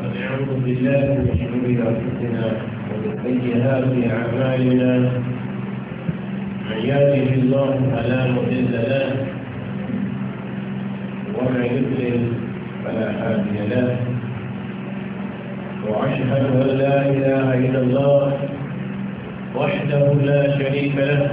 ونعوذ بالله من شرور انفسنا ومن سيئات اعمالنا من يهده الله فلا مضل له ومن يضلل فلا حادي له واشهد ان لا اله الا الله وحده لا شريك له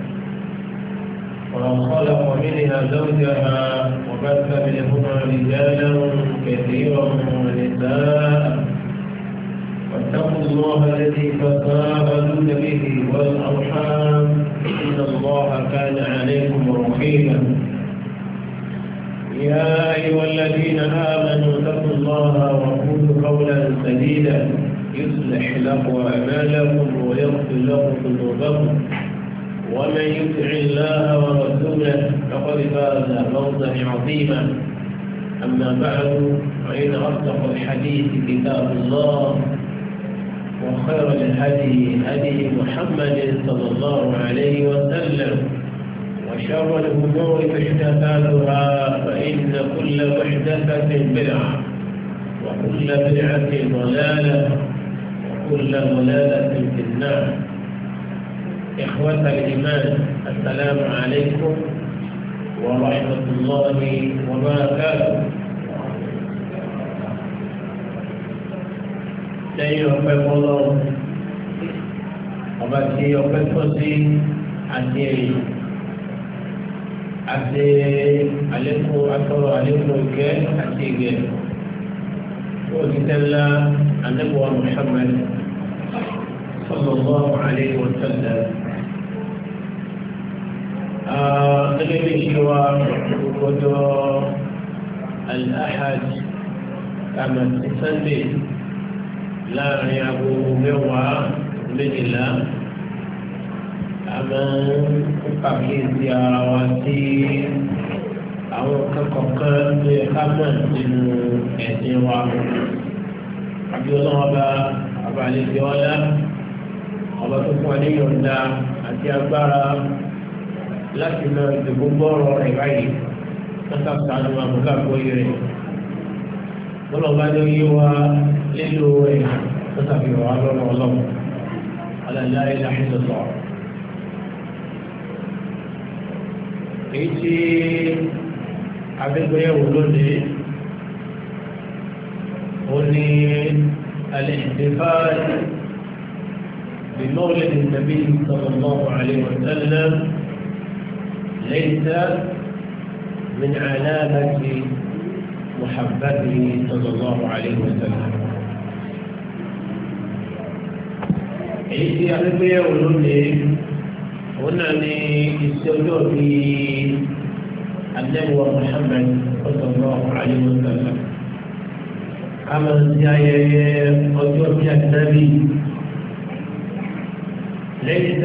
خلق منها زوجها وبث منهما رجالا كثيرا ونساء واتقوا الله الذي تساءلون به والأرحام إن الله كان عليكم رحيما يا أيها الذين آمنوا اتقوا الله وقولوا قولا سديدا يصلح لكم أعمالكم ويغفر لكم ذنوبكم ومن يطع الله ورسوله فقد فاز فوزا عظيما أما بعد فإن أصدق الحديث كتاب الله وخير الهدي هدي محمد صلى الله عليه وسلم وشر الأمور محدثاتها فإن كل محدثة بدعة وكل بدعة ضلالة وكل ضلالة في النار إخوة الإيمان السلام عليكم ورحمة الله وبركاته lẹ́yìn ọpẹ́ bọ́lọ́ ọba tí ọpẹ́ tó sí àti ẹ̀yìn àti àlékún atọ́rọ̀ àlékún ìkẹ́ àti ìgẹ̀ òtítẹ́lá àdébọ̀wá Muhammad sallallahu alaihi wa sallam. الذي هو قدر الأحد كما تسندي لا غياب مروى من الله أمن كفي زيارة واتي أو كفكر بخمس من أسين عبد الله أبا أبا علي زيولا أبا تفعلي يوندا أتي أبارا láti lọ ìdìbò bọ́ọ̀rọ̀ rẹ̀ báyìí lọ́sà sànù àbúkà gbóyè rẹ̀ lọ́lọ́ bá jẹ́ yé wa lílo rẹ̀ lọ́sà fi wà lọ́rọ̀ ọlọ́mù alàlá ilà ìdọ̀tọ̀. èyí tí abẹ́gbẹ́yẹ̀wò lónìí ó ní alẹ́ ìdẹ́fà بمولد النبي صلى الله عليه وسلم ليس من علامة محبته صلى الله عليه وسلم إيسي أحبه يقولون لي قلنا لي استوجوا في النبوة محمد صلى الله عليه وسلم أما زيادة أجوب يا النبي ليس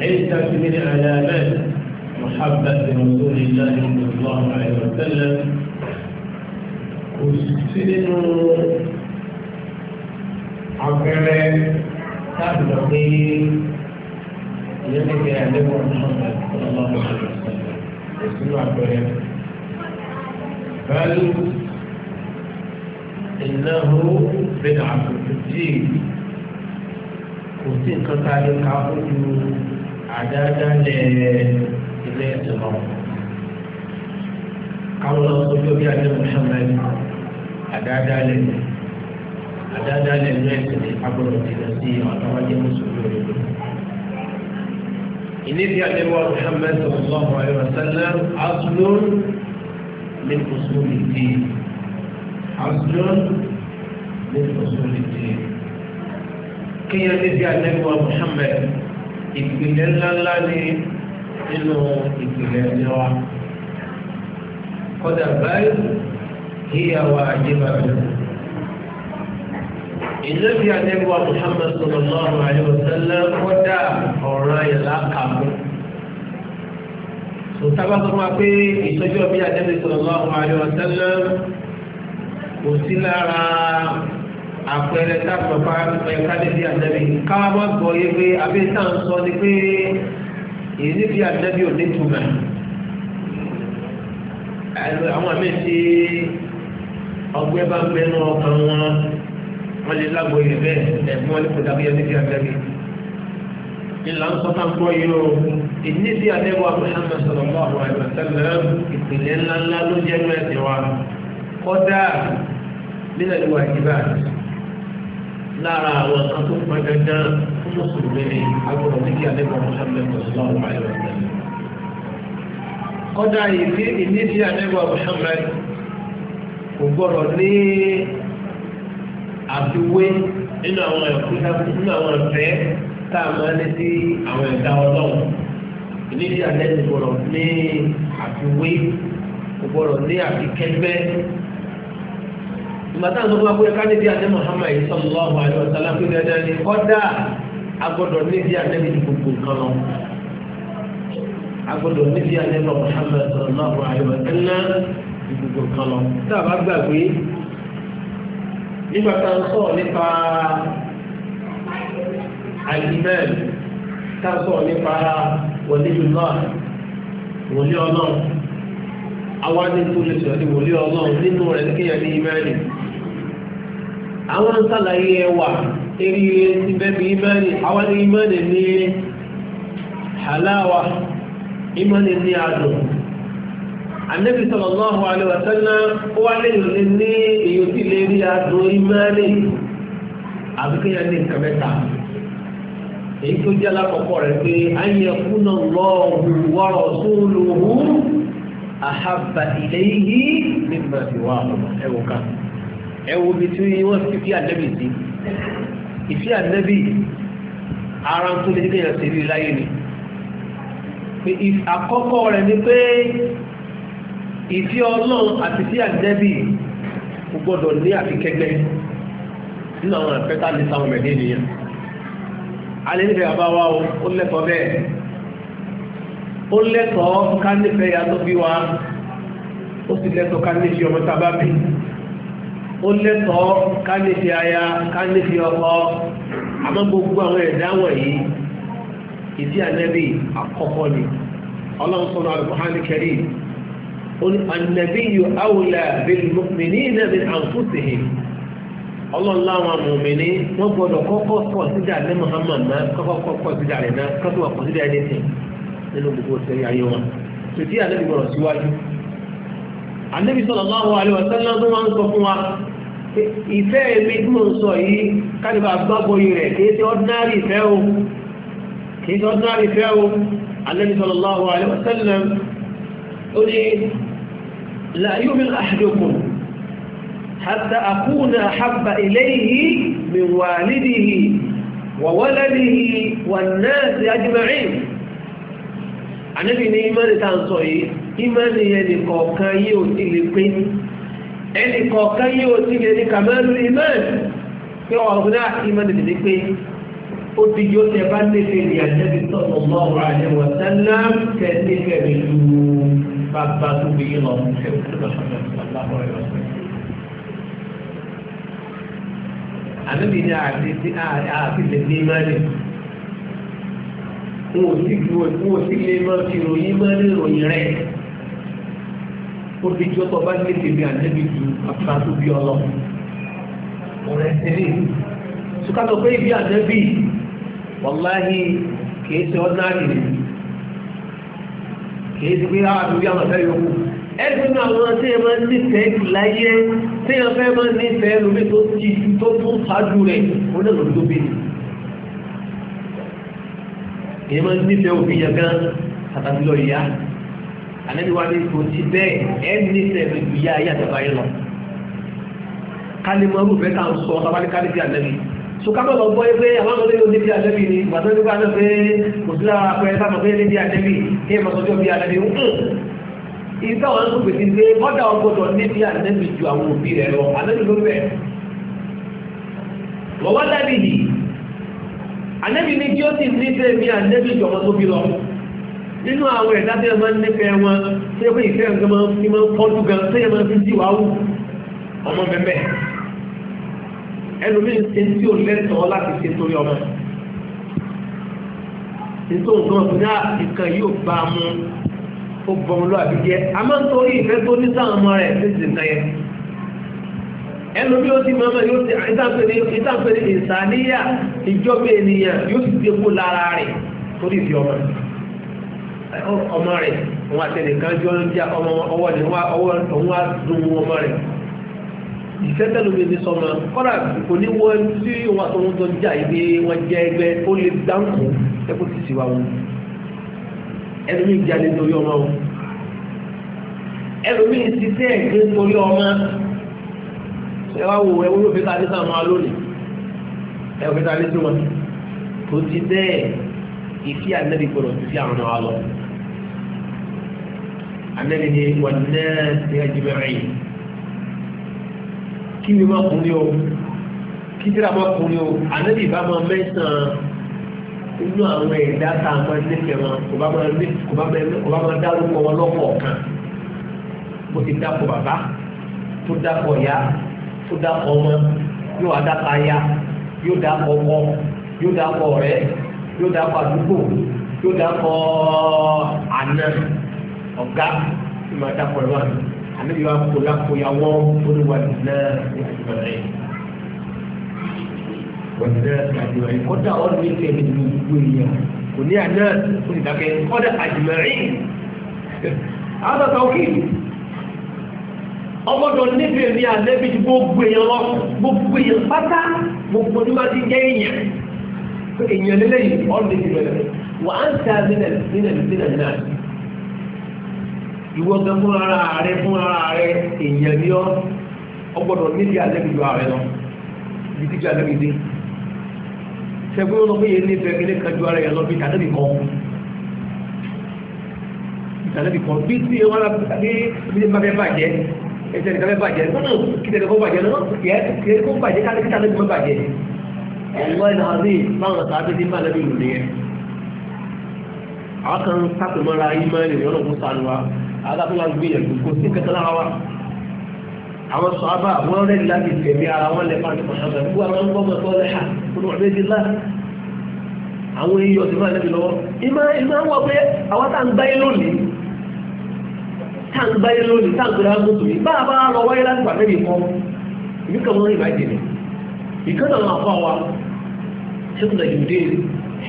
عدة من علامات محبة رسول الله صلى الله عليه وسلم وسن عقلة تبلغي يلقي عليه محمد صلى الله عليه وسلم وسن عقلة بل إنه بدعة في الدين وسن قطع الكعبة عادة لإطلاق قال الله صلى الله عليه وسلم محمد عادة لإطلاق عادة لإطلاق قبل الإطلاق وطوال المسؤول إني في عدل محمد صلى الله عليه وسلم أصل من أصول الدين أصل من أصول الدين كي يجب أن محمد ìpìlẹ̀ ńláńlá ní nínú ìpìlẹ̀ ìjọba kọ́dà báyìí ìyàwó àjẹbà rẹ̀. ìlẹ́bí àdẹ́gbà Muhammad sallallahu alaihi wasallam kọ́dà ọ̀rọ̀ ayẹ̀lá kàmú. sòtábà tó máa pé ìtọ́jú ọbí àdẹ́gbà sallallahu alaihi wasallam kò sí lára àpẹẹrẹ tábìlọpá kálífì ànábì káwá gbọ́ yé pé abẹ́ tá à ń sọ ni pé èyí bí ànábì ò ní túmọ̀ àwọn àmì tí ọgbẹ́ bá gbẹnu ọkàn wọn wọ́n lè lágbo yìí bẹ́ẹ̀ ẹ̀gbọ́n wọn ní kò dábìyẹ níbi ànábì ìlà ń sọ́tà ń gbọ́ yìí o ìdí sí àdébọ̀ Muhammad sallallahu alaihi wasallam ìpìlẹ̀ ńláńlá ló jẹ́ mẹ́sẹ̀ wa kọ́dà nílẹ̀ ìwà ìbáraẹ̀ lára àwọn kan tó pọn dandan fún mùsùlùmí ni agbọ̀dọ̀ ní kí alẹ́kọ̀ọ́ mùsùlùmí sọ̀rọ̀ àwọn àyọ̀ kọ́dà ìdí ìdí tí alẹ́kọ̀ọ́ mùsùlùmí kò gbọ́dọ̀ ní àfiwé nínú àwọn ẹ̀kọ́ nínú àwọn ẹ̀fẹ́ tá a máa ní sí àwọn ẹ̀dá ọlọ́run ìdí tí alẹ́kọ̀ọ́ gbọ́dọ̀ ní àfiwé kò gbọ́dọ̀ ní àfikẹ́gbẹ́ ìgbàtà tó bá kúrẹ́ káníbi àti Muhammad sallallahu alaihi wasallam pé dandan ni kọ́dà agbọ́dọ̀ níbi ànẹ́bí ju gbogbo nǹkan lọ. agbọ́dọ̀ níbi ànẹ́bí Muhammad sallallahu alaihi wasallam ju gbogbo nǹkan lọ. tá a bá gbàgbé nígbà tá a ń sọ nípa àìmẹ́ẹ̀lì tá a sọ nípa wọlé ìlú wòlé ọlọ́run àwa ní tó lè sọ̀rọ̀ ní wòlé ọlọ́run nínú rẹ̀ ní kéèyàn ní ìmẹ́ẹ̀lì àwọn ń sàlàyé ẹwà eré ti bẹ́bí imani àwọn imani ní halawa imani ní adùn annabi sallallahu alaihi wa sallam ó wá lẹ́yìn lè ní èyí tí lè rí adùn imani àbíkẹ́yà ní nǹkan mẹ́ta èyí tó jẹ́ ẹwọ́ bí tí wọ́n fi fi ànábì sí ìfẹ́ ànábì ara tó lè kéèyàn sí ìlú láyé ni àkọ́kọ́ rẹ̀ ni pé ìfẹ́ ọlọ́run àti ìfẹ́ ànábì kò gbọ́dọ̀ ní àfikẹ́gbẹ́ nínú àwọn àfẹ́tà ní sáwọn mẹ̀dé nìyẹn alẹ́ nífẹ̀ẹ́ bàbá wa ó lẹ́kọ̀ọ́ bẹ́ẹ̀ ó lẹ́kọ̀ọ́ ká nífẹ̀ẹ́ yàtọ̀ bí wa ó sì lẹ́kọ̀ọ́ ká nífẹ̀ẹ́ ọmọ tábàbí ó lẹ́tọ̀ọ́ ká ní fi aya ká ní fi ọkọ àmọ́ gbogbo àwọn ẹ̀dá wọ̀nyí ìdí ànẹ́bí àkọ́kọ́ ni ọlọ́run sọ̀rọ̀ al-Qur'an al-Karim an-nabiyyu awla bil-mu'minina min anfusihim ọlọ́láwọn mùmìnì wọ́n gbọ́dọ̀ kọ́kọ́ kọ́ sídà ní Muhammad náà kọ́kọ́ kọ́kọ́ sídà rẹ̀ náà kọ́kọ́ kọ́ sídà rẹ̀ tẹ̀ nínú gbogbo sẹ́yìn ayé wọn tòtí ànẹ́bí gbọ́dọ̀ síwájú ànẹ́bí sallallahu alaihi wasallam tó máa ń sọ fún wa ìfẹ́ èmi tí mo ń sọ yìí kálíbà gbọ́gbọ́yì rẹ̀ kìí tí ordinary ìfẹ́ o kìí tí ordinary ìfẹ́ o alẹ́bí sallallahu alaihi wasallam ó ní la yu'min ahadukum hatta akuna habba ilayhi min walidihi ẹnì kọ̀ọ̀kan yóò ti lè ní kàmẹ́lú imán pé ọ̀rọ̀ náà imán lè ní pé ó ti yóò tẹ bá nífẹ̀ẹ́ ní àjẹ́bí tọ́tọ̀ mọ́ ọ̀rọ̀ àjẹwọ̀ sẹ́lá tẹ nífẹ̀ẹ́ mi bàbá tó fi yín lọ àbẹ́bí ni àti òbí tí ó tọ́ bá ní tèmi ànẹ́bí ju àfúrà tó bí ọlọ ọ̀rẹ́ tẹ̀lé sùkàtọ̀ pé ibi ànẹ́bí wàláhì kìí ṣe ọ́dínárì ni kìí ṣe pé àwọn ah, àbí àwọn ọ̀fẹ́ yòókù ẹgbẹ́ àwọn tí ẹ máa ń nífẹ̀ẹ́ jù láyé tí ẹ fẹ́ máa ń nífẹ̀ẹ́ lómi tó ti tó tún ṣáájú rẹ̀ ó lè lòdì tó bèèrè èyí máa ń nífẹ̀ẹ́ òfin yẹn gan àtàbí lọ ànábi wa ní kò sí bẹ́ẹ̀ ẹ̀ ní sẹ́ẹ̀mì ju yá ayé àtàbà yẹn lọ. kálímọ̀rù fẹ́ ká sọ kábàlì kálífì ànábi so kábọ̀ lọ gbọ́ pé àwọn ọmọdé yóò débi ànábi ni ìgbà tó ń débi ànábi kò sí lára pẹ́ sáfọ̀ pé débi ànábi kí ẹ̀ mọ̀tọ́jọ́ bí ànábi ń kún. ìgbà wọn tó gbèsè pé mọ́dà ọgbọ́dọ̀ débi ànábi ju àwọn òbí rẹ̀ lọ ànábi ló bẹ̀. wọ́n wá dábìlì ànábi ni kí ó sì ní sẹ́ẹ̀mì ànábi ju ọmọ tó bí lọ nínú àwọn ẹ̀dá tí ẹmọ nífẹ́ wọn tí ó pé ìfẹ́ ọ̀gá tí wọ́n pọ́jú gan tí ẹmọ fi jí wáwú ọmọ mẹ́mẹ́ ẹlòmí ṣe tí ó lẹ́tọ̀ọ́ láti ṣe torí ọmọ nítorí nǹkan ọ̀gbìn náà nǹkan yóò bá a mú ó bọ̀n lọ àbíjẹ́ a máa ń torí ìfẹ́ tó ní sáwọn ọmọ rẹ̀ ní ti nǹkan yẹn ẹlòmí ó ti máa yóò ti ìtàpẹ̀lẹ̀ ìsàníyà ìjọba ènìyàn yóò ti dé kó lára rẹ̀ torí ìfẹ́ ọmọ rẹ̀ ọmọ rẹ̀ wọn àtẹnìkan jọ ń já ọmọ ọwọ́ ni wọ́n á dùn ọmọ rẹ̀ ìfẹ́tẹ́lómi ní sọmọ kọ́dà kò ní wọ́n tí wọ́n tó ń dọjá ibi wọ́n jẹ́ ẹgbẹ́ ó lè dáńkù ẹkú ti sì wá wọn ẹlòmí ìjàlè torí ọmọ wọn ẹlòmí ìsísẹ́ ẹ̀gbẹ́ torí ọmọ ẹ wá wo ẹwọ́n yóò fi ta ní sàmọ́ alónì ẹ wọ́n fi ta ní sí wọn tó ti bẹ́ẹ̀ ìfí ànẹ́bí gbọ́dọ̀ ti fi àwọn ọmọ wa lọ ànábì ni wà náà ti ẹjìmọ̀ rìn kí ni máa kún ní o kí tí a máa kún ní o ànábì bá máa mẹ́sàn-án inú àwọn ẹ̀dá tá a máa nífẹ̀ẹ́ wọn kò bá máa dárúkọ wọn lọ́kọ̀ọ̀kan bó ti dápọ̀ bàbá tó dápọ̀ ya tó dápọ̀ ọmọ yóò adápa ya yóò dápọ̀ ọkọ yóò dápọ̀ ọ̀rẹ́ yóò dápọ̀ àdúgbò yóò dápọ̀ àná ọ̀gá tí màá dá pọ̀ lọ́wọ́ ànábi wa kó lákòyàwó olúwalì náà ní àjùmọ̀lẹ́ wọ́n ti náà àjùmọ̀lẹ́ kọ́dà ọ́ ní ilé mi ní gbogbo èèyàn kò ní àná kó ní dàkẹ́ kọ́dà àjùmọ̀lẹ́ àwọn ọ̀tọ̀ òkè ọgbọ́dọ̀ níbi èmi ànábi ju gbogbo èèyàn lọ gbogbo èèyàn pátá gbogbo ní wọ́n ti jẹ́ èèyàn èèyàn lélẹ́yìn ọ́ ní ìbẹ̀rẹ̀ wà á ń ta nínà nínà nínà náà ìwọ́gẹ́ fún ara rẹ fún ara rẹ èèyàn ní ọ́ ọgbọ́dọ̀ níbi àlẹ́bí ju ààrẹ lọ ibi tí ju àlẹ́bí dé ṣẹ́gun ló lọ pé yẹn nífẹ̀ẹ́ kí ní kan ju ara yẹn lọ bí tàlẹ́bí kan tàlẹ́bí kan bí tí wọn ní ibi tí wọn fẹ́ bàjẹ́ ẹsẹ̀ nìkan fẹ́ bàjẹ́ nínú kí tẹ̀lé kó bàjẹ́ nínú kí ẹ kó bàjẹ́ kálí kí tàlẹ́bí kó bàjẹ́ ẹ̀wọ́ ẹ̀ náà rí báwọn tàbí tí máa lẹ́bí lò nìyẹn àwọn kan sápẹ̀mọ́ra yìí máa ń lè yọ̀nà fún sanuwa alábọ́lá gbìyànjú kò sí kẹta lára wa àwọn sọ abá wọn rẹ̀ láti tẹ̀lé ara wọn lẹ́fà ní mọ̀ṣáfẹ́ fún àwọn gbọ́mọ̀ tó lẹ́hà fún ọ̀bẹ́dìlá àwọn èèyàn ti máa lẹ́bi lọ́wọ́ ìmọ̀ àwọn pé àwọn tá à ń gbáyé lónìí tá à ń gbáyé lónìí tá à ń gbéra gbòtò yìí bá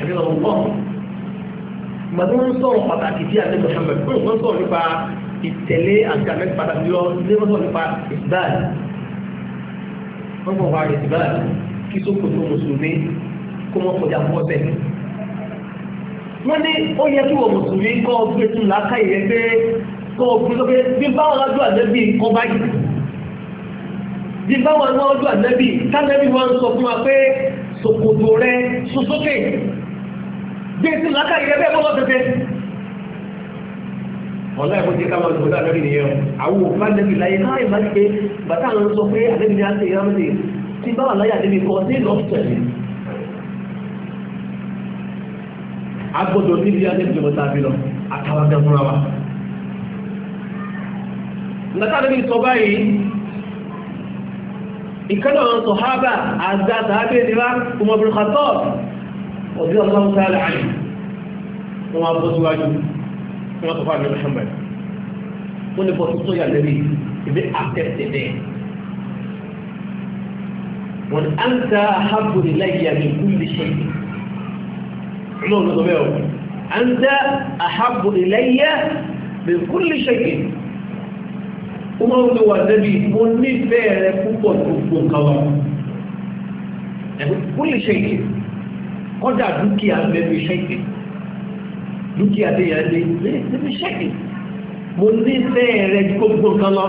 a bá lọ màtí wọ́n ń sọ̀rọ̀ pàtàkì sí àti Muhammad pé wọ́n sọ̀rọ̀ nípa ìtẹ̀lé àti àmì pàtàkì lọ ní wọ́n sọ̀rọ̀ nípa ìsìbáàlì wọ́n mọ̀ wá ìsìbáàlì kí sókò tó mùsùlùmí kó mọ̀ kọjá fọ́ọ̀tẹ̀. wọ́n ní ó yẹ kí wọ́n mùsùlùmí kọ́ ọgbẹ́ tún láká ìyẹ pé kọ́ ọgbẹ́ tó pé bí báwọn lájú àjẹ́bí nǹkan báyìí bí báwọn lájú àjẹ́bí gbèsè làákà yẹ bẹ́ẹ̀ bọ́lọ́ tètè. ọ̀la ẹ̀kọ́ ti ká máa lò dáadáa lórí nìyẹn àwọn òfin àdébí láyé káyọ̀ máa ń pé bàtà àwọn sọ pé àdébí ni a ti yára mi ti bá wà láyé àdébí kọ́ sí lọ́ọ̀ tẹ̀lé. a gbọ́dọ̀ níbi àdébí jọba tàbí lọ àtàwọn akẹ́ fúnra wa. ǹgbàtà àdébí sọ báyìí ìkànnì àwọn sọ̀hábà àgbà sàábẹ́ ìnira ọmọbìnrin kàtọ́ọ̀ رضي الله تعالى عنه وما بوس واجو كما تفعل محمد كل بوس صويا النبي يبقى أكتبت به وان أنت أحب إلي من كل شيء عمر نظميه أنت أحب إلي من كل شيء عمر هو النبي مني يعني فيه كل شيء kọ́dà dúkìá mẹ́rin ṣẹ́kì dúkìá tí yà lè mẹ́rin ṣẹ́kì mo ní fẹ́ẹ̀ rẹ ju gbogbo nǹkan lọ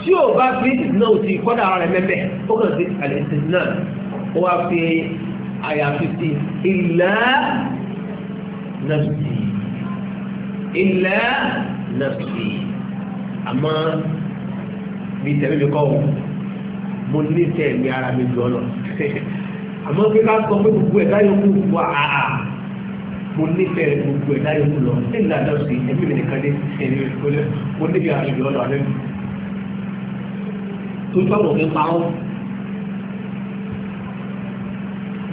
tí ò bá fi náà ti kọ́dà rẹ mẹ́mẹ́ ó kàn sí àlẹ́sìn náà ó wá fi àyàfi sí ìlà nàfsì ìlà nàfsì àmọ́ bí tẹ̀lé mi kọ́ mo ní fẹ́ẹ̀ mi ara mi jù lọ àmọ́ pé ká sọ pé gbogbo ẹ̀dá yòókù wà áà mo nífẹ̀ẹ́ gbogbo ẹ̀dá yòókù lọ ní ìlànà sí ẹ̀mí mi nìkan dé ẹ̀mí ìfọlẹ́ mo nífẹ̀ẹ́ àṣejù ọ̀dọ̀ alẹ́ tó tọ́ mọ̀ nípa ọ́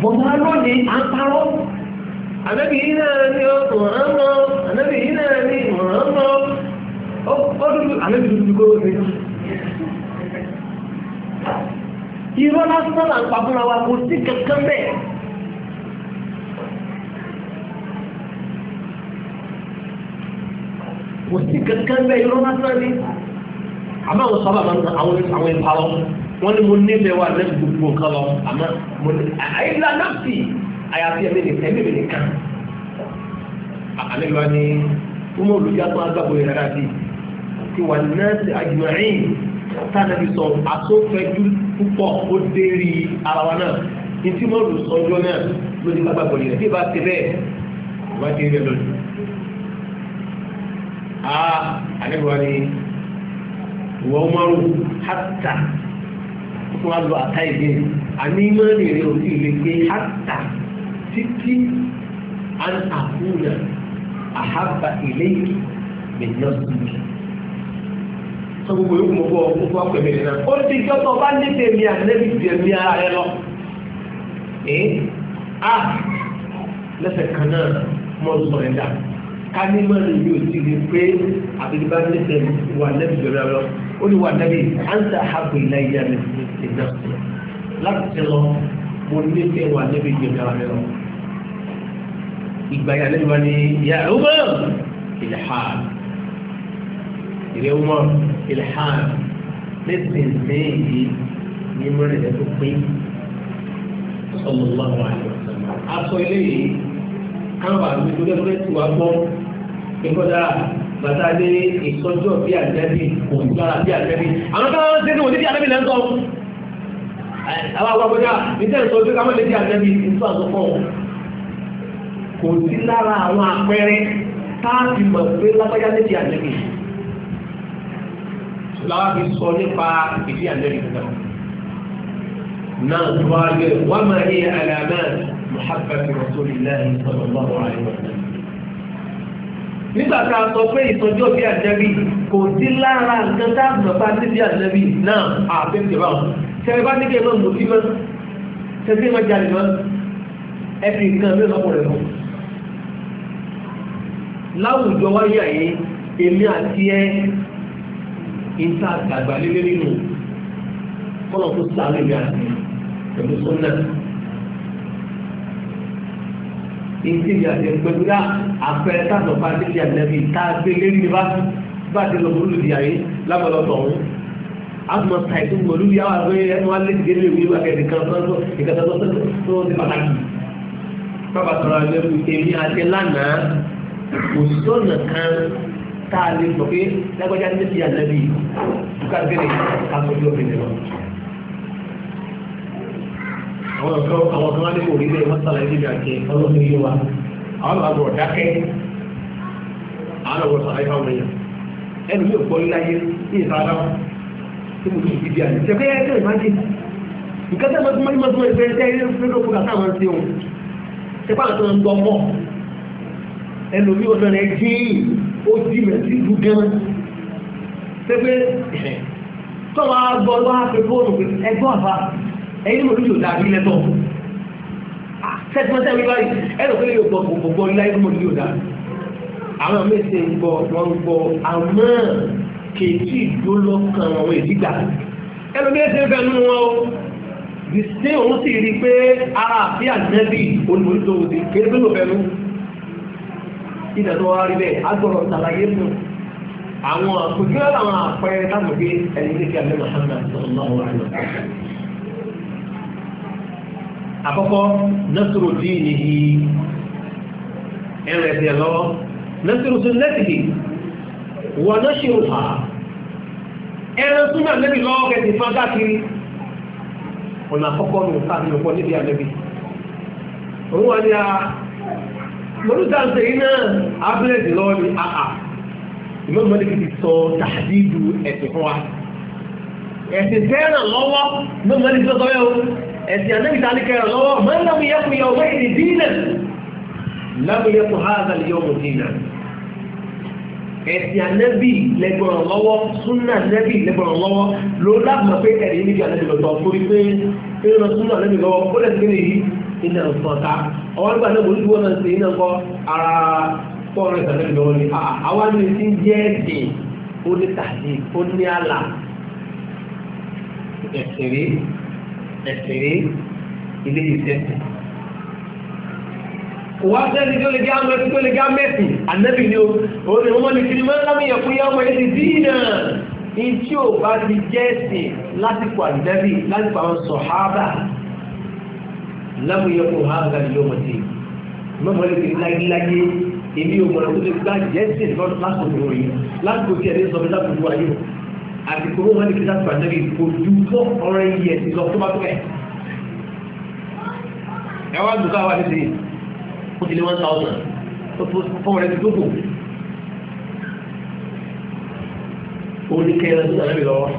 bọ̀dá lónìí à ń parọ́ ànábì yìí náà ní ọ̀ràn mọ́ ànábì yìí náà ní ọ̀ràn mọ́ ó ànábì dúdú kó o irọ́ lásán là ń pa fúnra wa kò sí kankan bẹ́ẹ̀. kò sí kankan bẹ́ẹ̀ irọ́ lásán ni àmọ́ àwọn sábà máa ń àwọn àwọn ìparọ́ wọ́n ní mo nílẹ̀ wa lẹ́nu gbogbo nǹkan lọ àmọ́ mo ní àyíká náà àyàfi ẹ̀mí nìkan ẹ̀mí nìkan àlejò wa ni wọ́n olùjá tó agbábọ̀ yẹn rárá sí ti wà náà sí àjùmọ̀ tánàbí sọ àsófẹ́jú púpọ̀ ó dé rí ara wa náà etí mọ́ lù sọ́jọ́ náà ló ti gbàgbà pọ̀ nìyẹn tí ìbá ti bẹ́ẹ̀ ìbá ti rí ẹ lọ́dún. a àlẹ́bùwá ni wọ́n márùn hátà fún wa lọ àtà ìdí àní mọ́rin rẹ̀ ò sì lè gbé hátà títí an àkúnà àhábà ìlẹ́yìn mẹ́jọ́sì sọ gbogbo yóò mọ̀ bọ́ gbogbo akọ̀ ẹ̀mí náà. ó ti jọ́ tó bá ní tèmi ànẹ́bí ti ẹ̀mí ara rẹ lọ. a lẹ́sẹ̀ kan náà mọ́ sọ ẹ̀ dà ká ní mọ́rin yóò ti di pé àbíkí bá ní tèmi wà nẹ́bí ti ẹ̀mí ara lọ. ó ní wà nẹ́bí à ń tà àbò ìdá láti lọ mo ní tẹ wà nẹ́bí ti rẹ lọ. ìgbà yà lẹ́nu wa ni yà ó mọ̀ ìlẹ̀ ha ìrẹ́ Umar ilhan nísinsìnyí yìí ní mọ́rin rẹ̀ tó pín sallallahu alaihi wasallam. aṣọ eléyìí káwọn àti ìdúgbẹ́gbẹ́ tí wàá gbọ́ ìkọ́dá bàtà lé ìsọjọ́ bí àjẹ́bí kò ń gbára bí àjẹ́bí. àwọn tó ń sẹ́ni òní bí àjẹ́bí lẹ́ ń sọ. àwọn àwọn àgbọ̀dá níta ìsọ ojú káwọn lè bí àjẹ́bí ìsọ àtọ́kọ̀. kò sí lára àwọn àpẹẹrẹ táàbì mọ̀ pé lágbájá lè bí àjẹ́bí làwọn fi sọ nípa ìdí àlẹ́rì náà náà tó wá yẹ wọ́n máa ní àlàmà muhabbati rasulillahi sallallahu alaihi wa sallam nígbà tá a sọ pé ìtọ́jú bí àjẹbí kò sí lára nǹkan tá a mọ̀ bá sí bí àjẹbí náà àbẹ̀tẹ̀ bá wọn bá ní kí mú sí mọ́ tẹ̀lé máa jalè mọ́ ẹ nǹkan mi lọ́pọ̀ rẹ̀ mọ́ láwùjọ wáyé àyè èmi àti ẹ ìta àgbà lílé nínú kọ́nà tó sáré ga pẹ̀lú sọ́nà. Ìtì ìyá ti pẹ̀lú yá àpẹẹrẹ táàtọ̀ bá ti di ànẹ́bí tá a gbé lérí ní bá bá ti lọ bọ́ọ̀lù di àyè lábọ̀lọ́ tọ̀hún. A tún lọ ta ìtú pẹ̀lú yá wà pé ẹnu wa lé ìdílé lèwi wà kẹ́kẹ́ kan sọ́dọ̀ ìkàtà tó tó ti pàtàkì. Bàbá sọ̀rọ̀ àgbẹ̀ èmi àti lánàá kò sọ̀nà kan káàlì sọ pé lágbájá ní ti ànábì ìkàgbére kásọjú obìnrin lọ. àwọn kan àwọn kan wá ní kò rí bẹ́ẹ̀ wọ́n sàlàyé níbi àti ọlọ́run yé wa àwọn náà gbọ́dọ̀ dákẹ́ àwọn náà gbọ́dọ̀ sàlàyé fáwọn èèyàn ẹnu mi ò gbọ́ láyé ní ìsàlá tí mo tún ibi àná ṣe pé ẹ kẹ́ ìmájì nǹkan tẹ́ mọ́tún mọ́tún mọ́tún ẹgbẹ́ ẹgbẹ́ ẹgbẹ́ ẹgbẹ́ ẹgbẹ́ àtàwọn ti hùn ṣe pàtó ń gbọ́ mọ́ ẹnu mi ò rẹ̀ jíìn ó jìnà sí ìlú gẹ́rẹ́ pépé tọ́wọ́ agbọ́ wá pé fóònù pé ẹgbọ́n àbá ẹ̀yìn mọ̀ nílò dàbí lẹ́tọ̀ sẹ́tìmọ́tẹ́ wíwá yìí ẹ̀rọ pé yóò gbọ́ gbogbo gbọ́ láyé mọ̀ nílò dàbí àwọn mẹ́sẹ̀ ń gbọ́ wọ́n ń gbọ́ àmọ́ kèétí ìdólọ́kàn àwọn ìdígbà ẹnu bí ẹsẹ̀ fẹ́ nú wọn o dìsẹ́ òun sì rí i pé ara àti àjẹ́bí olùmọ̀lùdó òde kéré ìdẹ̀ tó wá rí bẹ́ẹ̀ agbọ̀rọ̀ ṣàlàyé fún àwọn àpòjú àwọn àpẹẹrẹ táwọn gbé ẹni ní kí abẹ́ Muhammad sallallahu alaihi wa sallam. àkọ́kọ́ nasiru díìnì yìí ẹ̀rẹ̀ ẹ̀sẹ̀ lọ́wọ́ nasiru sunnatihi wọ́n náà ṣe òfà ẹran súnmọ́ àlẹ́bí lọ́wọ́ kẹsì fún akáàkiri ọ̀nà àkọ́kọ́ nù káàkiri ọ̀pọ̀ níbi àlẹ́bí òun wà ní a olùtàǹsẹ iná abúlẹ̀dì lọ́wọ́ ni àà Imam Malik ti sọ tàdídù ẹ̀sìn fún wa ẹ̀sìn fẹ́ràn lọ́wọ́ Imam Malik sọ sọ́yọ́ ẹ̀sìn anẹ́bìtà ní kẹràn lọ́wọ́ mẹ́lẹ́mú yẹ́kùn yọ ọmọ ìdí dínà lábú yẹ́kùn hàzà lè yọ ọmọ dínà ẹ̀sìn anẹ́bì lẹ́gbọ̀ràn lọ́wọ́ súnà anẹ́bì lẹ́gbọ̀ràn lọ́wọ́ ló lábùmọ̀ pé ẹ̀rí níbi anẹ́bì lọ́tọ̀ iná sọ̀tá ọwọ́ nígbà náà olú wọn náà ṣe iná kọ́ ara fọ́ọ̀rọ̀ ìsàlẹ̀ lọ́wọ́ ni àwa ní ti ń jẹ́ ẹ̀sìn ó ní tàbí ó ní àlà ẹ̀sìnrí ẹ̀sìnrí ilé ìṣẹ́sìn wà sẹ́ni tó lè gá mẹ́sì tó lè gá mẹ́sì ànẹ́bì ni ó ní wọ́n lè fi ní mẹ́rin lámì ẹ̀kú yá ọmọ ẹ̀sìn dínà ní tí ò bá ti jẹ́ ẹ̀sìn lásìkò ànẹ́bì lásìkò àwọn sọ̀hábà lámù yẹ kó hàn gàdí yóò mọ̀ sí mọ́mọ́ lè fi láyéláyé èmi ò mọ̀ràn tó lè gbá jẹ́sìn lásìkò rẹ̀ lásìkò tí ẹ̀dẹ́ sọ fẹ́ lásìkò wáyé o àti kò wọ́n ní kíkà pàdé rí ojú fọ́ ọ̀rẹ́ yẹ ti lọ tó bá tó ẹ̀. ẹ wá dùn káwá ní sèé ó ti lé one thousand ó tó fọ́n rẹ̀ ti tó kù. ó ní kẹ́hìn lọ́sọ̀rọ̀ lọ́wọ́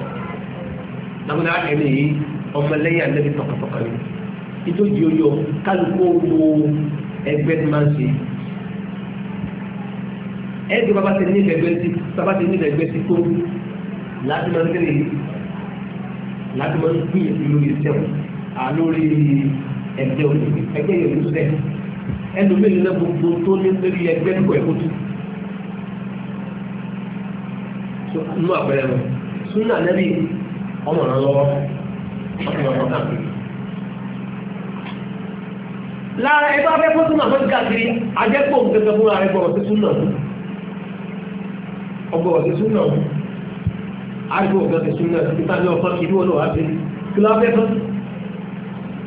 lọ́wọ́ náà ẹni yìí ọmọ lẹ́yìn àlẹ́bí tọkàtọkà yìí ìtòjì oyọ kálukú owó ẹgbẹ́ tó máa ń ṣe ẹgbẹ́ bàbá ti ní ìfẹ̀gbẹ́ sí bàbá ti ní ìfẹ̀gbẹ́ sí tó láti máa ń tẹ̀lé láti máa ń gbìyànjú lórí ìṣẹ̀wọ̀n àlórí ẹgbẹ́ olùgbé ẹgbẹ́ yẹn ló tẹ̀ ẹlòmíì náà gbogbo tó ní lórí ẹgbẹ́ tó kọ̀ ẹ̀kọ́ tó nínú àpẹẹrẹ rẹ̀ súnà nẹ́bí ọmọ náà lọ́wọ́ ọmọ náà kàn lára ẹgbẹ́ abẹ́ fún súnà fún gàgiri ajẹ́pọ̀ gẹ́gẹ́ fún ara ẹgbọ̀rọ̀ sí súnà ọgbọ̀rọ̀ sí súnà àgbò gẹ́gẹ́ súnà nípa ní ọkọ̀ ìlú ọlọ́ àti kílọ́fẹ́ fún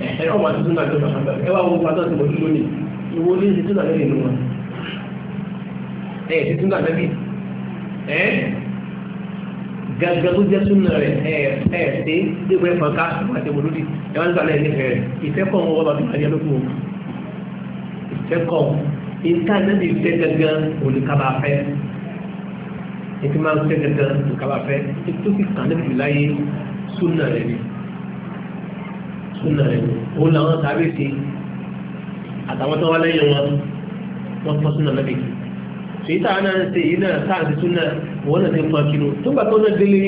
ẹ̀ẹ́ ọmọ àti súnà tó bàbá ẹwà owó pàtó àti mọ̀tí lónìí ìwọ ní ti súnà lẹ́yìn wọn ẹ̀ẹ́ ti súnà lẹ́bí ẹ̀ gẹ́gẹ́ tó jẹ́ súnà fẹ́kọ̀ ìta níbi fẹ́ gangan olùkaba fẹ́ ètò máa ń fẹ́ gangan olùkaba fẹ́ ètò ti kàn níbi láyé súnà rẹ̀ ni súnà rẹ̀ ni òun làwọn tàbí ti àtàwọn tó wá lẹ́yìn wọn wọ́n tọ́ súnà lẹ́bi èyí tá a náà ń ṣe èyí náà tá a ti súnà wọ́n náà ti fọ́ kinu tó gbà tó náà délé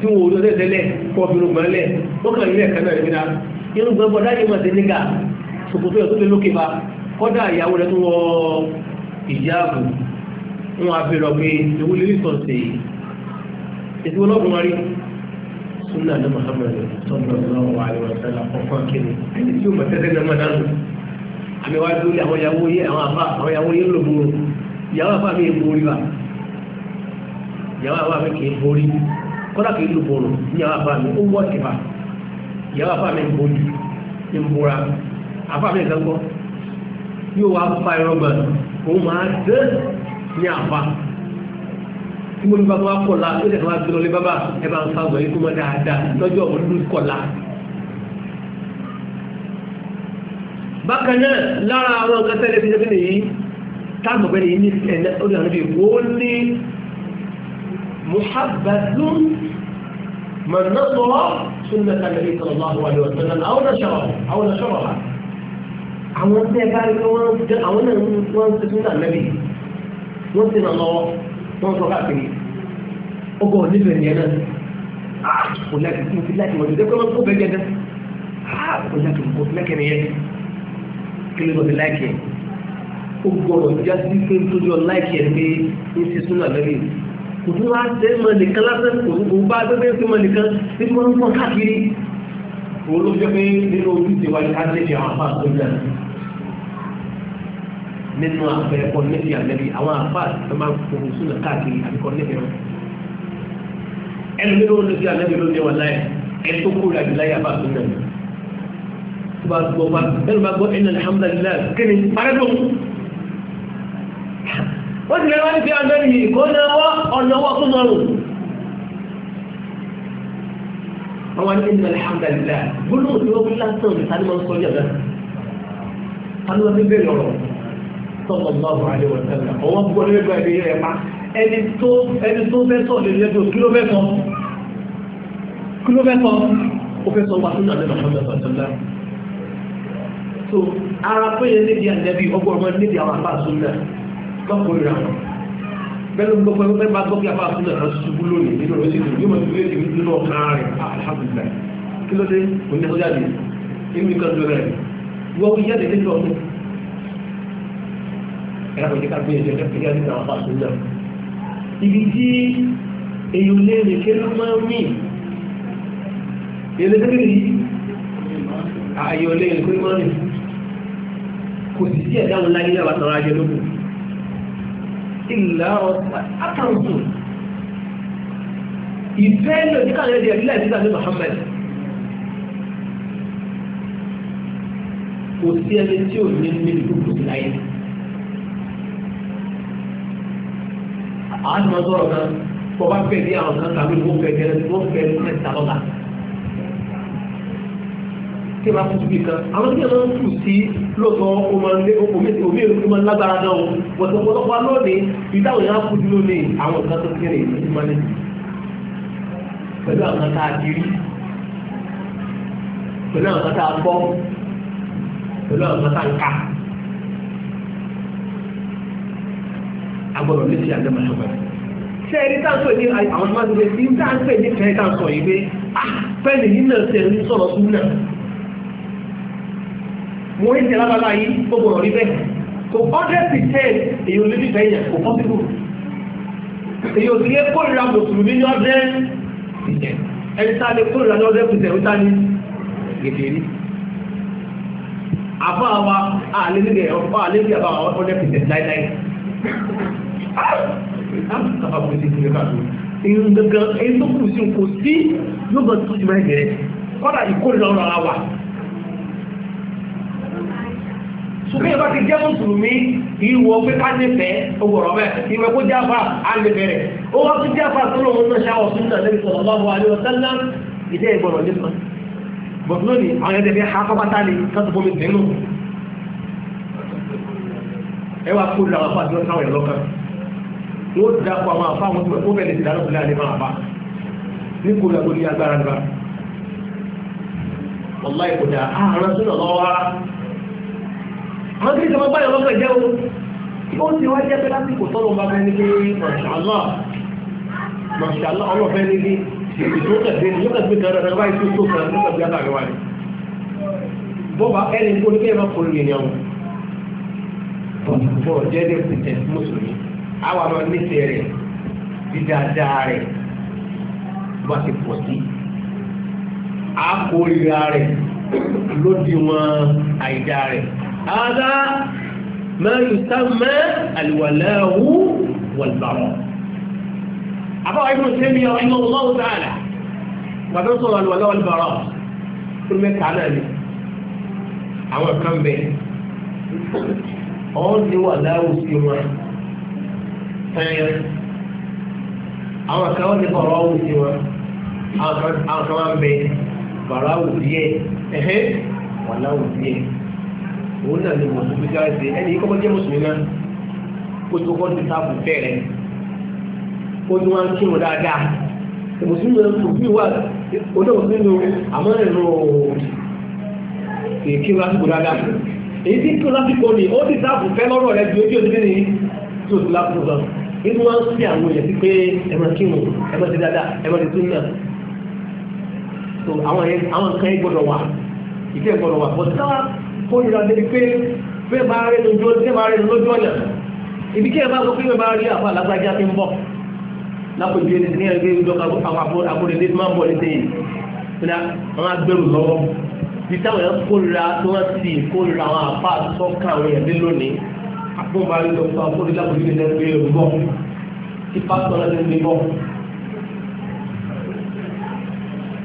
tí wọ́n olú ọ̀dẹ́dẹ́lẹ̀ kọ́ fi rògbọ̀n lẹ̀ wọ́n kàn lé ẹ̀ka náà nígbà irun gbọ́n bọ́ dáyé máa ti nígà ṣòkòtò ẹ̀ tó lé lókè bá kọ́dà ìyàwó rẹ̀ tó wọ ìjáàbù wọn àbẹ̀rọ̀ pé ewu lè sọ sí ètò ọlọ́gùn wọn rí súnà ní Muhammad sọ́dọ̀ lọ́wọ́ àríwọ̀sẹ́lá ọ̀pọ̀ kiri ẹni tí ó mọ̀ tẹ́tẹ́ náà mọ̀dánù àmì wá dúró àwọn ìyàwó yé àwọn àbá àwọn ìyàwó yé lòbó ìyàwó àbá mi borí wa ìyàwó àbá mi kì í borí kọ́dà kì í lòbó rò ìyàwó àbá mi ó wọ́ ìfà ìyàwó àbá mi borí ń bora àbá mi kàn kọ́ yóò wá fa ìrọ̀gbà òun máa dẹ́ ní àfa tí mo ní bá wá kọ̀la ó dẹ̀ máa gbé lọ lé bábà ẹ bá ń fa wẹ̀ ikú mọ́ dáadáa lọ́jọ́ olú kọ̀la. bákan náà lára àwọn nǹkan tẹ́lẹ̀ fi jẹ́ nìyí táàmù ọ̀gbẹ́ni yìí ní ẹ̀lẹ́ orí àwọn ibi ìwò ní muhabbatun man nasara nabi sallallahu alaihi wa sallam aw nasharaha aw àwọn tẹ́ bá rí wọ́n jẹ́ àwọn náà wọ́n ti tún náà lẹ́bi wọ́n ti ràn lọ́wọ́ wọ́n sọ káàkiri ọgọ́ nílò ìyẹn náà kò láti kí n fi láti mọ̀tò dẹ́kọ́ kó bẹ́ẹ̀ Ah, kò láti kó lẹ́kẹ̀ nìyẹn kí ló ti láìkì ẹ̀ ó gbọ́dọ̀ já sí pé nítorí ọ láìkì ẹ̀ pé ń ti tún náà lẹ́bi kò tún wá sẹ́ẹ̀ mọ̀ nìkan lásán kò bá gbẹ́gbẹ́ sí mọ̀ nìkan nítorí wọ́n ń pọ̀ káàkiri olóṣẹ́ pé nínú ojúṣe wa ní ásẹ́kì àwọn afá tó dà nínú àpẹẹrẹ kọ́nẹ́tì àlẹ́bí àwọn afá tó máa ń fòrò sínú káàkiri àti kọ́nẹ́tì rẹ ẹnu nínú olóṣẹ́ àlẹ́bí ló ní wọn láyà ẹni tó kúrò àbí láyà afá tó dà tó bá gbọ́ bá ẹnu bá gbọ́ ẹnu alhamdulilayi kéde parẹ́dọ̀ wọ́n ti lẹ́wọ́n ti fi àgbẹ̀rì yìí kọ́ ọ̀nà wọ́ tó nọrùn àwọn ní ìdílé alhamdulilayi gbólóhùn tí wọ́n fi lásán ní sáré máa ń sọ yàrá sáré máa ń bẹ̀rẹ̀ ọ̀rọ̀ sọ̀rọ̀ lọ́wọ́ àdéhùn sẹ́lẹ̀ ọwọ́ gbọ́ ní ẹgbẹ́ ìdílé rẹ̀ pa ẹni tó ẹni tó fẹ́ sọ̀ lè lẹ́dọ̀ kílómẹ́tọ̀ kílómẹ́tọ̀ ó fẹ́ sọ wá sínú àdéhùn sọ̀tẹ̀lẹ̀ so ara péye nídìí àdẹ́bí ọgbọ́n ọmọ nídìí àwọn àbá àsúnlẹ̀ lọ́kùnrin àwọn pẹ̀lú gbogbo ẹgbẹ́ bá gbọ́ kí a bá fún ẹ̀rọ ṣubú lónìí nínú ọ̀rọ̀ ìṣèlú yóò máa fi wéèkì nínú ọ̀kan rẹ̀ ah, alhamdulillah kí ló dé òní ọjà lè inú ìkan tó rẹ̀ wọ́n fi yẹ́ lẹ́lẹ́ lọ fún ẹ̀rọ ìjẹ́ ká gbé ẹ̀jẹ̀ kẹ́kẹ́ yá nínú àwọn pàṣẹ náà ibi tí èyí lè rìn kí ló máa ń rìn èlé tẹ́lẹ̀ yìí ààyè ọ̀lẹ́ ìrìn kó máa rìn kò sì sí ẹ̀dá wọn láyé àwọn àtàrà ajẹ́ lókùn ìlà àtàrùtù ìfẹ́ lò ní kàlẹ́ ìdí ẹ̀dílẹ̀ ìdílẹ̀ ní Muhammad kò sí ẹni tí ò ní ní ìdúgbò láyé àwọn ọmọ sọ̀rọ̀ náà bọ́ bá fẹ́ bí àwọn kan tàbí wọ́n fẹ́ gẹ́gẹ́ wọ́n fẹ́ tí ma kú síbi kan àwọn tí wọ́n ń tù sí lóòótọ́ omi òkú máa ń lágbára náà o wọ́n ọ̀pọ̀lọpọ̀ lónìí ìdáhùn yẹn á kú dúró ní àwọn nǹkan tó kéré ìlú mọ́lẹ̀ pẹ̀lú àwọn kan tá a kiri pẹ̀lú àwọn kan tá a gbọ́ pẹ̀lú àwọn kan tá a ń ka. agbọ́dọ̀ lè ṣe àjẹmọ̀ ṣọ́gbà ṣe ẹni tá ń pè ní àwọn ọmọdé tí ń tá ń pè ní fẹ́ẹ́ tá ń sọ yìí pé pẹ́ẹ́lì ah, yìí náà ṣe ń sọ̀rọ̀ sún náà mo ń tẹ lábàbà yìí gbogbo ọ̀rí bẹ́ẹ̀ kò hundred percent èyí ò lè ní bẹ́ẹ̀ yẹn kò possible èyí ò sì lè kórìíra mùsùlùmí ní ọdẹ ẹni tá a lè kórìíra ní ọdẹ percent wíta ní gèdè rí àbá wa àlè nílẹ̀ ọ̀pá àlè nílẹ̀ àbá hundred percent láíláí ìrìn gangan èyí tó kù sí kò sí yóò gbọ́dọ̀ tó sùgbọ́n yẹn bá ti jẹ́ mùsùlùmí ìwọ pé ká nífẹ̀ẹ́ ọgbọ̀rọ̀ bẹ́ẹ̀ ìwẹ̀ kó jẹ́ àfà á nífẹ̀ẹ́ rẹ̀ ó wá tún jẹ́ àfà tó lóun náà ṣáwọ̀ sún náà lẹ́yìn sọ̀rọ̀ bá wà lẹ́yìn sẹ́lá ìdẹ́ ìgbọ̀rọ̀ nípa bọ̀dún lónìí àwọn ẹ̀dẹ̀ bí afọ́pátá ni sọ́tù fún mi dẹ́nu ẹ wá kó làwọn afọ àti ọ̀sáwọ̀ yẹn lọ́kàn wọ́n dákọ̀ àwọn afọ àwọn àwọn kìí sọmọ báyọ̀ lọ́pẹ̀ jẹ́ o ó ti wá jẹ́ pé lásìkò tọ́lọ̀ bá fẹ́ ní pé màṣàlá màṣàlá ọlọ́fẹ́ ní bí ìdúró kẹ̀sẹ̀ ní yóò kẹ̀sẹ̀ tẹ̀rẹ̀ rẹ̀ báyìí tó tó kẹ̀rẹ̀ nígbà bí àtàrí wa ni bọ́ba ẹni kó ní kẹ́ ẹ̀rọ kò lè ní àwọn bọ́ọ̀ jẹ́ dé rẹ̀ rẹ̀ bá ti pọ̀ àìdá rẹ̀. هذا ما يسمى الولاء والبراء عفا ابن سيمي رحمه الله تعالى فنصر الولاء والبراء كل ما يتعلم عوى كم به قال لي ولاه سيما ثانيا طيب. عوى كم لي براء سيما عوى كم به براء سيما إيه؟ ولاه سيما òun náà ni mùsùlùmí ká ṣe ẹni yìí kọ́kọ́ jẹ́ mùsùlùmí náà kó tó kọ́ ti sáàbù bẹ̀rẹ̀ kó tó wọn kírun dáadáa mùsùlùmí náà kò bí wà oní mùsùlùmí nù àmọ́ nínú kírun lásìkò dáadáa èyí tí kírun lásìkò ni ó ti sáàbù fẹ́ lọ́rọ̀ rẹ ju ojú òdìdí ni tó ti lápò lọ nínú wọn sí àwọn èèyàn sí pé ẹ máa kírun ẹ máa ti dáadáa ẹ ìkórìíra débi pé bẹ́ẹ̀ máa rẹ̀ lójú ọ̀nà máa rẹ̀ lójú ọ̀nà ibi kí ẹ bá sọ pé bẹ́ẹ̀ máa rí àpá alágbájá ti ń bọ̀ lápòjú ẹni ní ẹgbẹ́ ìjọ àwọn abúrẹ́dé máa ń bọ̀ ní sẹ́yìn nígbà wọn á gbẹrù lọ́wọ́ bí táwọn yẹn kórìíra tí wọ́n sì kórìíra àwọn àpá sọ́kà àwọn yẹn dé lónìí àpòmọ́rí dọ́kítà àpòrí lápòjú ẹni ẹgbẹ́ ìrùbọ̀ tí pásítọ̀ náà ti ń bọ̀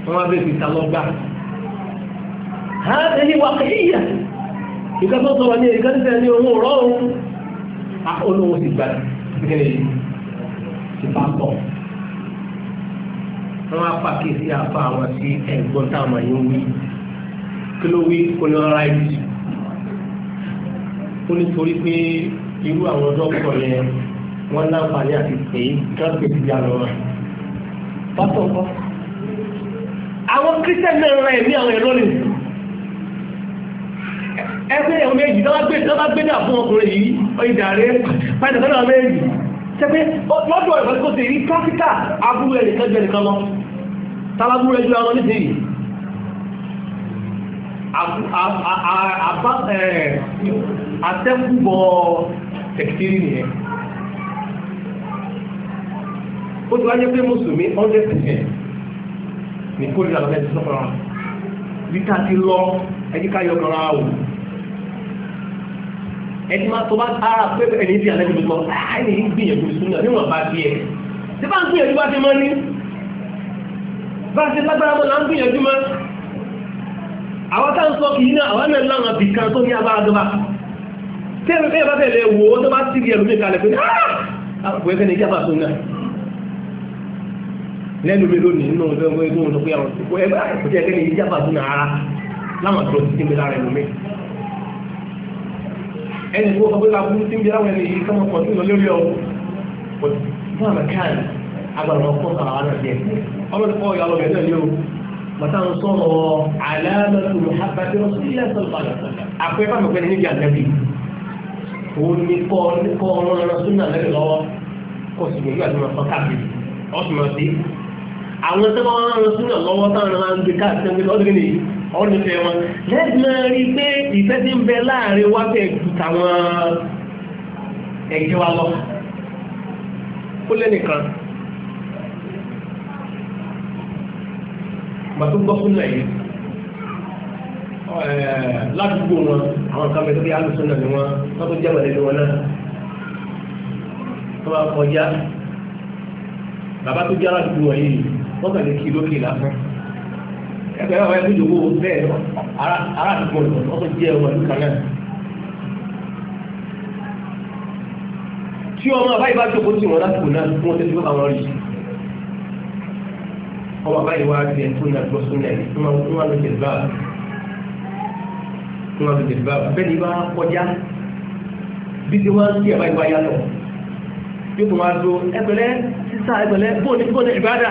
wọ́n á bẹ̀rẹ̀ ìta lọ́gbà ìkan tó sọ̀rọ̀ ní ìkan tẹ́ ní ohun ọ̀rọ̀ ohun olówó sì gbà gẹ́gẹ́ ti bá pọ̀ wọ́n á pàkí sí apá àwọn sí ẹ̀gbọ́n táwọn yìí ń wí kí ló wí kó ní ọ̀rá yìí ó nítorí pé irú àwọn dọ́kítọ̀ yẹn wọ́n láǹfààní àti pé dọ́kítọ̀ ti yà lọ́wọ́ pátọ̀ kọ́ àwọn kírísítẹ́nì náà rẹ̀ ní àwọn ẹ̀rọ nìyí ẹgbẹ́ ẹ̀hùn méjì tọ́bá gbédà fún ọkùnrin yìí ìdàrẹ́ pàtàkì náà méjì tẹ́pẹ́ lọ́dọ̀ ìfẹ́ kó ti rí káfíkà abúrú ẹ̀rẹ̀ kẹgbẹ̀rẹ̀ kan lọ tábàbúrú ẹjọ́ àwọn nítorí àtẹ́kùbọ̀ tẹ̀kìtìrì nìyẹn ó ti wáyé pé mùsùlùmí 100% ní kórìíra lọ́fẹ́ ti sọ́kọ̀ọ́ra bí tá a ti lọ ẹjíká yọkọ̀ọ́ra wò ẹni máa tó bá ara pé ẹni tí àlẹ́ gbogbo ah, ẹni gbìyànjú súnà níwọ̀n bá bí ẹ tí bá ń gbìyànjú bá ti mọ́ ní bá ti lágbára mọ́ là ń gbìyànjú mọ́ àwọn tá ń sọ kìí náà àwọn náà láwọn bì kan tó ní agbára tó bá tí ẹni bẹ́ẹ̀ bá tẹ̀lé wò ó tó bá ti di ẹlòmíì kalẹ̀ pé àwọn ẹgbẹ́ ni ìjábà tó náà lẹ́nu mi lónìí nínú ọdún ẹgbẹ́ tó ń sọ pé àwọn ẹgbẹ́ ni ìjábà tó náà ara láwọn tó ti ẹni tó sọ pé lábúrú tí ń bí láwọn ẹni yìí sọmọ pọ̀ sí lórí ọ fún àmàkàn agbára ọkọ àwọn ará jẹ ọlọ́dẹ fọ́ ìyá ọlọ́dẹ náà yóò bàtà ń sọ̀rọ̀ aláàmẹ́tò mùhàbàtì ọ̀sùn ilé ẹ̀sọ́ ìbàdàn àpẹẹrẹ bá mi pẹ́ níbi àgbẹ̀bí òun ni kọ́ ọ̀rọ̀ àwọn tó máa ń sún náà táwọn máa ń gbé káàkiri ọdún ọdún nìyí wọn lẹ́yìn rí pé ìfẹ́ ti ń bẹ láàrin wá fẹ́ ju wa lọ ó lẹ́nìkan gbàtú gbọ́ fún náà ládùúgbò wọn àwọn kan bẹ̀rẹ̀ bí alùsùn náà ni wọn wọ́n jẹ́ wọ́n kàn lè kí lókè lásán ẹgbẹ́ àwọn ẹgbẹ́ ìjòkó bẹ́ẹ̀ ará àdúgbò rẹ̀ wọ́n tó jẹ́ ọmọ ìlú kan náà. tí ọmọ àbáyé bá jókòó tí wọn lásìkò náà wọn tẹ́tí bá wọn rí ọmọ àbáyé wá di ẹ̀ fún ìdájọ́ sún náà ní wọn lọ jẹ bá wọn lọ jẹ bá bẹ́ẹ̀ ni bá kọjá bí tí wọ́n sí àbáyé wá yá lọ yóò tún wá do ẹgbẹ̀lẹ́ sísá ẹgbẹ̀lẹ́ bóòní bóòní ìbádà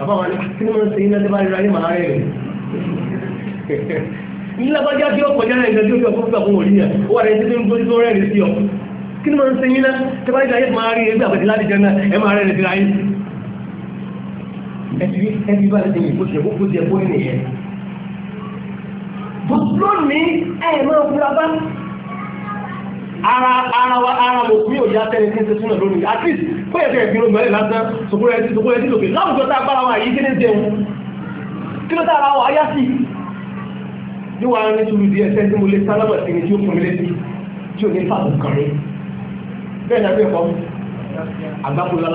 àbáwọn ní kí wọ́n ṣe iná tí bá ríra ní màá rẹ̀ rẹ̀ nílábájá tí ó kọjá rẹ̀ ìgbà tí ó fi ọkọ̀ fún òrí yà ó wà rẹ̀ títí ń gbójú tó rẹ̀ rẹ̀ sí ọ kí ni wọ́n ṣe iná tí bá ríra yẹ́ máa rí ẹgbẹ́ àbẹ̀tí láti jẹ́ náà ẹ fura bá ara wa ara mo kúrò ìyá tẹ́lẹ̀ tí ń ṣe súnà lónìí at least pé ẹ̀kẹ́ ìgbìmọ̀ mẹ́rin lásán sòkúrò ẹtí sòkúrò ẹtí lòkè láwùjọ tá a gbára wa yìí kí ní jẹun kí ló dára wa yá sí ní wàá ní sùúrù díẹ̀ sẹ́ tí mo lè sálábà sí ni tí ó fún mi létí tí ò ní fà kàn rí bẹ́ẹ̀ ni abẹ́ ẹ̀kọ́ àgbákòlá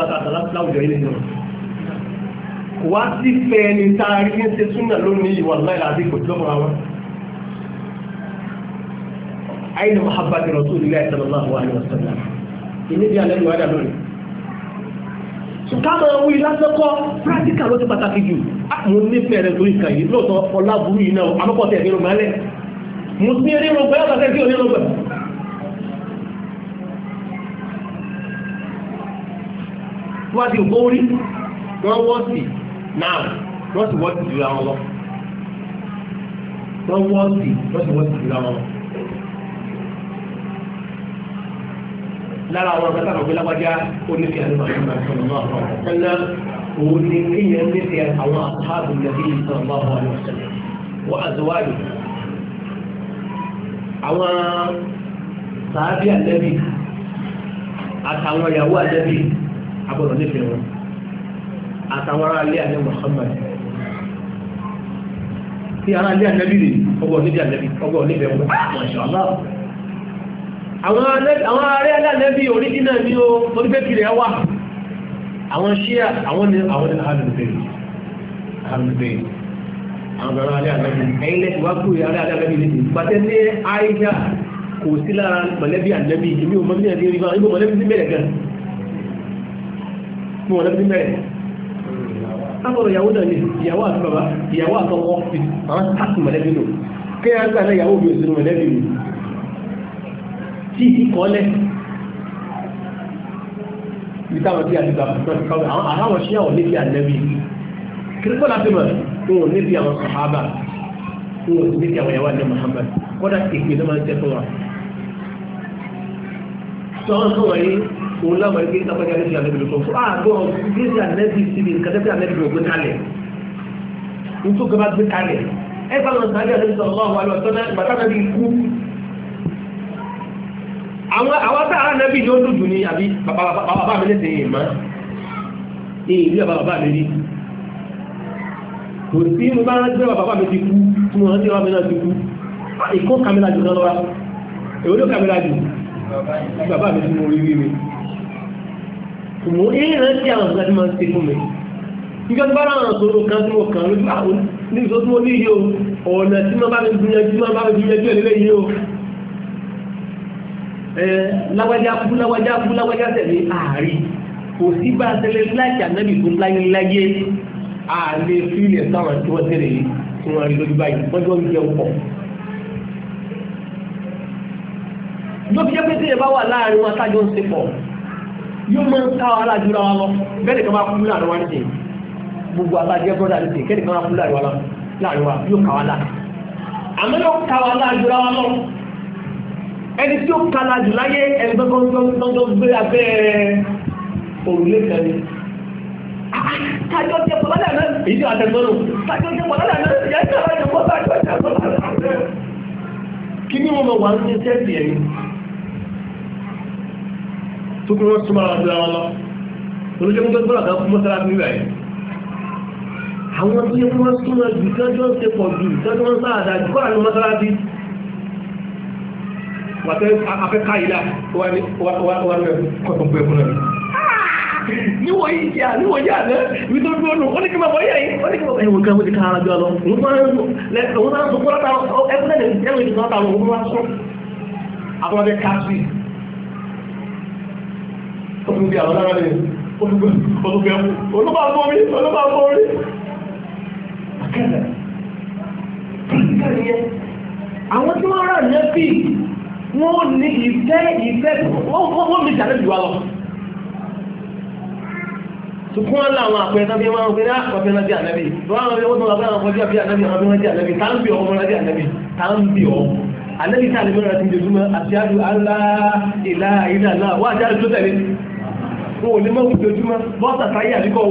láwùjọ yìí nìyẹn kò wá sí fẹ́ẹ́ ni tá ní ṣe súnà lónìí ìwà láì àyìnà mahabbati rasulillahi sallallahu alaihi wasallam ìníbi alẹ́ ìwádà lónìí ṣùgbọ́n àwọn ìlàsọ́kọ́ pírátíkà ló ti pàtàkì jù mo nífẹ̀ẹ́ rẹ̀ lórí ìkàyè lóòótọ́ ọlá burú yìí náà amọ́kọ̀ tẹ̀ ní rògbà lẹ̀ mo sí eré rògbà yàtọ̀ tẹ̀ sí òní rògbà wọ́n ti gbó rí wọ́n wọ́ sí náà wọ́n sì wọ́ sí jù láwọn lọ wọ́n wọ́ sí wọ́n sì wọ́ sí jù láwọn lọ lára àwọn akẹ́kọ̀ọ́ àwọn gbẹlágbájá onífẹ́ àti màṣúmọ̀ ọ̀nà òun ni kéèyàn nífẹ̀ẹ́ àwọn àtàbù nàbí ìsọ̀rọ̀ àwọn àwọn ọ̀sẹ̀lẹ̀ wọ́n àzọwájú àwọn sàábì àlẹ́bì àtàwọn ìyàwó àlẹ́bì agbọ̀dọ̀ nífẹ̀ẹ́ wọn àtàwọn ará ilé àlẹ́ Muhammad tí ará ilé àlẹ́bì ọgbọ̀n níbi àlẹ́bì ọgbọ̀n níbẹ̀ àwọn ará alẹ́bí oríjìnà ní o orípẹ́kìrẹ́ wà àwọn ṣíà àwọn ni àwọn alùbẹ̀rẹ̀ alùbẹ̀rẹ̀ àwọn ará alẹ́ alẹ́bí ẹ̀yìn lẹ́sìn wá kúrò ará alẹ́ alẹ́bí lẹ́sìn pàtẹ́ ní àìjà kò sí lára mọ̀lẹ́bí alẹ́bí èmi ò mọ̀lẹ́bí alẹ́bí rí bá ibò mọ̀lẹ́bí sí mẹ́rẹ̀ gan mo mọ̀lẹ́bí sí mẹ́rẹ̀ sábọ̀rọ̀ ìyàwó náà ni ìyàwó àti bàbá ìyàwó àtọwọ́ fi àwọn sáàtì mọ̀lẹ́bí nù kí tí ìdí kọ́lẹ̀ ibi táwọn bí àdìgbà àwọn ṣíyà wọn níbi ànẹ́bí kìrìkọ́ láti mọ̀ tó wọn níbi àwọn sàhábà tó wọn níbi àwọn ìyàwó àdìgbà Muhammad kọ́dà kéèké ló máa ń jẹ́ fún wa tọ́wọ́n ah, tó wọ̀nyí òun láwọn ẹgbẹ́ ìtàkọ́jà ní ti ànẹ́bí lókun fún àgbọ̀ gírísì ànẹ́bí síbi nǹkan tẹ́tẹ́ ànẹ́bí lókun kalẹ̀ nítorí gbé kalẹ̀ ẹgbẹ́ àwọn sàhábà ànẹ́bí sọ̀rọ̀ àwọn àwátàrà nẹ́bì ni ó dùn jù ní àbí bàbá mi lẹ́sẹ̀ ìmá ní ìlú bàbá mi rí kò sí mo bá rántí bẹ́ẹ̀ bàbá mi ti kú tí mo rántí bàbá mi náà ti kú ìkó kàmílà jù lọ́wọ́ èwo ló kàmílà jù bàbá mi ti mú orí mi mo ní ìrántí àwọn ọ̀gá tí máa ń ṣe fún mi nígbà tó bá rà àwọn ọ̀sọ̀rọ̀ kan tí mo kàn lójú àwọn ah, nígbà tó mo ní iye ọ̀nà tí mo bá mi gbìyànjú mo bá mi gbìyànjú ẹ̀ láwájá kú láwájá kú láwájá tẹ̀lé ààrí kò sí bá tẹ̀lé láti ànábì tó láyé láyé ààrẹ fílẹ̀ sáwọn tí wọ́n tẹ̀lé tí wọ́n rí lójú báyìí wọ́n jọ ń jẹun pọ̀. ló fi jẹ́ pé tí ẹ bá wà láàrin wọn tájọ́ ń ṣe pọ̀ yóò máa ń ká wa alájúra wa lọ bẹ́ẹ̀ nìkan bá kú láàrin wa nìyẹn gbogbo alájẹ́ bọ́dà nìyẹn kẹ́ẹ̀nìkan bá kú láàrin wa láàrin wa yóò ká wa láàrin àmọ́ yóò ká wa alájúra wa lọ ẹni tí ó kala jù láyé ẹni tọ́jọ́ gbé abẹ́ òrùlé kan ni kájọ́ jẹ́ pọ̀lọ́dà náà èyí àtẹ̀sọ́nù kájọ́ jẹ́ pọ̀lọ́dà náà ìyá ìjọba ìjọba kájọ́ jẹ́ pọ̀lọ́dà náà kí ni mo mọ̀ wá ní sẹ́ẹ̀sì ẹ̀yìn tó kí wọ́n súnmọ́ àwọn ìlànà lọ torí jẹ́ mọ́tò gbọ́dọ̀ kan fún mọ́sára sí ìrẹ̀ àwọn tó yẹ kí wọ́n jù kájọ́ ń ṣe pọ̀ jù kájọ́ ń sáàdà jù kọ́ wàtẹ́ afẹ́ká ìlà wọ́n rẹ̀ kọ́tùn pé fún ẹ̀ níwọ̀n yìí jẹ́ àníwọ̀n yìí àná ibi tó dúró nù oníkì máa wọ́yẹ̀ yìí oníkì máa ẹ̀wọ̀n kan mo ti ká ara jọ lọ òun máa ń òun máa ń sọ kọ́lá táwọn ẹgbẹ́ náà ẹ̀wọ̀n ìdìbò náà táwọn òun máa sọ àwọn ọdẹ káàsì ó fi bí àwọn lára rẹ̀ ó fi bí olúbà bómi olúbà bómi akẹ́lẹ̀ àwọn tí wọ́n rà nẹ́bí wọ́n ní ìfẹ́ ìfẹ́ wọ́n mi jàdé jù wá lọ. Sùkún wọn láwọn àpẹẹrẹ tàbí wọn gbé náà kọfẹ́ náà jẹ́ ànábì. Wọ́n àwọn ọmọ ọmọ àwọn ọmọ jẹ́ ànábì àwọn ọmọ jẹ́ ànábì tá ń bì ọmọ jẹ́ ànábì tá ń bì ọ. Ànábì tá a lè mẹ́rin àti ìjọba àti àjò alá ìlà ìlà náà wọ́n àti àjò tó tẹ̀lé. Wọn ò lè mọ̀ wípé ojúmọ́ bọ́ọ̀sà táyé àbíkọ́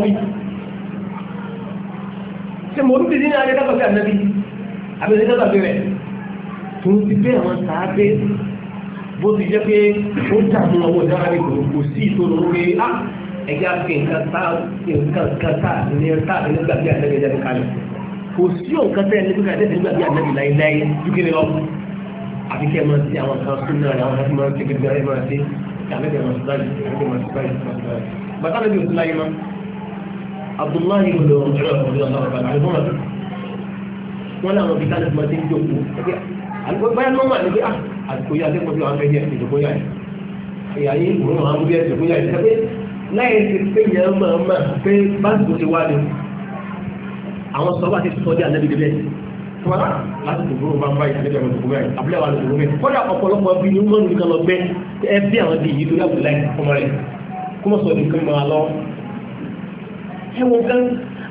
tó ti bẹ́ àwọn sàábé bó ti jẹ́ pé ó dàbí ọwọ́ ìdára rẹ̀ kò sí ìtòrò pé á ẹ̀yà fi nǹkan tá nǹkan tá ní tá nígbà bí àtẹ́gbẹ́ jáde kalẹ̀ kò sí òǹkan tẹ́ nígbà tẹ́ nígbà bí àtẹ́gbẹ́ láéláé dúkìrì lọ àfi kẹ́ máa ti àwọn kan sún náà àwọn kan máa ti gbẹgbẹ rẹ̀ máa ti àtẹ́gbẹ́ máa ti báyìí àgbẹ̀gbẹ́ ló mà ní pé àtìkò yá lẹ́kọ̀ọ́ sí àwọn ẹgbẹ́ ìdòkó yá yìí ẹ̀yà yìí òun àwọn ọmọdé ìdòkó yá yìí pé láyé ti pé yẹn máa mà pé báńkì ti wá ni àwọn sọ́wọ́ àti sọ́jà àlẹ́bí débẹ̀ tọ́lá láti dòkó bá ń bá ìdílé ọmọ dòkó bẹ́ẹ̀ àbúlé wa dòkó bẹ́ẹ̀ kọ́dà ọ̀pọ̀lọpọ̀ bí ni wọ́n nìkan lọ gbẹ́ ẹ bí àwọn di yìí tó yàgò láì ọmọ rẹ̀ kó mọ̀ sọ̀rọ̀ nìkan máa lọ. ẹ wo gan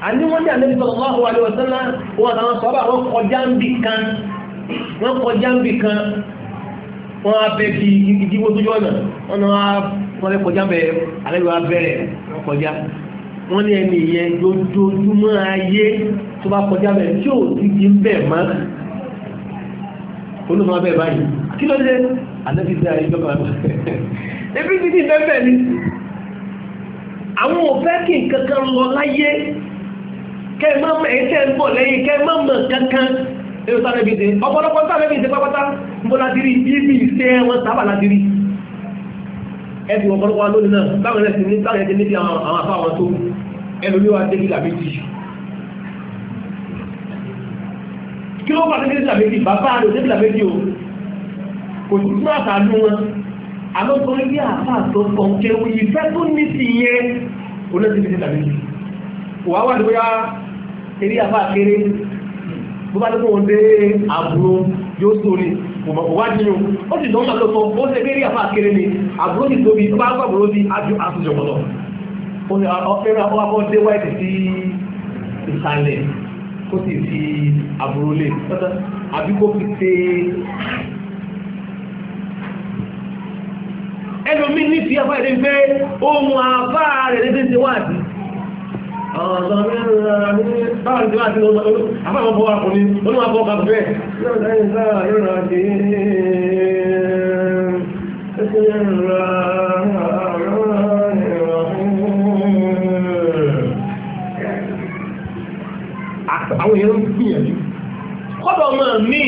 àní wọ́n ní àlẹ́ bí sọ̀rọ̀ wá wà lọ́wọ́ sẹ́lá wọn àtàwọn sọ̀rọ̀ àwọn kọjá ń bì kan wọ́n kọjá ń bì kan wọ́n á bẹ́ fi ìdíwó tó jọ́nà wọ́n náà wọ́n lè kọjá bẹ̀ alẹ́lú abẹ́rẹ́ wọ́n kọjá wọ́n ní ẹni ìyẹn lójoojúmọ́ ayé tó bá kọjá bẹ̀ tí ò ti di ń bẹ̀ mọ́ olùmọ̀ abẹ́ báyìí kí ló dé anẹ́bíṣẹ́ ayélujára ebi ti di bẹ́ẹ̀ bẹ́ẹ̀ ni àwọn òfẹ́ kí nǹkan kan lọ láyé kẹ́ ẹ má mọ̀ ẹ̀ tẹ́ ń bọ̀ lẹ́yìn kẹ́ ẹ má mọ̀ kankan ẹ̀rọ sáré bí ṣe ọ̀pọ̀lọpọ̀ sáré bí ṣe pápátá mbó láti rí ibi iṣẹ́ wọn sábà láti rí ẹbí ọ̀pọ̀lọpọ̀ wa lónìí náà báwọn ẹ̀sìn ní báwọn ẹ̀sìn níbi àwọn afá wọn tó ẹnu ní wa dé kí làbẹ́jì kí ló pàṣẹ kí làbẹ́jì bàbá rẹ̀ dé kí làbẹ́jì o kò sí fún àtàlù wọn àmọ́ sọ ilé àfà tó kàn kẹwì ìfẹ́ tó ní sí yẹn olóṣèlú kí làbẹ́jì wàá wà lóya eré àfà kéré tó bá dẹ́kun wọn dé àbúrò yóò sórí ìwádìí yóò ó sì dánwó àtọ́tọ́ ó ṣe kéré àfa kéré ni àbúrò ti tóbi tó bá gbàgbọ́rọ́ sí ajú àtúnṣe ọ̀pọ̀lọ́ ó ní ọ̀pẹ̀rẹ̀ àkọ́kọ́ dé wáìtì sí ìsàlẹ̀ kó sì fi àbúrò lè àbí kó fi ṣe ẹlòmíì ní ti àfa ìdí pé ohun àfa rẹ̀ lè ṣe wáàdì àwọn èèyàn ń gbìyànjú kọ́dọ̀ máa ní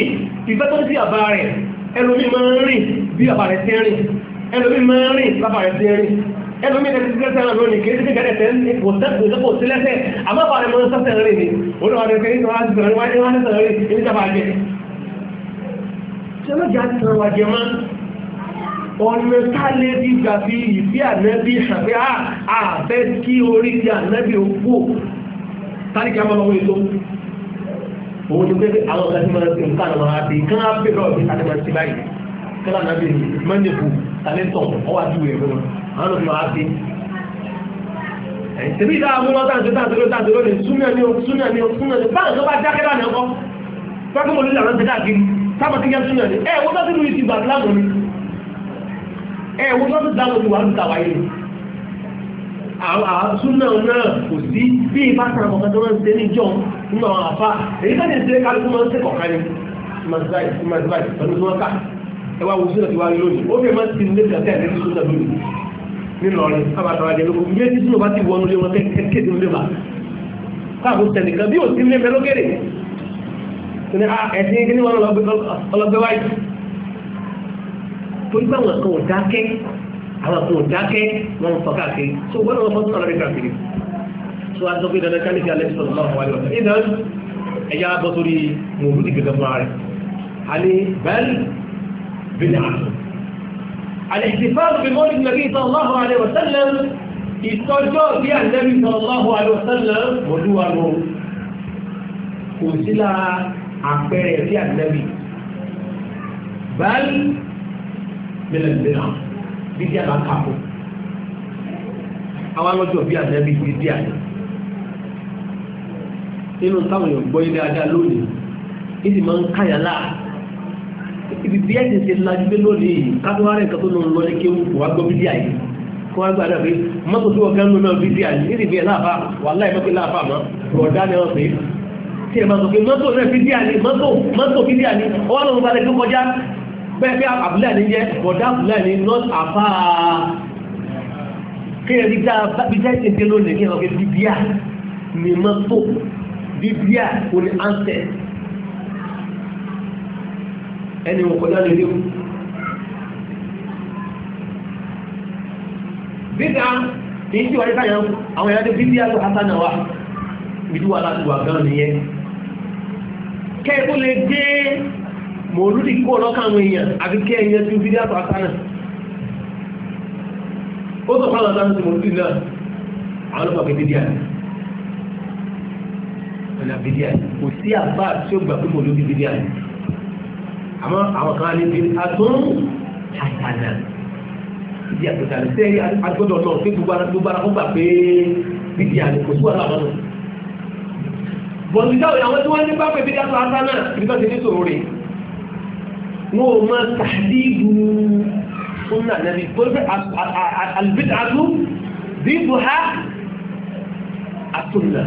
ìfẹ́ tó ń sí àbá rẹ̀ ẹlòmí máa ń rìn bí àbá rẹ̀ ti rìn ẹlòmí máa ń rìn lábà rẹ̀ ti rìn ẹlòmí tẹ́tí ti lẹ́sẹ̀ lọ́nà ní kéde kẹ́kẹ́ tẹ́ kò sẹ́kù kò sí lẹ́sẹ̀ àbábà rẹ̀ mọ́ sẹ́sẹ̀ rẹ̀ ni wọ́n lọ́wọ́ rẹ̀ kéde wọ́n á sẹ́sẹ̀ rẹ̀ wọ́n á sẹ́sẹ̀ rẹ̀ ní ìjọba jẹ́ ṣé lọ́jà ti sọ̀rọ̀ wájẹ mọ́ ọ̀nà tálẹ́ ti gbà fi ìfẹ́ ànẹ́bí ṣàfẹ́ àfẹ́ kí orí ti ànẹ́bí òkú tálí kí a máa lọ́wọ́ ètò òun ti pé àwọn ọ̀gá tí máa ti nǹkan àwọn àti kán á bẹ̀rẹ̀ ọ̀gbìn àti máa ti báyìí kí lánàá bẹ̀rẹ̀ mọ́ndé kù tálẹ́ntọ̀ ọwọ́ àdúgbò àwọn olùmọ̀ àti ẹ̀sìnbí ìdá àwọn ọ̀tàǹtì tàǹtìrò tàǹtìrò ní súnmọ̀ ní súnmọ̀ ní súnmọ̀ ní báyìí tó bá dákẹ́dà ní ọkọ́ pẹ́kún mo nílò àwọn ṣe káàkiri sábà kí yẹn súnmọ̀ ní ẹ̀ wọ́n tó ti lu ìtìgbà láàbò ni ẹ̀ wọ́n tó ti dáàbò ti wà ní tàwa yìí àwọn súnmọ̀ náà kò sí bí ipa sàn kọ̀ọ̀kan tó máa ń ṣe ní jọ nínú àwọn àfa èyí tó ti ṣe kálukú máa ń ṣe kọ̀ọ̀kan ni mazai mazai pẹ̀lú tí wọ́n ká ẹ wá wo súnmọ̀ ti wá lónìí ó fi máa ń ti ní nílọrin abàtàwàjẹ lóko méjì tí o bá ti wọnú lé wọn kẹ́kẹ́ tí o lè bá káàbù tẹnìkan bí o ti lé mẹlógéré ní a ẹ̀sìn kí ni wọn ọlọgbẹ wáyé torí pé àwọn kan ò dákẹ́ àwọn kan wọn fọ káàkiri so wọn wọn fọ sí ọlọrin káàkiri so a sọ pé dandan ká ní kí alẹ́ sọ̀rọ̀ máa wà lọ sí ìdán ẹ̀yà bọ́ الاحتفال بمولد النبي صلى الله عليه وسلم ìtọ́jọ́ bí ànábì sallallahu alaihi wasallam olúwarò kò sí lára àpẹẹrẹ bí ànábì báyìí mẹ́lẹ̀mẹ́lẹ̀ bí díà bá kàpọ̀ àwọn alọ́jọ́ bí ànábì bí díà ní nínú táwọn èèyàn gbọ́ ilé ajá lónìí ìdí máa ń káyà láà ibi bí ẹ̀sìn ṣe lajú pé lónìí káfíwárẹ̀ nǹkan tó lọ́nà lọ́lé kéwù kò wá gbọ́ bíbí àyè kó wá gbàdá pé mọ́tò tí wọ́n kẹ́ ń lò náà bíbí àyè níbi ìbí ẹ̀ láàfà wà láì mọ́tò láàfà mọ́ rọ̀dá ni wọ́n pè é tí ẹ máa sọ pé mọ́tò náà bíbí àyè mọ́tò mọ́tò bíbí àyè ọwọ́ lọ́run balẹ̀ tó kọjá bẹ́ẹ̀ bí àbúlé àní jẹ́ rọ̀dá àbúlé àní not àfà kéèyàn bí dá ẹ̀sìn ṣe lónìí kéèyàn ẹni wọn kọjá lè léwu bídá ní tí wọ́n ní sáyẹn àwọn èèyàn tó bí bí àtọ́ hasana wa ìdú wa láti wà gan nìyẹn kẹ́ẹ̀kọ́ lè gbé mòlúdì kó lọ́kàn àwọn èèyàn àti kẹ́ẹ̀yẹ tó bí àtọ́ hasana ó sọ fún àwọn àtàwọn tí mòlúdì náà àwọn ọlọ́pàá bí bí àná ọ̀nà bí bí àná kò sí àbá tí ó gbà pé mòlúdì bí àmọ́ àwọn kan ní bí atún àtànà ìdí àpòtà ní sẹ́yìn agbọ́dọ̀ náà pé gbogbo ara kó gbà pé bíbí àná kò síwájú àwọn náà. bọ̀ǹdíjà òyìn àwọn tí wọ́n ní bá pé bíbí àtún àtànà ìdíbà ti ní sòrò rè wọn ò máa tàdídù súnà nàbí pé àlùbíjà àtún bíbù ha àtúnà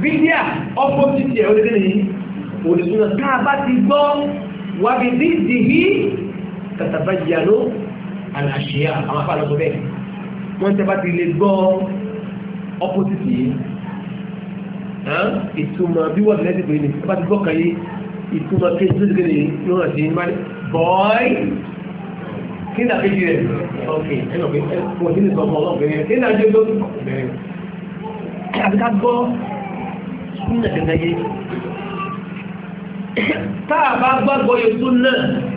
bíbí à ọ̀pọ̀ títí ẹ̀ ọ́ òdìsúná tá a bá ti gbọ́ wàbí dídì yí kàtàbá ìyàló àlàṣíà àwọn afá lọ́sọ bẹ́ẹ̀ wọ́n tẹ́ bá ti lè gbọ́ opposite yìí ìtumọ̀ bí wọ́n lẹ́sìn pé ní tẹ́ bá ti gbọ́ kàn yí ìtumọ̀ kejì tó ti kéde ló hàn sí ní bọ́ọ̀ì kí ní àkejì rẹ̀ ọ̀kẹ́ ẹ̀rọ pé wọ́n ti lè sọ ọmọ ọlọ́gbẹ̀rẹ̀ kí ní àjẹ́ táà bá gbàgbọ́ yòókù náà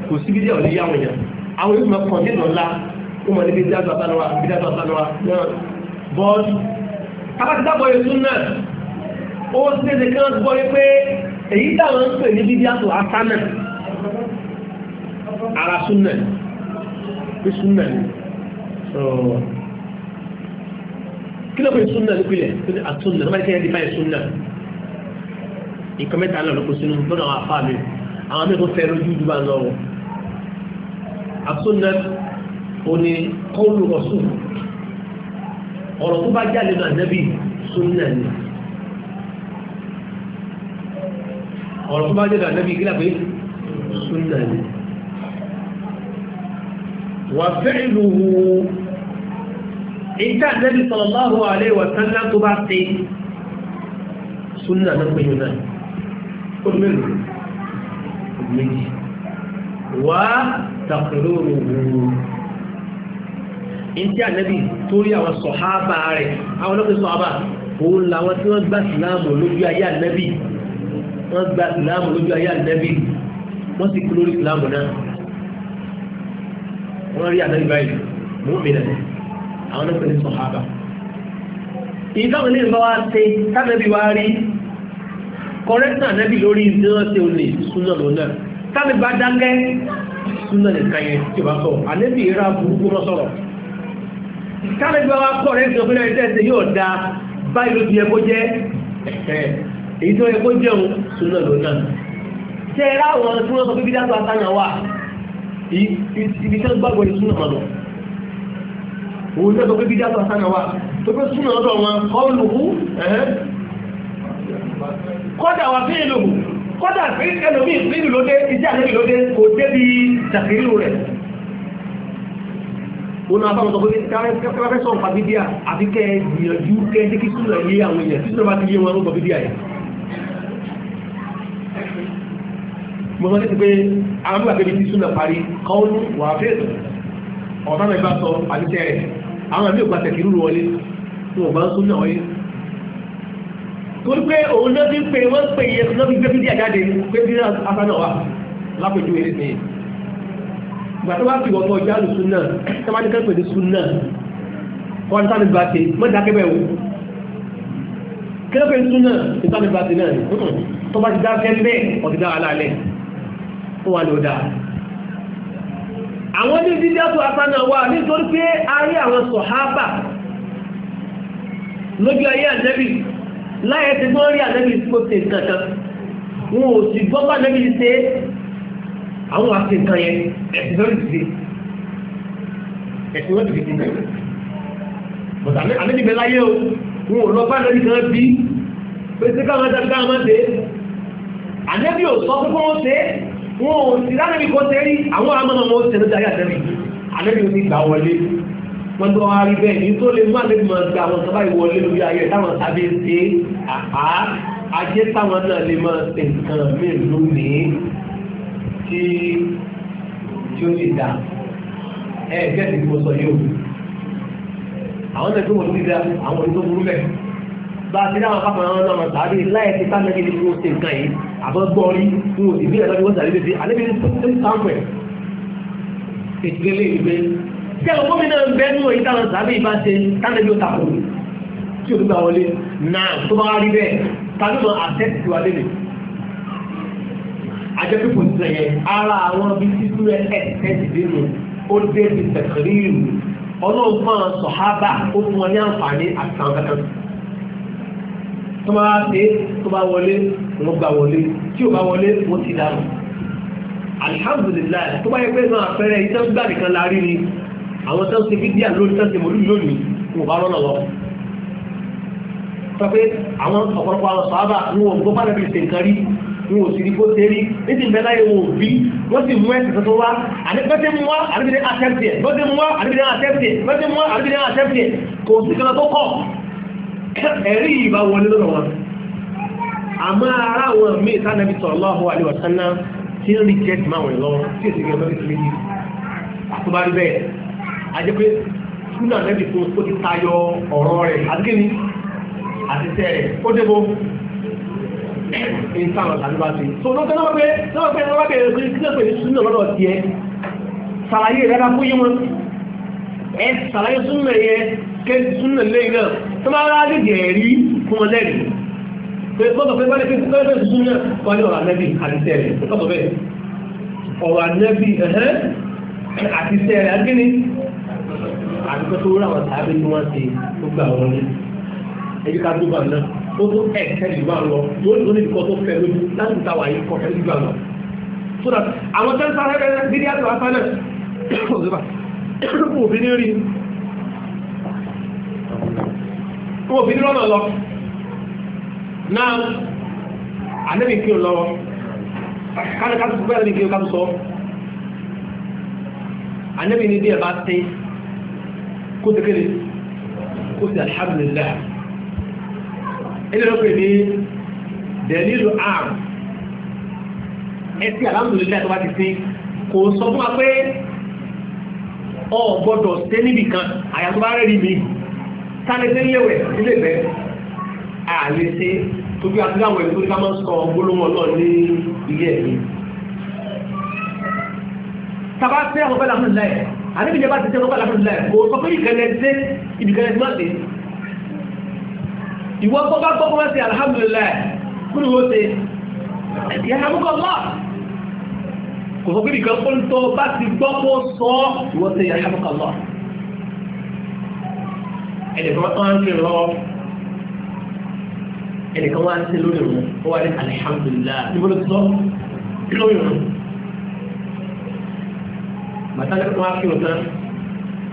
kò síbi díẹ̀ òní yáwọn èèyàn àwọn yóò máa kàn nínú ńlá wọ́n mọ̀ níbi dájú àbánuwa níbi dájú àbánuwa náà bọ́ọ̀lù tábà ti dábọ̀ yòókù náà ó ṣẹ̀ṣẹ̀ kí wọ́n gbọ́ yé pé èyí táwọn ń pè ní bíbí àtò ara súnà pé súnà ni kí ló pè súnà nípìnlẹ̀ àtúnà ló máa ń kẹ́yẹ́ nǹkan mẹ́ta náà lọ́kọ̀ sínú lọ́dọ̀ àwọn afá mi àwọn mẹ́ta fẹ́ lójú dúbà ń lọ́wọ́ àtúnná òní kọ́ọ̀lù ọ̀sùn ọ̀rọ̀ tó bá jáde náà nẹ́bí súnà ni ọ̀rọ̀ tó bá jáde náà nẹ́bí kílà pé ni wà fi'luhu ìta nẹ́bí sallallahu alaihi wa sallam tó bá ṣe súnà náà pé náà kódù mélòó méjì wá tàkùrù òwò ìdí ànẹ́bì torí àwọn sọ̀hábà rẹ̀ àwọn olókè sọ̀hábà òun làwọn tí wọ́n gbà síláàmù lójú ayé ànẹ́bì wọ́n gbà síláàmù lójú ayé ànẹ́bì wọ́n sì kú lórí síláàmù náà wọ́n rí ànẹ́bì báyìí mú mi nà àwọn olókè sọ̀hábà ìdáwọn ilé ìbáwá ṣe tábẹ́bí wá rí kọrẹ́tà nẹ́bì lórí tí wọ́n ṣe olè súnà lọ́nà tábí bá dákẹ́ súnà nìkan yẹn tí ó bá sọ ànẹ́bì ìra burúkú mọ́ sọ̀rọ̀ tábí bá wá kọrẹ́tà ọ̀fẹ́ náà tẹ́sẹ̀ yóò da báyìí ló ti yẹ kó jẹ́ èyí tó yẹ kó jẹun súnà lọ́nà tẹ́ ẹ ráwọn tí wọ́n sọ pé bídá tó asáyàn wà ibi tẹ́ gbàgbọ́ ní súnà mọ́nà òun tẹ́ sọ pé bídá tó asáyàn wà kọ́dà wà fí ìlú kọ́dà fí ẹlòmí ìlú lóde iṣẹ́ àlẹ́bì lóde kò débi tàkìrírù rẹ̀ òun àbáwọn sọ pé kẹfẹ́ sọ nípa bíbíà àfi kẹ́ gbìyànjú kẹ́ díkí súnà yé àwọn èèyàn tí súnà bá ti yé wọn lọ́pọ̀ bíbíà yẹn mo sọ títí pé àwọn bí wàgbé ti súnà parí kọ́ọ̀lù wà fẹ́ẹ̀tọ̀ ọ̀tá mẹ́fà sọ àti tẹ́rẹ̀ àwọn àbí ògbà tẹ̀kìrú wọlé wọn ò bá ń súnà wọlé torí pé òun náà ti pè wọ́n pè yẹ lọ́ fi gbé bí díẹ̀ jáde pé bí asánà wa lápẹjú èrè sí ìgbà tó bá fi wọ́n kọjá lù sún náà tó bá ní kẹ́ pè ní sún náà kọ́ ní sáni bàtì mọ́jà kẹ́bẹ̀ wò kẹ́pẹ̀ sún náà ní sáni bàtì náà tó bá ti dá fẹ́ bẹ́ẹ̀ ọ̀dídá alálẹ̀ ó wà ló dáa àwọn ní dídá tó àpánà wà nítorí pé a àwọn sọ̀hábà lójú ayé ànẹ́bì láyé ti gbọ́n rí ànẹ́bí tí kò ṣe nǹkan kan wọn ò sì gbọ́ bá ànẹ́bí ṣe àwọn àti nǹkan yẹn ẹ̀sìn lórí ti ẹ̀sìn lórí ti ti nǹkan yẹn bọ̀dà ànẹ́bí bẹ láyé o wọn ò lọ bá ànẹ́bí kan bí pé sí káwọn ẹja ká máa ṣe ànẹ́bí ò sọ fún wọn ṣe wọn ò sì ránẹ́bí kó ṣe rí àwọn amọ̀nà wọn ó ṣe lójú ayé ànẹ́bí ànẹ́bí ò ní gbà wọlé wọ́n tó wá rí bẹ́ẹ̀ ní tó lè máa lè máa gba àwọn sábà ìwọlé lórí ayé táwọn sábẹ́ ṣe àpá ajé táwọn náà lè máa ṣe nǹkan mìíràn lónìí tí tí ó lè dà ẹ gẹ́gẹ́ bí mo sọ yóò àwọn náà tó wọ́n ti da àwọn oníṣòwò burú mẹ́ bá a ti dáhùn pápá àwọn náà tàbí láì ti ká mẹ́rin ní wọ́n ṣe nǹkan yìí àbọ̀ gbọ́ rí wọn ò sì bí ẹ̀rọ bí wọ́n ṣàlébèsè tí àwọn gómìnà ń bẹ́ nínú ìtàwọn sàbí ìbá ṣe tánàbí ó takò tí ó gbà wọlé náà tó bá rí bẹ́ẹ̀ tàbí mọ àtẹ́sì wà lélẹ̀ àjẹpẹ́ kò tẹ̀ yẹ ara àwọn bí títú ẹ̀ ẹ̀ẹ́sì dénú ó dé ti tẹ̀kẹ́rì ìlú ọlọ́run fún àwọn sọ̀hábà ó fún wọn ní àǹfààní àtàwọn kankan tó bá ṣe tó bá wọlé wọn gbà wọlé tí ò bá wọlé wọn ti dànù alihamudulilayi tó bá yẹ pé náà fẹ́rẹ̀ iṣẹ́ gbàdìkan láàrin ni àwọn tó ń ṣe fídíà lórí tó ń ṣe mòlú lónìí wọ́n bá lọ́nà lọ sọ pé àwọn ọ̀pọ̀lọpọ̀ àwọn sọ́ábà ní wọn gbọ́pá lẹ́bí ṣe nǹkan rí ní wọn ò sì rí kó ṣe rí ní ti mẹ́lá yẹn wọn ò bí wọ́n sì mú ẹ̀sìn tuntun wá àdébẹ́tẹ́ mú wá àdébẹ́tẹ́ àtẹ́tì ẹ̀ bẹ́tẹ́ mú wá àdébẹ́tẹ́ àtẹ́tì ẹ̀ bẹ́tẹ́ mú wá àdébẹ́tẹ́ àtẹ́tì ẹ̀ kò sí kan tó kọ̀ ẹ̀rí ìbá wọlé lọ́nà wọn àmọ́ ara àwọn míì sánàbí sallallahu alaihi wasallam tí ń rí jẹ́ tìmáwọn ìlọ́wọ́ tí èsì gẹ̀ẹ́ lọ́rí ti méjì àtúbárí bẹ́ẹ̀ àjẹpẹ́ súnà lẹ́bi tó tó ti tayọ ọ̀rọ̀ rẹ̀ àdíkìní àtẹ̀tẹ̀ rẹ̀ ó débò ní sáwọn àdúrà sí. tó ló tẹ́ lọ́wọ́ pé lọ́wọ́ pé lọ́wọ́ pé lọ́wọ́ pé lọ́wọ́ pé súnà lọ́dọ̀ tiẹ̀ sàlàyé rẹ̀ bá fún yín wọn ẹ sàlàyé súnà yẹ kẹ́ súnà lẹ́yìn náà tó bá rà lè jẹ̀ rí fún wọn lẹ́rìí pé gbọ́dọ̀ pé báyìí pé báyìí pé súnà wọn ní ọ̀rọ̀ ànẹ́bí àtẹ̀tẹ̀ rẹ̀ gbọ́dọ̀ bẹ́ẹ̀ àdúgbò tó rà wọn tàbí tí wọ́n ti tó gbà wọn ní ẹbí ká tó bá náà ó tó ẹ̀kẹ́ lè bá lọ yóò ní ìkọ́ tó fẹ́ lójú láti ta wà yìí kọ́ fẹ́ lójú àná. so that àwọn tẹ́lẹ̀ sáré bẹ́ẹ̀ nídìí àti wàá sáré kò fi ní rí kò fi ní rọ́nà lọ náà ànẹ́bí kí o lọ kálíkà tó fẹ́ lẹ́ni kí o ká tó sọ ànẹ́bí ní bí ẹ bá tẹ́ kó ti kéde kó ti alhamdulillah ilé ló pè ní dẹ̀lílù àrùn ẹtí alhamdulillah tó bá ti sí kò sọ fún wa pé ọ gbọ́dọ̀ sí níbì kan àyàtọ̀ bá rẹ̀ níbi tánilẹ́ léwẹ̀ nílé ìfẹ́ àlè ṣe tó bí àtúndáwọ̀ ẹ̀ tó ní ká máa sọ gbólóhùn ọlọ́ọ̀ ní ilé ẹ̀mí tàbá tẹ́ ọ̀pẹ́ làmúlẹ̀ àníbi ìjọba ti tẹ́ ọ̀pẹ́ làmúlẹ̀ kò sọ pé ìkẹlẹ̀ sí ìbìkẹlẹ̀ tí wọ́n ti ìwọ́ tó bá gbọ́ kọ́mọ́sí alhamdulillah kúrò ó ti ẹ̀yà àmúkọ̀ lọ́ kò sọ pé ìkan kó ń tọ́ bá ti gbọ́ kó sọ ìwọ́ ti ẹ̀yà àmúkọ̀ ẹnìkan wá ń kiri lórí òun ó wà ní alhamdulillah níbo ló kí lórí bàtàlẹ́ fún wa kí o tán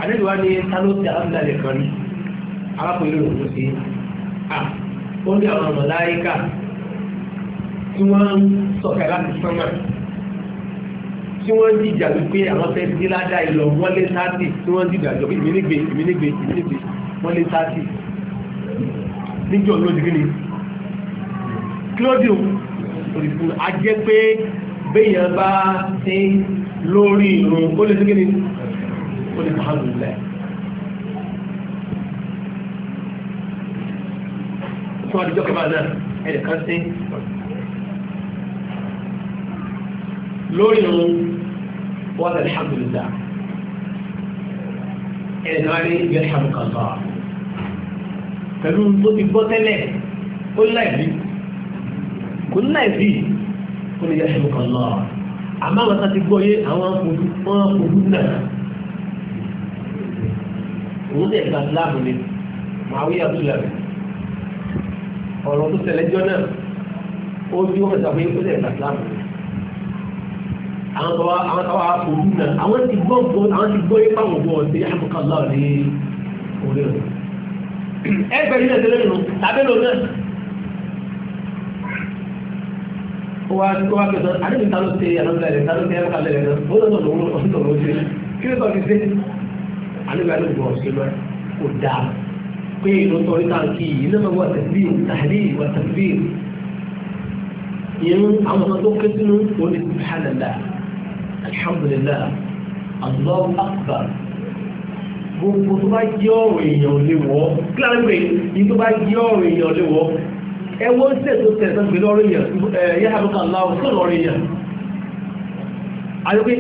àdéhùn wa ní tálọ́ ti alábìlálẹ̀ kan ní arákùnrin rẹ̀ ló sí à ó ní àwọn màláíkà tí wọ́n ń sọ̀kà láti sánmà tí wọ́n ń dìjà wípé àwọn fẹ́ dí ládà ìlọ wọ́n lé táàtì tí wọ́n ń dìjà jọ ìmínígbè ìmínígbè ìmínígbè wọ́n lé táàtì níjọ́ lójú kí ni Claudio olùkùn a jẹ́ pé béèyàn bá ti lórí ìrùn ó lè sígé ní ó lè máa lùlẹ̀ fún àdíjọ́ kẹfà náà ẹ̀dẹ̀ kan sí lórí ìrùn wọ́n tẹ̀lé alhamdulillah ẹ̀dẹ̀ náà ní ìgbẹ́ alhamdulillah pẹ̀lú tó ti gbọ́ tẹ́lẹ̀ ó láìbí kò láìbí kò ní yẹ́ alhamdulillah àmọ́ àwọn sáti gbọ́ yé àwọn fojú wọn fojú náà òun dẹ̀ gba síláàmù ni màá wí àtúlẹ̀ rẹ̀ ọ̀rọ̀ tó tẹ̀lé jọ náà ó bí wọ́n sàbẹ̀ ó dẹ̀ gba síláàmù ni àwọn tọ́wọ́ àwọn tọ́wọ́ fojú náà àwọn ti gbọ́ gbọ́ àwọn ti gbọ́ yé fáwọn ògbọ́ ọ̀sẹ̀ àbùkálà ní orí rẹ̀ ẹgbẹ̀rún náà tẹ́lẹ̀ nù tàbí lò wá wá pé sọ àdébí ta ló ṣe àlọ́lẹ̀ rẹ̀ ta ló ṣe ẹ̀ka lẹ̀ rẹ̀ ó lọ́nà lòun ó lọ́nà lòun ṣe kí ló sọ fi ṣe àdébí àdébí bọ̀ ṣe lọ kò dáa pé ìlú tọ́ ní táǹkì yìí ní ọmọ tẹ̀sí tàbí ìwà tẹ̀sí yẹn àwọn ọmọ tó ké sínú òní subhanallah alhamdulillah Allahu akbar gbogbo tó bá jẹ́ ọ̀rọ̀ èèyàn lè wọ́ kíláàmù yìí tó bá jẹ́ ọ̀rọ̀ èèyàn lè wọ́ ẹwọ́ tẹ̀tò tẹ̀tò gbé lọ́rọ̀ èèyàn yáàbùkà láwọn tó lọ́rọ̀ èèyàn ayọ́pẹ́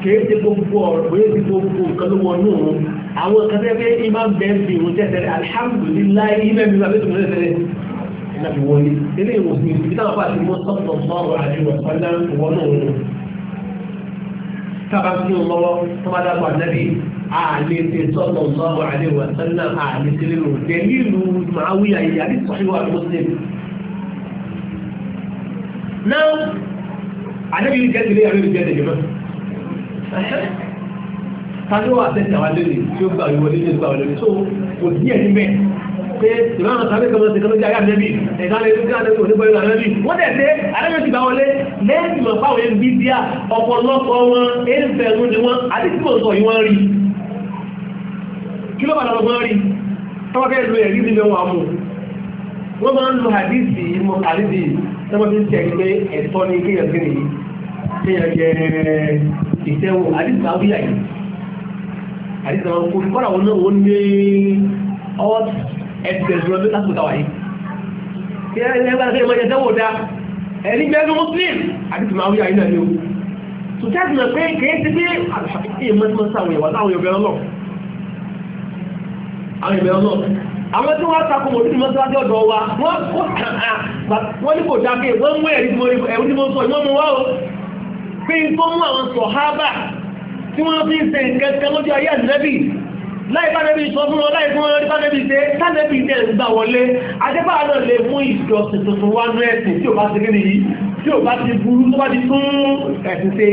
kìí ṣe gbogbo ọ̀rọ̀ bóyá ti gbogbo nǹkan ló wọnú òun àwọn nǹkan tẹ́ pé ìmá bẹ́ẹ̀ fi ìrún tẹ́tẹ̀rẹ̀ alihamudulilayi ìmẹ́ mi bàbá ìtumọ̀ tẹ́tẹ̀rẹ̀ ìnà fi wọlé ilé ìwòsàn ìbí àlètè sọ́tọ̀ sọ́rọ̀ àlèwà sẹ́lẹ̀ àlètè lérò tẹ̀lé ìlú màáwíyà yìí àdìsọ́ṣíwà muslim náà àdébí ìlú jẹ́sì lé àríwí jẹ́sì jùmọ́ tàbí wà tẹ́sì àwọn lórí tí ó gbà ìwọlé ní ìgbà ìwọlé tó kò sí ẹ̀ níbẹ̀ pé ìbáwọn tàbí kan ti kan jẹ́ ayé àdébí ẹ̀dá lè rí káàdé kò ní pẹ̀lú àdébí wọ́n tẹ̀ pé àdébí ti bá wọlé lẹ́yìn mọ̀ fáwọn ẹbí díà ọ̀pọ̀lọpọ̀ wọn ẹ̀ẹ́fẹ̀ẹ́nu ni wọ́n àdébí mọ̀ sọ yìí wọ́n rí kí ló bá lọ gbọ́n rí tọ́wọ́ fẹ́ lu ẹ̀rí nílé wọn mú wọ́n máa ń lo àdìsí mọ àdìsí tọ́wọ́ fi ń tẹ̀ pé ẹ̀tọ́ ni kéèyàn sí nìyí kéèyàn jẹ ìṣẹ́wò àdìsí àwíyà yìí àdìsí àwọn kò kọ́ra wọn náà wọ́n ní ọwọ́ ẹ̀sẹ̀ lọ bí lásìkò táwa yìí kí ẹ ẹ bá ṣe ìmọ̀jẹ̀ sẹ́wò dá ẹni bẹ́ẹ̀ ló muslim àdìsí àwíyà yìí náà ni o tùtẹ́ àti nà pé kéèyàn ti gbé àlùfáà àwọn ìbẹ̀rẹ̀ ọlọ́run àwọn tí wọ́n takò mọ̀ nínú mọ́sílájọ́ ọ̀dọ̀ wa wọ́n kó kàá wọ́n ní kò dáké wọ́n mú ẹ̀rí ẹ̀rú ní mo sọ ìwọ́n mú wá o pé n tó mú àwọn sọ̀hábà tí wọ́n fi ń ṣe nǹkan kan lójú ayé ànẹ́bì láì bá nẹ́bì sọ fún wọn láì fún wọn bá nẹ́bì ṣe tánẹ́bì ṣe ń gbà wọlé adébá náà lè mú ìjọsìn tuntun wá nú ẹ̀sìn tí ò bá ti kí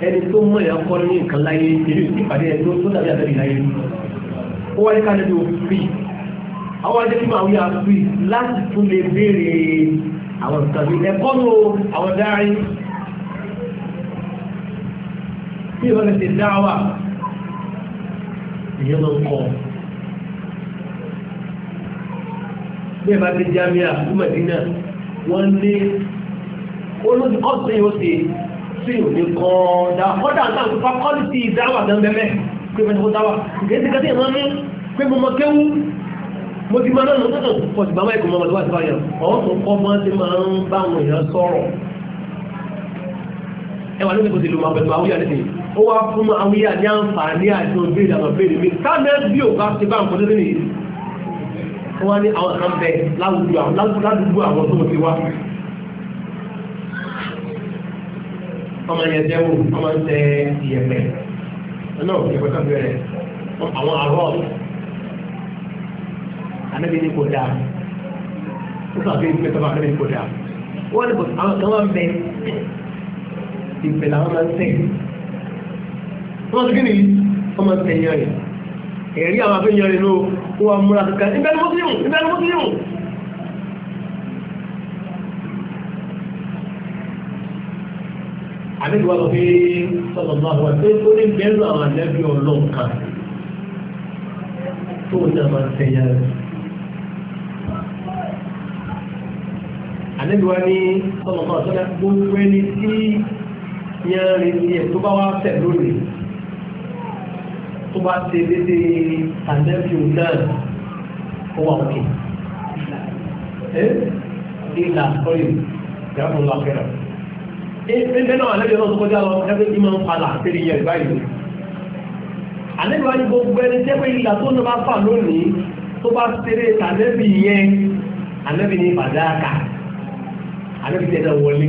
ẹni tó mọ̀ yà kọ́ ní nǹkan láyé èyí ìpàdé ẹ̀dọ́ tó dàbí àtẹ́bí láyé ó wáyé ká lẹ́bí òfin àwọn adébí máa wí àfi láti tún lè béèrè àwọn ìtàbí ẹ̀kọ́ nù àwọn dárí bí wọ́n ti dá wà ìyẹn ló ń kọ́ bí ẹ bá ti jámíà fún mẹ́dínà wọ́n ní olóòtú ọ̀sẹ̀ yóò ṣe mainstream nìkan dá ọ́dà náà tó fakọ́lìtì ìdáwà gan pé mo kó dáwà kìí ti kẹ́tì ìmọ̀ pé mo mọ kéwú mo ti máa náà lọ́tọ̀ pọ̀ sí bàbá ìkùnmọ́ ọmọdé wà sí báyọ̀ ọ̀hún tó kọ́ máa ti máa ń bá àwọn èèyàn sọ̀rọ̀ ẹ wà lóṣèlú ti lu ma pẹ̀lú àwúyà nìyí ó wá fún àwúyà ní àǹfààní àti òbí ìdàgbà béèrè mi sáàmì bí ò bá ti bá nǹkan lórí nìyí ó ní àwọn kan bẹ láwùjọ àwọn tó ti wá ọmọ yẹn dẹ́wò ọmọ ń tẹ ìyẹ̀pẹ̀ ọ̀nà ìyẹ̀pẹ̀ kan bẹ̀rẹ̀ àwọn àrọ́ anábì ní kò dáa ó sọ àbí ìpínlẹ̀ tọ́ba anábì ní kò dáa wọ́n ní kò àwọn kan máa ń bẹ ìpè làwọn máa ń tẹ̀ wọ́n ti kí ni wọ́n máa ń tẹ̀ yẹn rẹ̀ ẹ̀rí àwọn afẹ́yẹn rẹ̀ ló wọ́n múra kankan ìbẹ̀rù mọ́sílẹ̀ àmìlú wa fi sọ̀rọ̀ máa wà pé ó ní bẹ́ẹ̀rù àwọn àlẹ́bí ọlọ́run kan tó ń dàgbà tẹ̀yà rẹ̀. àlẹ́bí wa ní sọ̀rọ̀ máa sọ́dá gbogbo ẹni tí yẹn rí ní ẹ̀ tó bá wá tẹ̀ lónìí tó bá ti dédé àlẹ́bí náà ó wà òkè. ìlà ọ̀rẹ́ ìyá ọ̀la bẹ́ẹ̀ náà alẹ́bí ọlọ́run kọjá lọ ẹgbẹ́ tí máa ń padà tẹ́lẹ̀ yẹ báyìí alẹ́bí wáyé gbogbo ẹni tẹ́ pé ìlà tó ń bá fà lónìí tó bá tẹ́lẹ̀ tàlẹ́bí yẹn alẹ́bí ní fàdákà alẹ́bí tẹ́lẹ̀ wọlé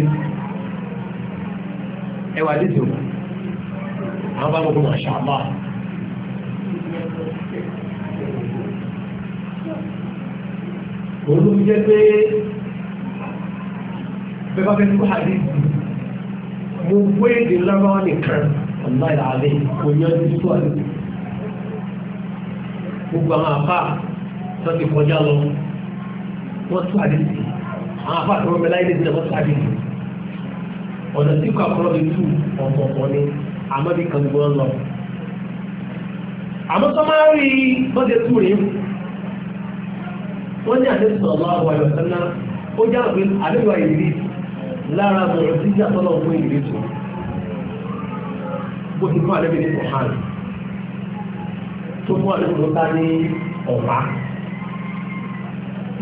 ẹwà dídò àwọn bá gbogbo màṣá bá olùjẹ́ pé bẹ́ẹ̀ bá fẹ́ tó hadith gbogbo èdè lábáwá nìkan ọ̀nà ìlàlẹ̀ kò yanjú tó àlè gbogbo àwọn apá tó ti kọjá lọ wọ́n tó àlè sí àwọn apá tó rọ́bẹ̀ láyé nìkan wọ́n tó àlè sí ọ̀nà tí kò àkọ́rọ́ bí tú ọ̀pọ̀pọ̀ ni àmọ́ bí kan gbọ́n lọ àmọ́ tó máa rí bọ́dẹ̀ tó rí wọ́n ní àdéhùn ọ̀lá àwọn àyọ̀sán náà ó jáde àdéhùn àyè lára bọ̀rọ̀ sí yàtọ̀lọ̀ fún ìgbésù bó ti fún àlẹ́bí ní kọ̀hán tó fún àlẹ́bí tó bá ní ọ̀pá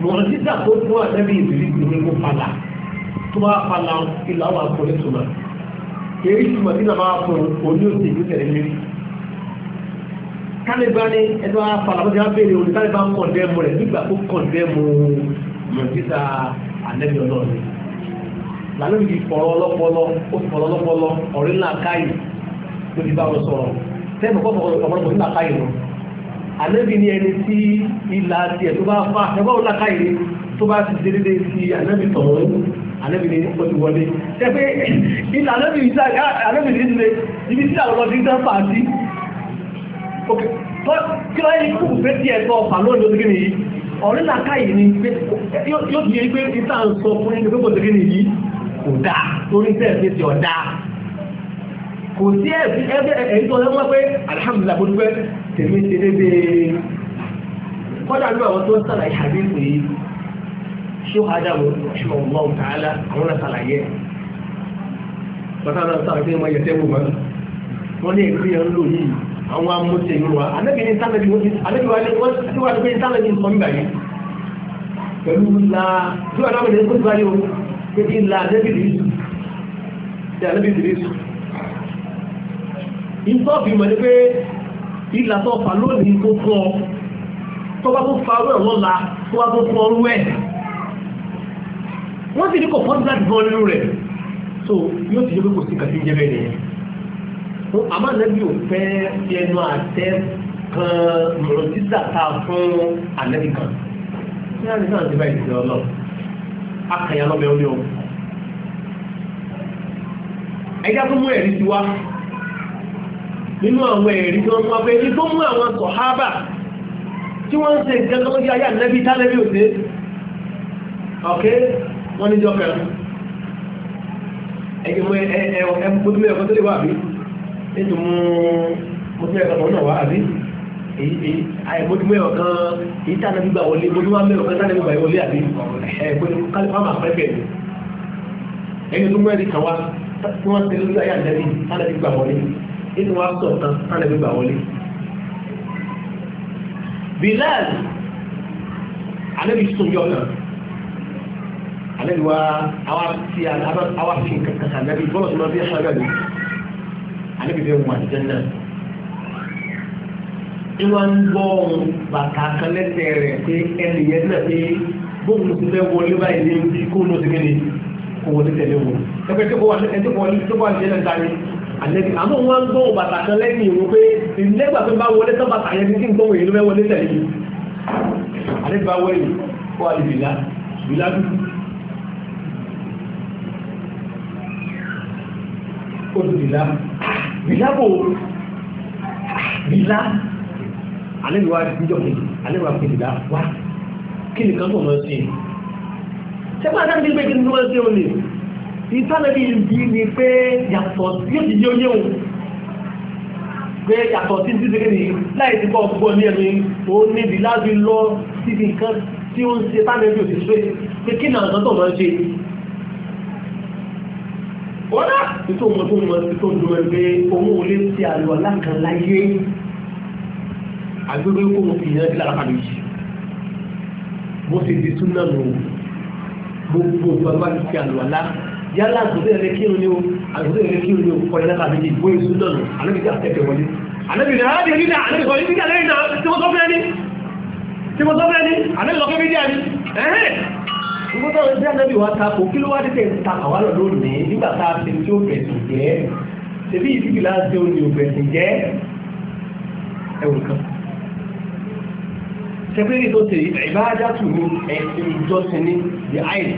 bọ̀rọ̀ sí yàtọ̀ fún àlẹ́bí ìgbésù ní kó padà tó bá padà ìlà wà fún ìtumọ̀ èyí tí mo ti nà máa fún òní òsì ìlú tẹ̀lé mi kálíbá ní ẹni wàá padà bó ti wá béèrè òní kálíbá ń kọ̀ndẹ́mu rẹ̀ nígbà tó kọ̀ndẹ́mu mọ̀jísà àlẹ́bí ọlọ́run lànà ìdí fọ̀rọ̀ ọlọ́pọlọ ó fọ̀rọ̀ ọlọ́pọlọ ọ̀rẹ́ ńlá káyì ló fi bá wọn sọ̀rọ̀ tẹ́lẹ̀ kọ́ fọ̀rọ̀ ọ̀pọ̀lọpọ̀ ńlá káyì lọ. ànábì ni ẹni tí ìlà tiẹ̀ tó bá fà ẹ̀ báwo ńlá káyì ni tó bá ti délé dé sí ànábì tọ̀rọ̀ ànábì ni ó ti wọlé. ṣe pé ìlà ànábì ní ilé ibi tí àwọn ọmọdé ń fà á sí. kí ló yẹ kó fẹ́ tiẹ̀ sọ ọ̀fà lónìí ọ̀rẹ́ làkàyè ni yóò di pé ìta ń sọ fún ẹni pé kò tẹ̀lé nìyí kò dáa torí bẹ́ẹ̀ fi ti ọ̀dá kò sí ẹ̀bí ẹ̀yìn tó lọ́wọ́ pé alihamudulilayi mo dúpẹ́ tèmi ti dédé kọ́dà ló àwọn tó ń sàlàyé àdéhùn yìí ṣé wàá dà mọ́ ṣé wàá mọ́ ọ̀tá àlà àwọn náà sàlàyé bàtà náà sàlàyé pé mo yẹ tẹ́wọ̀ mọ́ wọ́n ní èkó yẹn ń lò yìí àwọn amúṣe yorùbá anábì ní sálẹ̀bì anábì wà ní wọ́n ti wà ní pé sálẹ̀bì ń sọ mí báyìí pẹ̀lú la tí wàá náà wọlé ń kó pé kí n la anẹ́bìdìrísù ìtọ́ọ̀fì mọ̀ ní pé ìlà tó fà lónìí tó fún ọ tó bá tó fa ọrú ẹ̀ lọ́la tó bá tó fún ọrú ẹ̀ wọ́n sì ní kò fọ́n láti gan nínú rẹ̀ so yóò ti jẹ́ pé kò sí kàtí jẹ́ bẹ́ẹ̀ nìyẹn fún àmọ́ ànábì ò fẹ́ fi ẹnu àtẹ kan mọ̀rọ̀ títà ta fún ànábì kan kí á lè sáà ti bá ìdílé ọlọ́run akànyà lọ́bẹ̀ ó ní ọ ẹjá tó mú ẹ̀rí ti wá nínú àwọn ẹ̀rí tí mú abẹ́ ní tó mú àwọn sọ̀hábà tí wọ́n ń ṣe ìjẹ́ ayá nẹ́bí tálẹ́bí òṣè ọ̀kẹ́ wọ́n níjọ́ kẹrù ẹgbẹ́ mú ẹgbẹ́ èyí àìmójúmọ́ ẹ̀rọ kan èyí tàbí gbígbà wọlé mójúmọ́ mẹ́rọ kan tàbí gbígbà wọlé àbí ẹ̀gbẹ́ kálífàmà pẹ́pẹ́ ẹni tó mẹ́rin kan wá tí wọ́n ti lórí ayà lẹ́bí tàbí gbígbà wọlé nínú wa sọ̀ kan tàbí gbígbà Bilal alẹ́bi sunjọ́ kan alẹ́bi wa awa ti awa fi kankan alẹ́bi bọ́lọ̀ tó lọ bí ẹ̀ṣọ́ alẹ́bi alẹ́bi fẹ́ wọn àti jẹ́ náà ní wọ́n ń gbọ́ ohun bàtà kan lẹ́sẹ̀ rẹ̀ pé ẹnì yẹn náà pé bóun ti fẹ́ wọlé báyìí ní ibi kó ló ti kéde kó wọlé tẹ̀lé wọn. ẹgbẹ́ tó kọ́ wà ní tó kọ́ wà ní ẹ̀dá dání àlẹ́bí àmọ́ wọ́n ń gbọ́ ohun bàtà kan lẹ́yìn ìwò pé ìlẹ́gbà tó bá wọlé tó bàtà yẹn ti ń gbọ́ òye ló fẹ́ wọlé tẹ̀lé yìí. àlẹ́bí bá wọlé kó wà ní bìlá bìlá dúdú. ó ti bìlá bìlá bò bìlá àlẹ́lùwà ìjọ kejì àlẹ́lùwà kejìlá wá kí ni kan tó mọ́ sí ṣẹ́gbà náà ní pé kí ni wọ́n sí òní ìtànàbí ìbí ni pé yàtọ̀ sí èdè yóò yẹ̀wò pé yàtọ̀ sí ti ṣe ní láì ti bọ́ gbọ́ ní ẹ̀mí ó níbi láti lọ síbi nǹkan tí ó ń ṣe tánàbí òsì ṣe pé kí ni àwọn tó mọ́ ṣe wọ́n náà nítorí wọn tó mọ́ sí tó dúró ẹgbẹ́ òun ò lè ṣe àlọ́ láǹkan láyé agbègbè kó mo fi yẹn lára méjì mo sì di súnà nù gbogbo bàbá mi ti àlọ́ àlá yálà àgùdé rẹ kírun ni o àgùdé rẹ kírun ni o kọjá lára méjì bó yẹ súnà nù àlọ́bí ti àtẹ̀tẹ̀ wọlé àlọ́bí rẹ àlọ́bí rẹ nílà àlọ́bí rẹ nílà lẹ́yìn náà tí mo sọ fẹ́ ni tí mo sọ fẹ́ ni àlọ́bí lọ́kẹ́ méjì àní ẹ̀hẹ́ ìgbọ́dọ̀ ẹgbẹ́ àlọ́bí wa ta kò kí ló wá dé tẹ̀ ta àwa lọ lónìí nígbà tá a ti tí ó bẹ̀sùn jẹ́ ṣèbí ìdíbi láti ó ní ò bẹ̀sùn jẹ́ ẹ̀wùn kan tẹ́gbẹ́rì tó tẹ̀lé ìbáadá tù ní ẹ̀sìn ìjọsìn ní the isle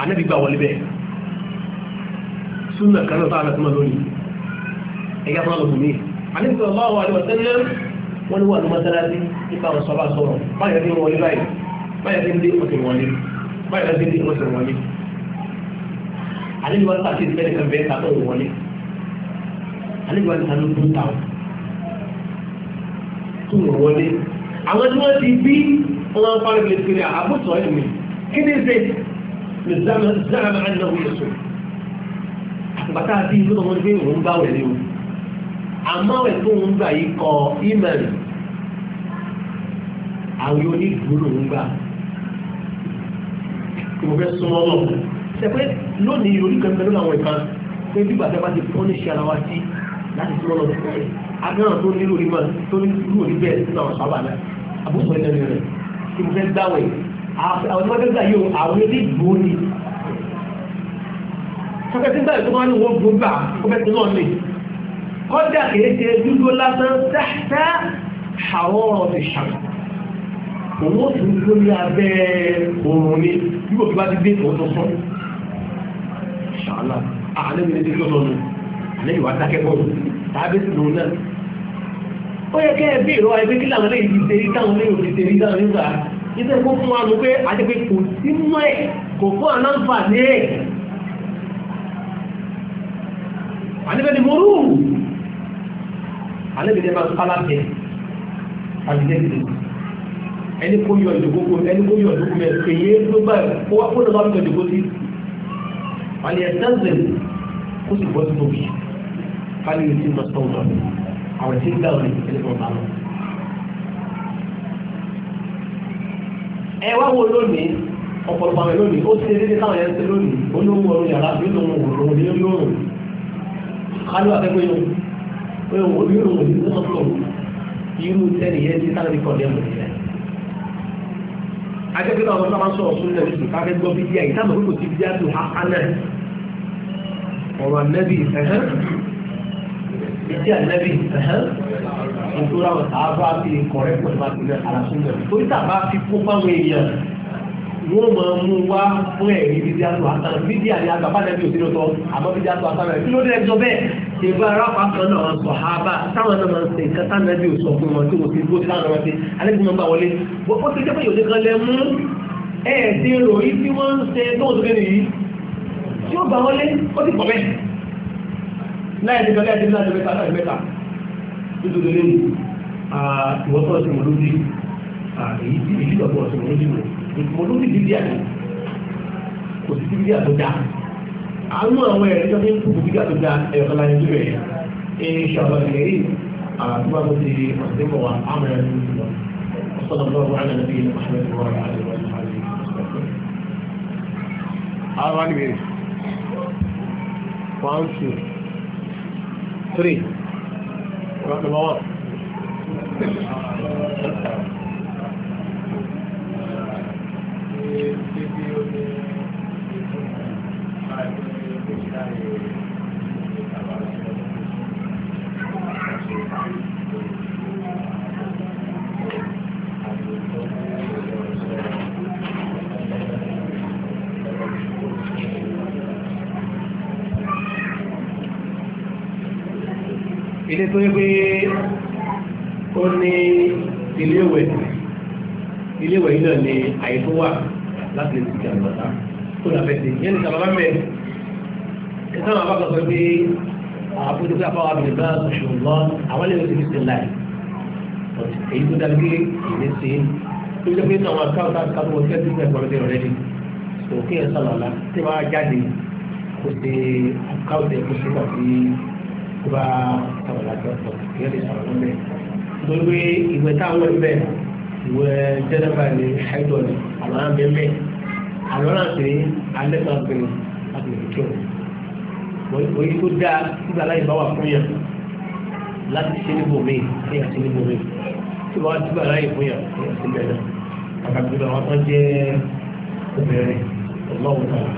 anábì gbà wọlé bẹ́ẹ̀ súnà kanáà tó àlọ́tí máa lónìí ẹ̀yà máa lọ́dún ní anábì sọ̀rọ̀ máa wà ní ọ̀sẹ̀ náà wọ́n ní wà ní mọ́sálásí nípa àwọn sọ́ba sọ̀rọ̀ báyọ̀ ní wọlé báyìí báyọ̀ ní dé ọ̀sẹ̀ wọlé báyọ̀ ní dé ọ̀sẹ̀ wọlé anábì wọn tàbí ìfẹ́ nìkan bẹ́ẹ̀ tàbí ọ̀sẹ̀ wọlé anábì wọn tàbí sùn wọlé àwọn tí wọ́n ti bí wọ́n parí lè fi àbútọ̀ ẹ̀mí kí ní ṣe ní záàmà àdínáwó yẹ̀sùn àpàtà àti ìlú ọmọdé pé òun bá wẹ̀ léwu àmọ́ ẹ̀ tó pẹ̀lú àwọn bá ti pọ́níṣẹ́ ara wa sí láti súnmọ́ lọ àdéhùn tó nílò ìmọ̀ tó nílò ìbẹ̀ nínú àwọn sábà náà àbúkọ ìlẹ́nu rẹ̀ tí mo fẹ́ dáwẹ̀ àwọn ọmọ tẹ́gbà yóò àwọn ilé ìgbò ni sọfẹ́ tí gbàgbé tó máa ní wọ́n gbogbo àkọ́fẹ́ tí náà lè kọjá kìí ṣe dúdú lásán tẹ́tẹ́ àwọn ọ̀rọ̀ ti ṣàrù òun ó sì ń dúró ní abẹ́ oòrùn ni bí kò fi bá ti dé ìfọ̀ tó sán ṣàlá àlẹ́ mi ní ti kí ọ̀sán àlẹ́ ìwà dákẹ́kọ̀ọ́ tàbí sí lòun náà ó yẹ kẹ́ bí ìrọ̀ ẹgbẹ́ kí làwọn léyìn ti rí táwọn léyìn ti rí táwọn nígbà iṣẹ́ kó fún wa mú pé àti pé kò sí mọ́ ẹ̀ kò fún àlàǹfà ní ẹ̀ àníbẹ̀ni mo rú àníbẹ̀ni máa kálá tẹ àbíjẹ́sì ẹni kó yọ ìdókòkò ẹni kó yọ ìdókòkò mẹ èyí ló gbà kó wá kó lọ́wọ́ àbíjọ ìdókòkò sí wàlẹ̀ ẹ̀sẹ̀ kó sì bọ́ sí tóbi àwẹ̀ tí ń gbà òní ìpínlẹ̀ kan bá wọn. ẹ wá wo lónìí ọ̀pọ̀lọpọ̀ àwọn lónìí ó ti dédé káwọn yẹn ti lónìí olówó ọ̀run yàrá bí lòun òòrùn ní lóòrùn kálí wà fẹ́ẹ́ gbéyàn pé òun òbí òun òbí ló sọ́kọ̀ irú sẹ́ni yẹn ti sáré kọ́ lẹ́mù nílẹ̀. akẹ́kọ̀ọ́ àwọn sábà sọ̀rọ̀ sún lẹ́nu sí káfẹ́ gbọ́ bíbí àyè sábà kò sí bíbí àtò ìdí ànábì nítorí àwọn sábà fi kọ̀rẹ́ pẹ̀lú àtúnlẹ̀ àràsúnlẹ̀ torí tàbá fi kó fáwọn èèyàn wọ́n máa mú wá fún ẹ̀rí bíbí àtọ̀ àtàrà bíbí àyè àgbàbá nàbí òsínú tọ́ àmọ́ bíbí àtọ̀ àtàrà kí ló dé ẹjọ́ bẹ́ẹ̀ ìgbà arápá kan náà sọ àbá táwọn náà máa ń ṣe nǹkan tá nàbí òsọ fún wọn tí mo ti gbó láwọn ọmọ lẹ́ẹ̀dẹ́gbẹ́ lẹ́ẹ̀dẹ́gbẹ́ lẹ́ẹ̀dẹ́gbẹ́ta lẹ́ẹ̀dẹ́gbẹ́ta nítorí lẹ́yìn ìwọ́tọ̀ sí mọ̀lódì èyí tí èyí lọ́pọ̀ sí mọ̀lódì rẹ̀ mọ̀lódì dídí àná kò sí dídí àtọ́jà àwọn àwọn ẹ̀rí tó ní kú dídí àtọ́jà ẹ̀yọ̀kan láyé tó bẹ̀rẹ̀ إن شاء الله الكريم أعتبر في مصدق وعمل المسلم وصلى الله على نبينا محمد وعلى آله وصحبه وسلم. three. Number one. Thank uh, you. ilé tó yẹ pé ó ní iléèwẹ̀ iléèwẹ̀ yìí náà ní àyíkó wà láti lè ti àlùbọ́sà kó nà fẹ́ sí yẹn ní sàlọ́bà mẹ́ ẹ sáwọn abákan sọ pé àbúrò pé àbáwá mi bá ṣùgbọ́n àwọn ilé ìwé ti láì èyí tó dájú pé ìdí sí tó yẹ pé àwọn akáwọ̀tà káwọ̀ tẹ́ ti fẹ́ pọ̀lọ́tẹ̀ rẹ̀ òkè ẹ̀ sàlọ́lá tí wọ́n á jáde kó ṣe àkáwọ̀tẹ̀ kó ṣe wà sí tó bá tàwọn àjọ sọ yẹn lè sọ̀rọ̀ lọ́bẹ̀ lórí ìwé táwọn ń bẹ̀ ìwé jẹ́nẹ́bà ní haidọ̀ ní àlọ́nà bẹ́ẹ̀ mẹ́ àlọ́nà sí alẹ́ kan bẹ̀rẹ̀ láti lè kí òun òyìn tó dáa síbi aláìbá wà fún yàn láti ṣe níbo mi kí àti níbo mi tí wọ́n ti bàrá yìí fún yàn kí àti bẹ̀rẹ̀ àkàtúntò àwọn kan jẹ́ obìnrin ọlọ́run náà.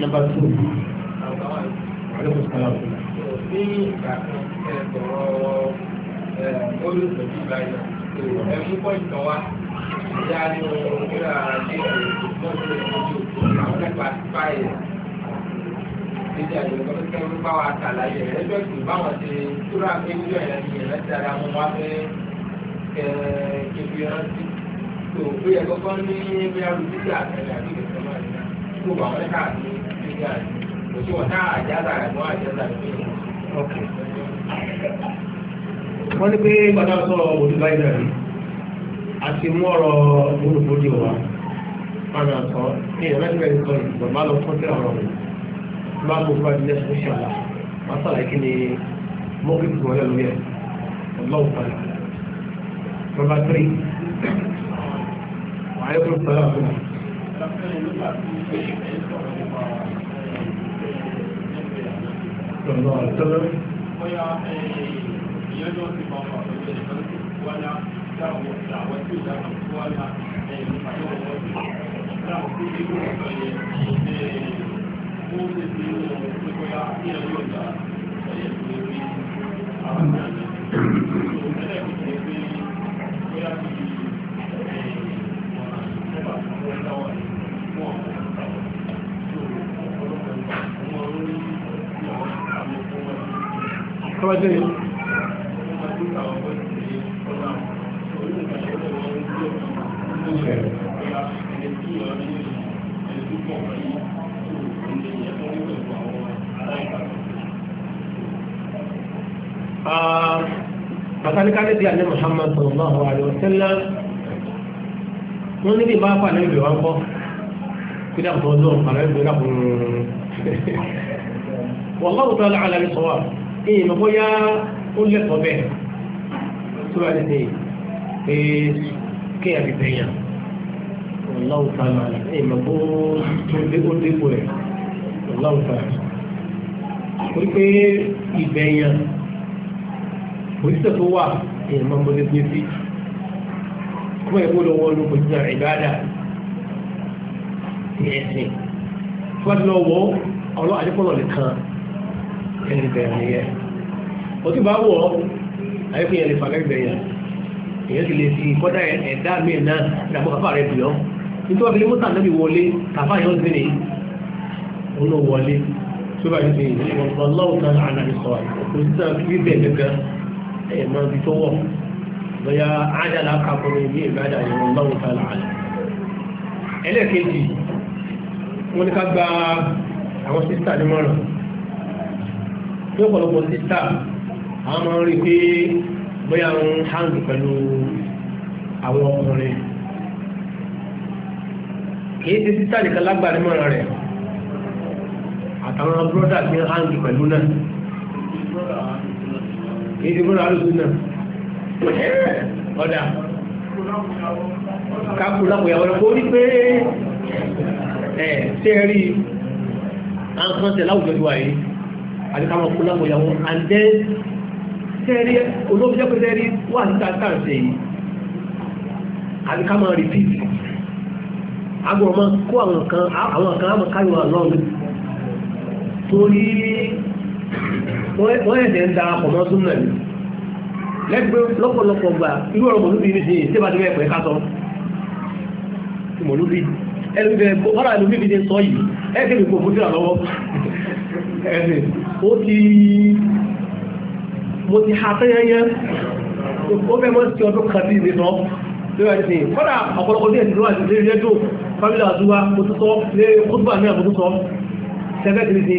Number two ní ìgbà kan ẹ̀sọ̀rọ̀ olùsọ̀bí báyìí ẹ̀mú pọ̀ ìtàn wa ìyá ní ìrà àdéhùn ìgbọ́sẹ̀ ìgbọ́sẹ̀ àwọn nípa báyìí ìdí àjọyọ̀ tó kẹ́ ń bá wa kàlàyé rẹ̀ ẹgbẹ́ kì í báwọn ṣe túra pé ní ìjọ yẹn ni ìrẹ́ ti ara wọn wá fẹ́ kẹ́ẹ̀kẹ́bí rántí tó bí ẹ̀kọ́kọ́ ní bí arúgbó àtẹ̀lẹ̀ àbí kẹ̀kẹ́ máa ń gbà tó wà wọn káàkiri ìdí àjọyọ̀ wọ́n ní pé bàtà sọ̀rọ̀ olùbáyìí àti mú ọ̀rọ̀ olùbójú wa máa sọ ní ìrẹ́lẹ́gbẹ̀ẹ́ sọ ìgbọ̀nmá lọ fún tẹ́lẹ̀ ọ̀rọ̀ rẹ̀ máa kó fún adílẹ̀ fún ṣàlá máa sàlàyé kí ni mọ́kì tó wọlé lórí ẹ̀ ọlọ́wọ́ padà. nọ́mbà tírì wàá yẹ kó sọ̀rọ̀ àbúrò. sọ̀rọ̀ àtọ́lọ́ Thank you. tọ́jọ́ yìí Àtàríkálé di àní Muhammad sallallahu alaihi wa sallam wọ́n ní bí bá fà ní ìbí wọn kọ́ kí dáàbò ọdún ọ̀pàá rẹ̀ gbé dáàbò wọ́n lọ́wọ́ tó alẹ́ sọ́wọ́ ní ìmọ̀ bóyá ó lẹ́kọ̀ọ́ bẹ́ẹ̀ tó bá lè dé pé kí ẹ̀rí bẹ̀yàn ọ̀láwù tààlà ìmọ̀ bó tó dépò rẹ̀ ọ̀láwù tààlà ó pé ìbẹ̀yàn òṣìṣẹ́ tó wà ìmọ̀ bó lè gbé sí kúmọ̀ ìgbódò wọlé òṣìṣẹ́ ìbáadà ní ẹ̀sìn ti lọ ẹni bẹ̀rẹ̀ nìyẹn ó ti bá wọ̀ ọ́ àyẹ̀kọ́ yẹn lè fà lẹ́gbẹ̀ẹ́ yẹn èyàn ti lè fi kọ́dá ẹ̀dá mi náà ìdààmú kàfà rẹ̀ bìọ́ nítorí wọ́n fi lè mú tàn nábì wọlé kàfà yẹn ó sì ní òun ò wọlé tó bá ti ṣe ọlọ́run kan àná ìsọ̀ kò sí sáà fi bẹ́ẹ̀ gẹ́gẹ́ ẹ̀ máa fi ká gba àwọn sísítà ní mọ́ràn ní ọ̀pọ̀lọpọ̀ sísá àwọn máa ń rí pé bóyá ń hàǹdù pẹ̀lú àwọn ọkùnrin kìí ṣe sísá nìkan lágbàdì mọ́ra rẹ̀ àtàwọn búrọ́dà ti ń hàǹdù pẹ̀lú náà kìí ṣe búrọ́dà lóṣù náà ọ̀dà kákùlápò ìyàwó rẹ̀ kó rí pé ẹ̀ ṣé ẹ rí àǹkan tẹ̀ láwùjọ ti wà yìí àti káwọn kó láwọn ìyàwó and then tẹ́rí olóòjẹ́ pé tẹ́rí wà ní tàǹtàǹtẹ̀ yìí àti káwọn repeat agbọ̀n máa kó àwọn kan àwọn kan àmọ́ káyọ̀ àlọ́ọ̀lù torí wọ́n ẹ̀dẹ̀ ń darapọ̀ mọ́ súnmọ́ ni lẹ́gbẹ́ lọ́pọ̀lọpọ̀ gbà irú ọ̀rọ̀ mọ̀lúbí ní ṣìyìn tí bá ti mẹ́pẹ̀ẹ́ ká sọ mọ̀lúbí ẹlùbẹ̀ ọ̀rọ̀ àlùbí fi ṣe ẹ̀rẹ̀ ó ti mo ti ha tẹ́yẹyẹ ó fẹ́ mọ́ sí ọdún kan sí ìdè náà lórí àti sìn kọ́dà ọ̀pọ̀lọpọ̀ díẹ̀ nínú àti lérí ẹjọ́ fámílì àdúrà mo tún sọ lé kótóbà náà mo tún sọ sẹ́fẹ́ kiri sí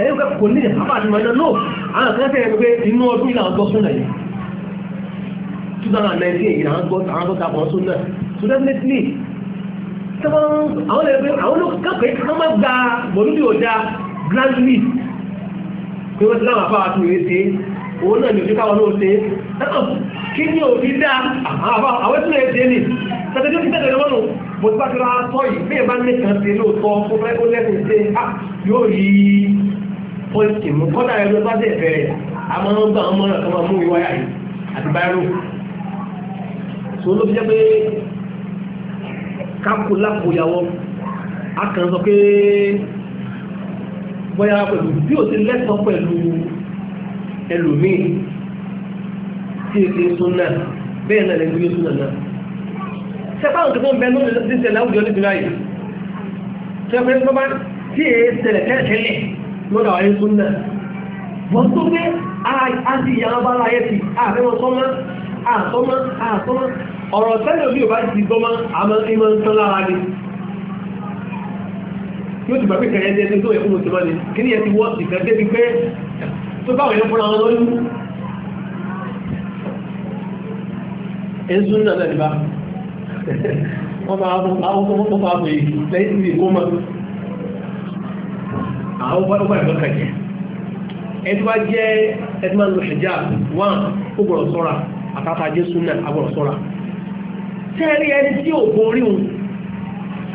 ẹni kò kò ní ìjàpá àti àwọn akẹ́kẹ́ tẹ̀lé 2019 yìí làwọn gbọ́ àwọn tó tapọ̀ sún náà so definitely àwọn lè pe àwọn ló kẹ́kẹ́ kí wọ́n má gba bọ̀lúdì ò dáa blindly pé ó ti láwọn àbá àti ìwé ṣe òun náà ni òfin káwọn náà ṣe kí ni òfin dá àwọn tí wọ́n ṣe ní tàbí tí tẹ́lẹ̀ lọ́nà mo ti bá ti ra sọ yìí bí ìbá ní kan ṣe lóòótọ́ kó fẹ́ kó lẹ́sìn ṣe ah, yóò rí pọ́ǹtì mú kọ́dà ẹ̀rọ bá dẹ̀ bẹ̀rẹ̀ àmọ́ gbà wọn mọ́ra kan máa mú ìwá yà yìí àti báyìí rò tó ló fi jẹ́ pé kákó lápò yàwó a kàn sọ pé bóyá pẹ̀lú bí o ti lẹ́tọ̀ pẹ̀lú ẹlòmíì tí o ti sún náà bẹ́ẹ̀ náà lẹ́gbẹ́ sún náà sẹ́fáwọn tó fún bẹ́ẹ̀ lónìí lọ́dún ìṣẹ̀lẹ̀ àwùjọ níbi báyìí sẹ́fẹ́ tó bá tí èé ṣẹlẹ̀ tẹ́lẹ̀tẹ́lẹ̀ lọ́dà wáyé sún náà wọ́n tó pé a ti yà wọn bá láyé ti àfẹ́wọn sọ́mọ́ àsọ́mọ́ àsọ́mọ́ ọ̀rọ̀ sẹ́lẹ̀ bí o bá ti gbọ́mọ́ àmọ́ ìmọ̀ ń tán lára ni yóò ti bàbí kẹrẹ ẹni tó ẹkún òṣèlú ni kí ní ẹ ti wọ́ ìfẹ́ débi pé tó báwọn ẹni fúnra wọn lóyún ẹzú náà nàìjíríà wọ́n máa fún àwọn ọmọ máa fún yìí lẹ́yìn tí kò mọ́ àwọn ọmọ ọmọ ẹ̀gbọ́n kàjẹ́ ẹni bá jẹ́ ẹni máa ń lo ṣẹ̀já wọn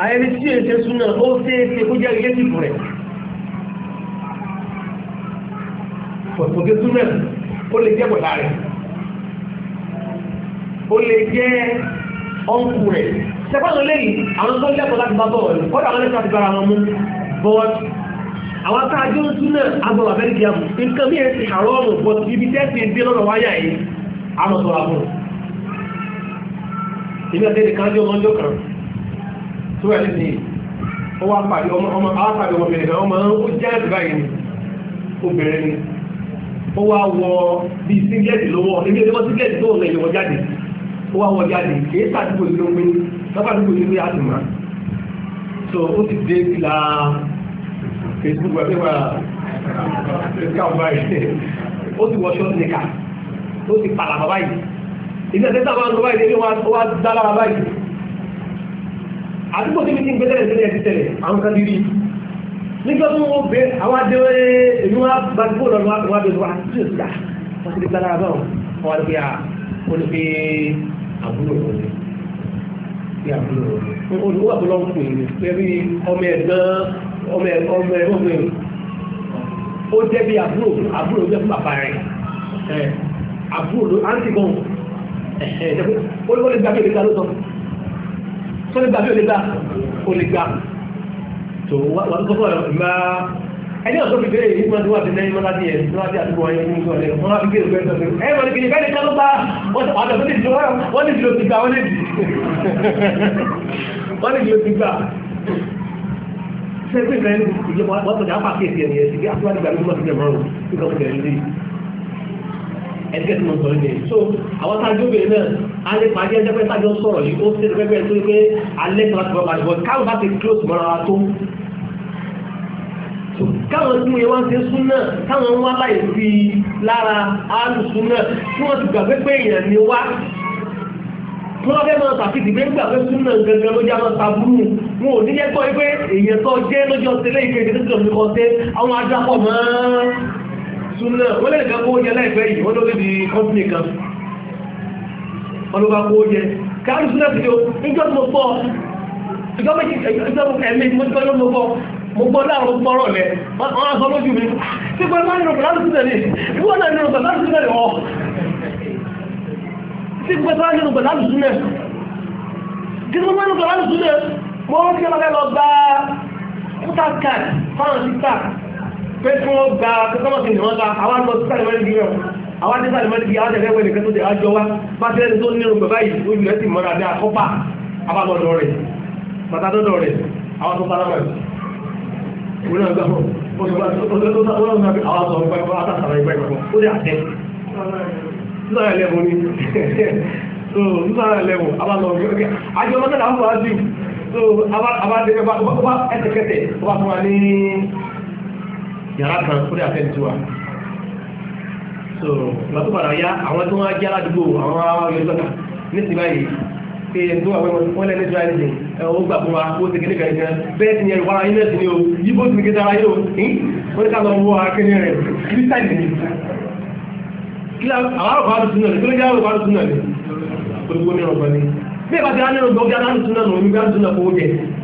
àyẹ̀rí tí èsè súnà ó ṣeéṣe kó jẹ́ ilé tìbò rẹ̀ pọ̀tọ̀gé súnà ó lè jẹ́ bọ̀dá rẹ̀ ó lè jẹ́ ọ̀nkù rẹ̀ sẹ́fọ́nù lẹ́yìn àwọn tó lẹ́kọ̀ọ́ láti bá bọ̀ọ̀lù kọ́dà àwọn lẹ́kọ̀ọ́ láti bára wọn mú bọ́ọ̀lù àwọn akáàjọ́ súnà agbọ̀wà bẹ́ẹ̀dìyàmù nǹkan mí ẹ̀sì àrọ́ ọ̀rùn bọ̀ ibi tẹ́sì ìdí lọ́nà wáyà yìí àmọ̀tọ̀rọ̀ àbúrò ìgbẹ́sẹ̀ nìkan jẹ́ ọmọ ọjọ́ kan tó ẹni ní ó wá pàdé ọmọ alápàdé ọmọbìnrin kan ọmọ ó jẹ́ẹ̀dì báyìí ni obìnrin ni ó wá wọ bí síngẹ́ẹ̀dì lọ́wọ́ ebi ẹgbẹ́ síngẹ́ẹ̀dì tó lè wọ jáde ó wá wọ jáde kì í sàdúgbò ní omi lọ́pàdúgbò ní omi àtìmá so ó ti dé ìlà Facebook wà pé wà ẹ̀ka ọ̀bá yìí ó ti wọ ṣọ́ọ̀tì nìkan ó ti pàlà bàbá yìí ìdí ẹ̀sẹ̀ àdúgbò tí mi ti ń gbẹ́tẹ̀lẹ̀ ìgbẹ́lẹ̀ ti tẹ̀lẹ̀ àwọn kan dirí nígbà tó wọ́n bẹ àwọn adé èmi wá gbàgbó lọ́nà wá bẹ̀rẹ̀ wá sí ìgbà wọ́n ti di gbára bá wọn wọ́n wá lóbi à wọ́n lóbi àbúrò wọn ni bí àbúrò wọn ni olùkọ́ àbúrò wọn pè é pẹ̀lú ọmọ ẹ̀gbọ́n ọmọ ẹ̀gbọ́n ọmọ ẹ̀gbọ́n ó jẹ́ bí àbúrò àbúrò jẹ́ fún bàbá rẹ̀ àbúrò àǹtí gan olùkọ́ lè gbàgbé ìgbà ló sọ tó lè gbà bí olégbà olégbà tó wọ́n tó kọ́ ọ̀rọ̀ ẹni ọ̀tọ́ fi bẹ́ẹ̀ yìí mọ́tò wà sí lẹ́yìn mọ́tò yẹn tó láti àdúgbò ayé fún ìgbà rẹ̀ wọ́n láti bẹ́ẹ̀ bẹ́ẹ̀ sọ́kẹ́ ẹ̀ wọ́n kìíní bẹ́ẹ̀ ká ló bá wọ́n ti dìlò wọ́n ti dìlò ti gbà wọ́n ti wọ́n ti dìlò ti gbà sẹ́gbẹ̀ẹ́ ìjọba wọ́n tọ̀jà pàkíyèsí ẹ̀yẹ sí kí ẹgbẹ́ tí mo sọ ní so àwọn sáájú obìnrin náà a lè pàdé ẹjẹ́ pé sáájú sọ̀rọ̀ yìí ó tẹ́lẹ̀ pẹ́pẹ́ tó pé alẹ́ tó láti bọ́ọ̀bà ṣùgbọ́n káwọn bá ti close mọ́ra wa tó káwọn tí mo yẹ wá ń ṣe sún náà káwọn ń wá láì fi lára áàlù sún náà tí wọ́n ti gbàgbé pé èèyàn ni wá tí wọ́n fẹ́ máa tàbí ìdìbò ń gbàgbé sún náà gẹ́gẹ́ ló jábọ̀ taburú wọn ò ní yẹ gbọ́ pé èèyàn tó jẹ́ lọ́jọ́ tẹ́lẹ̀ ìkejì tó ti lọ́ọ́ súnà wọ́n lè nǹkan kówó jẹ láìpẹ́ yìí wọ́n ló lè di kọ́mpìnì kan wọ́n ló bá kówó jẹ káàlù súnà ti di o níjọ́ tí mo gbọ́ ìjọ́ méjì ìjọ́ ẹ̀mí mo ti gbọ́ mo gbọ́ mo gbọ́ láàrọ̀ gbọ́rọ̀ lẹ̀ wọ́n á sọ lójú mi tí pé máa ń rọ̀ láti súnà ni ìwọ náà ń rọ̀ láti súnà ni wọ́n tí pé máa ń rọ̀ láti súnà kí ló máa ń rọ̀ láti súnà mo ń kí ọlọ́kẹ́ lọ gba pé kí wọ́n gba kọ́mọ̀sí ni wọ́n ta àwọn àgbọ̀ sísàlẹ̀ mẹ́rin bí wọn àwọn àti sísàlẹ̀ mẹ́rin bí àwọn àti ẹgbẹ́ nìkan tó ti àjọ wa bá ti lẹ́ni tó ní irun bàbá yìí ojú rẹ̀ sì mọ́ra bí akọ́pà abálọ́dọ̀ rẹ̀ bàtàdọ́dọ̀ rẹ̀ àwọn tó sára mẹ́rin ìwé náà gbàgbọ́ ó sọ pé àwọn sọ pé àwọn àtàkàrà ìgbà ìgbàgbọ́ ó dé àtẹ sísàlẹ̀ lẹ́mu ni so sísàlẹ̀ lẹ́mu abálọ́dọ̀ àjọ mọ́tàlá àwọn àti so abá yàrá kan fúnlẹ̀ àfẹ́ntì wa so lọ́tọ́ padà yá àwọn tó wọ́n jẹ́ aládùúgbò àwọn ayọ̀tọ́ta ní ti báyìí pé tó wà wọ́n lẹ́nu ìtura ẹ̀sìn ó gbà fún wa ó ti kéde kan ìgbà bẹ́ẹ̀ ti yẹn wà ayé náà sí ni o yíbo ti kéde ara yóò ó ní ká lọ wọ akéde rẹ̀ kírísítàlì ni kí àwọn àrùkọ àdùsùn náà ni kí ló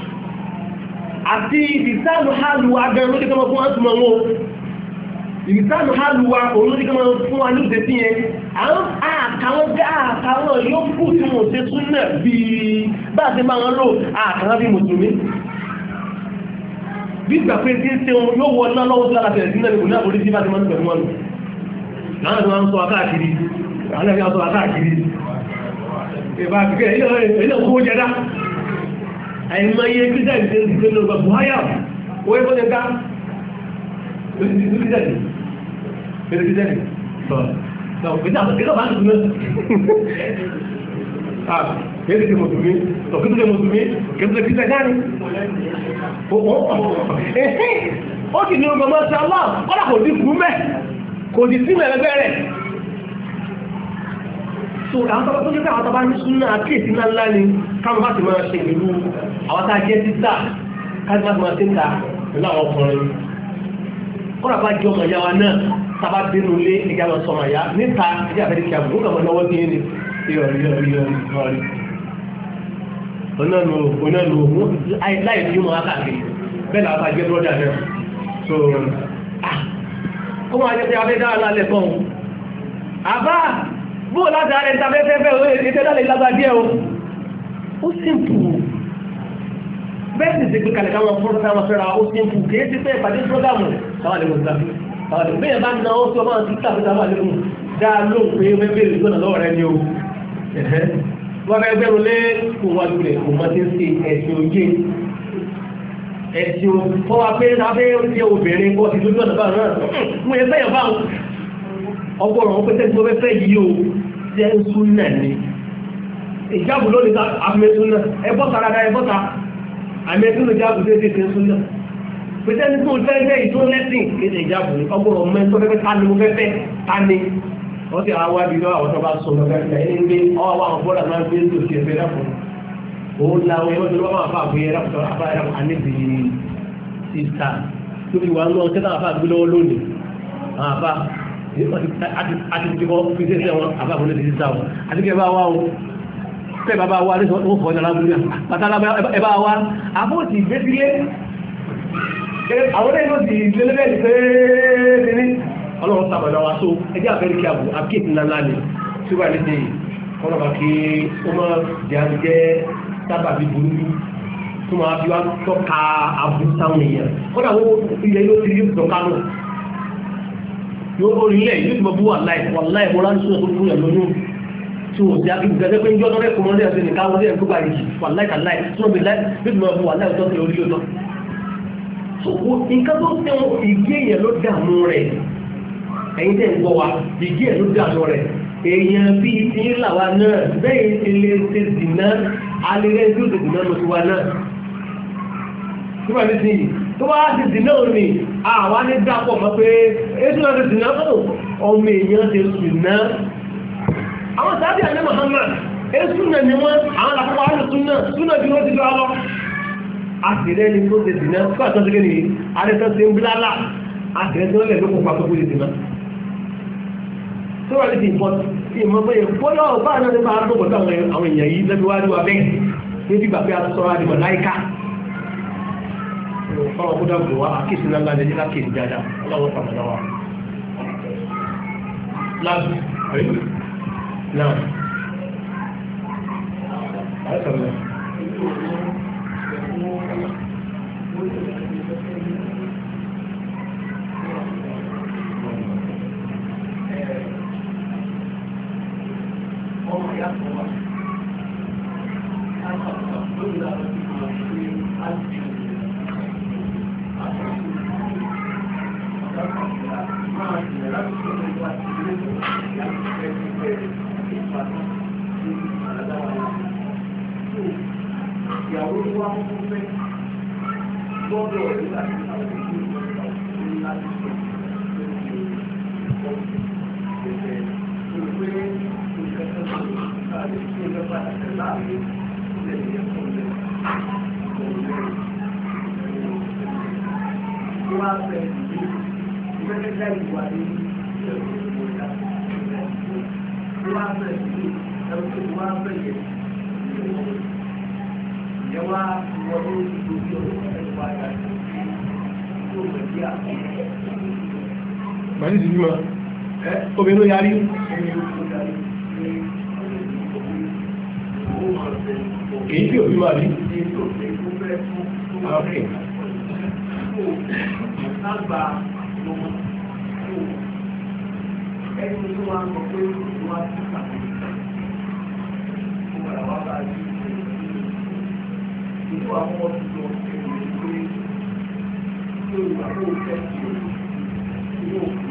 àti ìdìsáàlù hálù agbẹ̀rún ní kọmọ fún wọn túnmọ̀ wọn ìdìsáàlù hálù wa òun ní kọmọ fún wọn ní ìdẹ̀sí yẹn àkàwọn àkàwọn yóò kù tí mo ṣe tún náà bí bá ṣe máa ń lò àkàwọn bí mùsùlùmí bí ìgbà pé tí ń ṣe wọn yóò wọ náà lọ́wọ́ tó lára tẹ̀lẹ̀ sílẹ̀ nìkú náà oríṣi bá ti máa ń pẹ̀lú wọn lò láwọn ìwọ̀n sọ akáàkiri àwọn ìwọ̀n sọ akáàkiri ìbá àgbẹ̀kẹ́ ilé òkú jẹ́dá àìmọye kírísítẹ́nì tó ti gbé lọ bá buhaya wọ́n yẹ kó lè ká kírísítẹ́nì kírísítẹ́nì sọ sọ kírísítẹ́nì bá tuntun náà kéde ti mùsùlùmí sọ kéde ti mùsùlùmí kéde ti kírísítẹ́nì dání ó sì ní ọgbọ̀n mọ́ṣáláà kọ́lá kò dín kú mẹ́ kò dín sí mẹ́rẹ́gbẹ́rẹ́ so àwọn tọ́bá tó jẹ́ pé àwọn tọ́bá ní súnmọ́ àkíyèsí ńláńlá ni káwọn bá ti máa ṣe pẹ̀lú àwọn tá a jẹ́ títà káwọn bá ti máa ṣe ń ta pẹ̀lú àwọn ọkùnrin kọ́ra bá jẹ́ ọmọ ìyá wa náà tábà dénú lé ìjà lọ sọmọ ìyá níta ìjà fẹ́ẹ́ kí àbúrò kàmọ́ lọ́wọ́ bí ẹni ìrọ̀rí ìrọ̀rí ìrọ̀rí onánu onánu láì fi mọ́ akáàkiri bẹ́ẹ̀ làwọn bá jẹ́ brọ́dà náà so kó ah, máa jẹ́ pé abẹ́ dára lálẹ́ fún un àbá bóò láti ààrẹ ìtafẹ́fẹ́fẹ́ ìtẹ́lẹ̀ lágbàdíẹ̀ o ó símpù bẹ́ẹ̀ sì ṣe pé kalẹ̀ káwọn fún káwọn fẹ́ra ó símpù kìí ti pé ìpàdé prógámù táwọn àlejò ta táwọn àlejò bẹ́ẹ̀ bá na ó sọ máa ti tàbí táwọn àlejò dá lóhùn pé ó fẹ́ bèèrè lọ́nà lọ́wọ́ rẹ ni o wọ́n fẹ́ bẹ́ẹ̀ lé kó wájú rẹ̀ kó mọ́ ti ń ṣe ẹ̀sìn òye ẹ̀sìn òfọwọ́ pé lábẹ́ ó ti obìnrin kó ti lójú ọ̀nà báwọn náà mú ẹgbẹ́ yẹn báwọn ọgbọ́rọ̀ wọn pẹ́sẹ́ tí wọ́n fẹ́ yí o jẹ́ súnà ni ìjáàbù ló lè àmì súnà ẹbọ́ta rárá ẹbọ́ta àmì ẹbí ló jáàbù tó ṣe súnà pẹ́sẹ́ tí wọ́n fẹ́ fẹ́ ìtún lẹ́sìn kéde ìjáàbù ni ọgbọ́rọ̀ mọ́ ẹ̀tọ́ fẹ́fẹ́ tani mo fẹ́fẹ́ tani wọ́n ti àwọn abiná àwọn tó bá sọ lọ́gbẹ́rẹ́ ẹ̀ ń gbé ọ àti ìjọba fi ṣe ṣe wọn àbábọ̀lẹ̀ ti sísá wọn àti kẹ́ bá wá o pẹ́ bá bá wá ní wọ́n fọ́ ní alábúlé bàtà ẹ bá wá àbúrò ti àwọn ẹ̀yọ́ so ẹjẹ́ àfẹ́rí kí àbò àkéèkì ńláńlá ni tí ó bá lè dé ọlọ́ba kí ó mọ̀ jẹ́ jẹ́ sábàbí burúkú tó máa fi wá tọ́ka àbúrú sáwọn èèyàn kọ́dà wọ́n ilẹ̀ yóò ti rí ìtọ́ka náà yóò orí ilẹ̀ yóò ti mọ̀ bú wà láì wà láì mọ́ra ń sún ọdún fún ẹ̀ lóyún tí o jẹ́ ìgbẹ́jẹ́ pé ń jọ́ lọ́rẹ́ kọ́ lọ́rẹ́ ẹ̀sìn nìkan wọlé ẹ̀kọ́ báyìí wà láì kà láì tí wọ́n fi láì yóò ti mọ̀ bú wà láì tọ́ sí orí lóòótọ́. sòkò nǹkan tó tẹ ìgé yẹn ló dààmú rẹ̀ ẹ̀yin tẹ̀ ń gbọ́ wa ìgé yẹn ló dààmú rẹ̀ èèyàn bíi ti ń làwa náà bẹ́ẹ̀ ti lè ṣe dìná alẹ́ rẹ̀ yóò ti dìná lọ́sí wa náà tó bá ti dì náà ni àwa ní dápọ̀ mọ́ pé ètò náà ti dì náà ọmọ èèyàn ti sùn náà àwọn sábẹ́ àná Muhammad èsù náà ni wọ́n àwọn àpapọ̀ àrùn súnà súnà bí wọ́n ti lọ lọ àtìrẹ́ ni tó ti dìnnà fún àtọ́sílẹ̀ ni àrẹ́sọ́ ti ń bílálà àtìrẹ́ tí wọ́n lè lókun pa tó kó lè dìnnà tó wà ní ti ìpọ́ ìmọ̀ pé ìpọ́lọ́ ọ̀bá náà nípa àdókòtò àwọn èèyàn yìí lẹ́bí wájú abẹ́ fáwọn kó dàgbò wá àkíyèsí ńláńlá lẹ́yìn lákèsí dáadáa ọlọ́wọ́ sàmọ̀dá wa. láti rí náà àìsànlẹ̀. Thank you. obìnrin ló yarí èyí tí òbí wà ní ọ̀kẹ́ ẹni tó wá ń sọ pé wá sí ìpàdé kó padà wá bá yí ìlú àwọn ọdún lọ sí ìlú pé yóò wà lóòótọ́ sí ìlú òkú.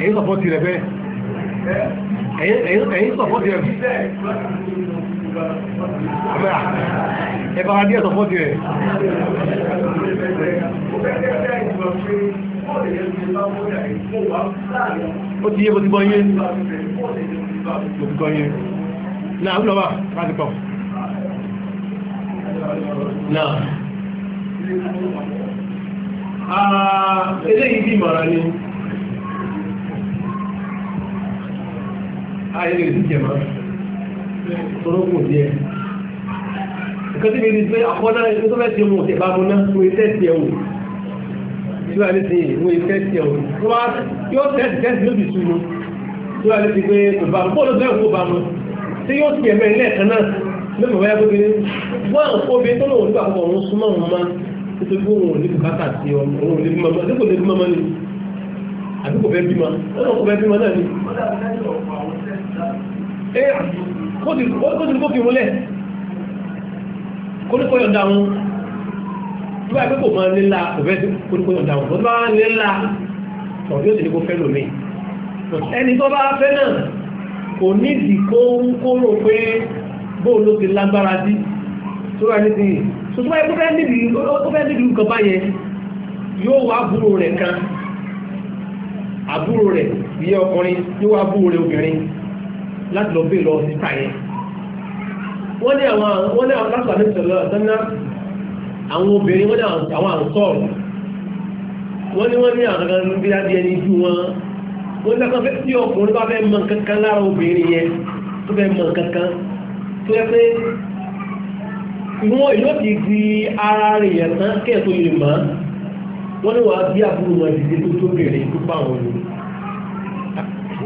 ẹ̀yìn sọ̀fọ́ ti rẹ̀ bẹ́ẹ̀ ẹ̀yìn sọ̀fọ́ ti rẹ̀ bẹ́ẹ̀ ẹ̀bá adé sọ̀fọ́ ti rẹ̀ ó ti yé bó ti gbọ́ yé bó ti gbọ́ yé náà ń lọ́wọ́ láti pọ̀ náà Ah, eléyìí bí màrá ní ah, ayẹyẹ ìdíjẹmá tọrọkùn díẹ̀ nǹkan tí mi ní pé àkọ́dá ẹni tó fẹ́ ti mú ọ̀tẹ̀ bá mú náà fún iṣẹ́ ti ẹ̀wò ìṣúra ní ti ìwé iṣẹ́ ti ẹ̀wò tó bá yóò tẹ́sì tẹ́sì lóbi súnmọ́ tó wà ní ti pé kò bá mú bọ́ọ̀lù bẹ́ẹ̀ kó bá mú tí yóò ti ẹ̀mẹ́ ilé ẹ̀kan náà lóbi wáyé gbogbo kó bí tó lòun nígbà kọ́kọ́ súnmọ́ òun máa nítorí pé òun ò ní bùkátà sí ọmọ òun ò lè bímọ àti kò lè bímọ mọ́ ni àbí kò fẹ́ bímọ lọ́nà kò fẹ́ bímọ náà ni. ẹ kó ti kó fi wọlé kó ní kó yọ̀ǹda wọn bí wàá pé kò máa nílá kò fẹ́ kó ní kó yọ̀ǹda wọn kó tó bá nílá ọ̀dọ́ yóò ti ní kó fẹ́ lómi ẹni tó bá fẹ́ náà kò ní ìdí ń kó pé bóun ti lágbára sí sórí anything so tó bá yẹ kó fẹ́ níbi ó fẹ́ níbi nǹkan báyẹn yóò wá àbúrò rẹ̀ kan àbúrò rẹ̀ ìyẹ́ ọkùnrin yóò wá àbúrò rẹ̀ obìnrin láti lọ bèèrè lọ sí táyẹn wọ́n ní àwọn wọ́n ní àwọn lásàbí sọ̀rọ̀ sọ́nà àwọn obìnrin wọ́n ní àwọn àǹsọ́ọ̀rọ̀ wọ́n ní wọ́n ní àwọn kankan bí adìẹ ní ju wọn wọ́n ní kankan fẹ́ tí ọkùnrin bá fẹ́ mọ kankan ìwọ̀n èyí ó ti di ara rẹ̀ yẹn tán kẹ́ẹ̀ tó lè mọ́ wọ́n ní wàá bí àbúrò wọn ìdílé tó tó bèrè tó bá wọn lò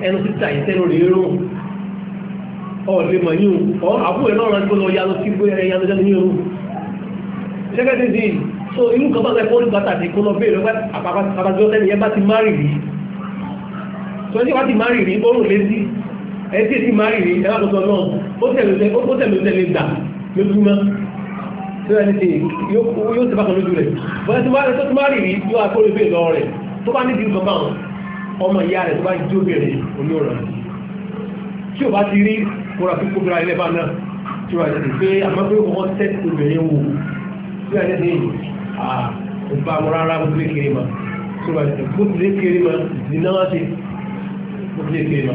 ẹnu títà ìtẹ́nu rèé rò ọ̀lẹ́ mọ̀ yíò ọ́ àbúrò náà rántí lọ yálò sí gbé ẹyà lọ́jọ́ ní irú ṣẹ́gẹ́ ti di so inú kan bá lọ ẹ̀kọ́ nígbà tàbí kó lọ bèèrè àbájọ́ lẹ́nu yẹn bá ti má rìrí so ẹni bá ti má rìrí ó rùn létí ẹni tí ti má rìrí ẹlákòóso náà ó tí wọ́n ti yóò ti bákan lójú rẹ̀ bọ́n ti máa rẹ̀ tó ti máa rí rí yóò akóró ìgbé lọ rẹ̀ tó bá nídìí nǹkan báwọn ọmọ ìyá rẹ̀ tó bá jó bẹ̀rẹ̀ oníwòrán tí ò bá ti rí kóra tó kó bẹ̀rẹ̀ ilẹ̀ bá náà tí wọ́n ti pé àmọ́ pé wọ́n tẹ́ obìnrin wò tí wọ́n ti ní ìgbà mọ́ rárá bó tilé kiri ma tí wọ́n ti bó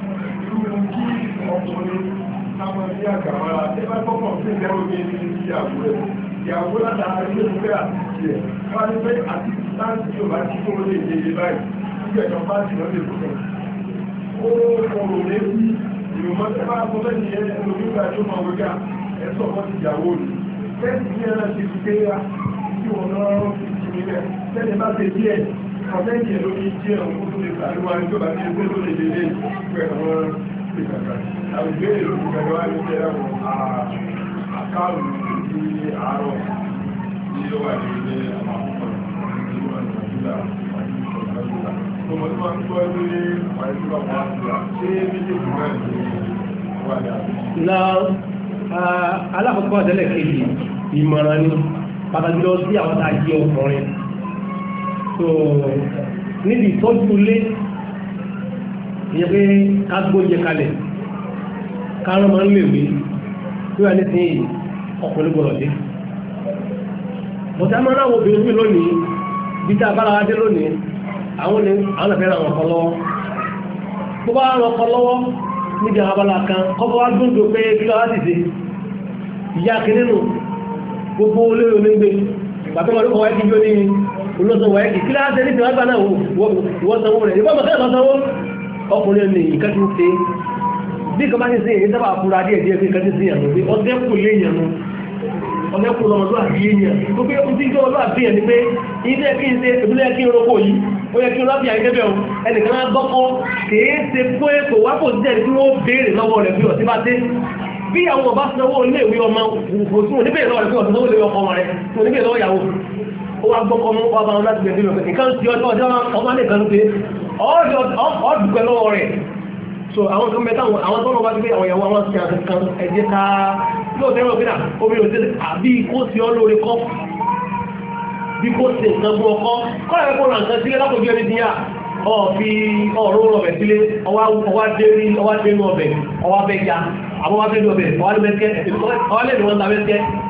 irú kí ọkùnrin táwọn sí àgbàmára tí bá gbọ́kọ̀ sí ìdẹ́rù ní ibi ìyàwó rẹ̀ ìyàwó látara ilé ìfẹ́ àti ẹ̀ wá ní pé àti láti yóò bá tí kó lè dé ilé báyìí tí ẹ̀jọ̀ bá sì lọ lè fún ó kọ̀rọ̀ lébi ìrùmọ́ tẹ́ bá sọ lẹ́yìn ẹ̀ ẹ̀rọ nígbà tó máa wọ́gá ẹ̀sọ́ ọmọ ti ìyàwó rẹ̀ tẹ́sì ní ẹ̀rọ ti fi gbé nǹkan méjì ló fi jẹ́ ọkùn tó lè pàdúwà ní ọba ní ẹgbẹ́ tó lè dédé àwọn ìgbàgbà àwùgbé ìlú ìgbàgbà jẹ́ àwọn àkáàrùn ní àárọ̀ ní ó ní ilé àwọn àkókò ní ìwà ìgbàgbà àti ìgbàgbà tó mọ̀ tó wà ní ọdún ní pàdúwà wà ṣé méjì ìgbàgbà wà ní níbi ìtọ́jú ilé ìyẹ́ pé ká gbóúnjẹ kalẹ̀ kárán máa ń lè wí tí wà ní sí ọkùnrin gbọ́dọ̀ dé bọ̀tá máa náà obìnrin lónìí bí tá a bára wá dé lónìí àwọn ní àwọn àfẹ́ràn àwọn ọkọ lọ́wọ́ bó bá ràn ọkọ lọ́wọ́ níbi àwọn abala kan kọ́kọ́ wá dúndùn pé kí lọ́wọ́ sì ṣe ìyá kìnnìún gbogbo olóyè onígbé bàbá ọmọdé kọ̀wé ti jó ní olóòtú wáyé kì kí láti ní ìwágbà náà wọ́n sanwó rẹ̀ ìbọn bàtà ìbásanwó ọkùnrin ní ìkẹ́ tó ṣe bí kan bá ti ṣe èyí sábà fúra díẹ̀ díẹ̀ fi kan ti ṣe yàtọ̀ pé ọdẹ́kù lè yàn nu ọdẹ́kù lọ́mọdún àbí èèyàn tó pé ó ti jẹ́ ọlọ́ àbí yàn ni pé ilé kí n ṣe ìbílẹ̀ kí n roko yìí ó yẹ kí n rábìyà ilé bẹ̀rù ẹnìkan á gbọ́kọ́ kìí ṣe pé kò wá kò jẹ́ kí wọ́n béèrè lọ́wọ́ rẹ̀ bí ọtí bá dé bí àwọn ọba sanwó ilé ìwé ọmọ òṣùwọ̀n níbẹ̀ lọ́wọ́ rẹ̀ bí ọtí sanwó ilé ọkọ rẹ̀ ó gbọ́kọ́ mú ọba wọn láti gbẹ̀dẹ̀ lọ́pẹ́ nǹkan ti ọjọ́ ọjọ́ ọmọ nìkan ló pé ọdùpẹ́ lọ́wọ́ rẹ̀ so àwọn kan mẹ́ta àwọn tó lọ́wọ́ bá ti pé àwọn ìyàwó àwọn sìkà kan ẹ̀jẹ̀ ká yóò tẹ́wọ̀n pé náà omi ò tẹ́lẹ̀ àbí kó sí ọ lórí kọ́ bí kó sì nǹkan mú ọkọ́ kọ́lá ẹ̀kọ́ ra nǹkan sílé lápòjú ẹni ti yá ọ̀fi ọ̀rọ̀ ọbẹ̀ sílé ọwá dérí ọwá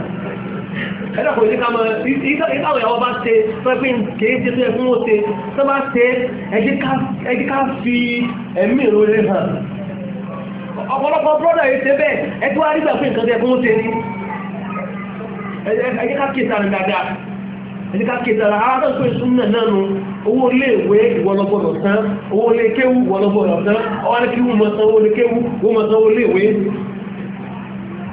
ẹ̀dà kò ní ká mọ̀ ìtàwọn ìyàwó bá ṣe pẹ́pẹ́ kìí ṣe tó ẹkún ó ṣe tó bá ṣe ẹjí ká fi ẹ̀mí ìròyìn hàn ọ̀pọ̀lọpọ̀ brọ́dà yìí ṣe bẹ́ẹ̀ ẹjú wá nígbà pé nǹkan tó ẹkún ó ṣe ní ẹjí ká kí sàrìn dáadáa ẹjí ká kí sàrìn ara náà pé súnmọ̀ náà nu owó ilé ìwé ìwọlọ́gbọ̀dọ̀ tán owó ilé kéwú ìwọlọ́gbọ̀dọ̀ tán ọwọ́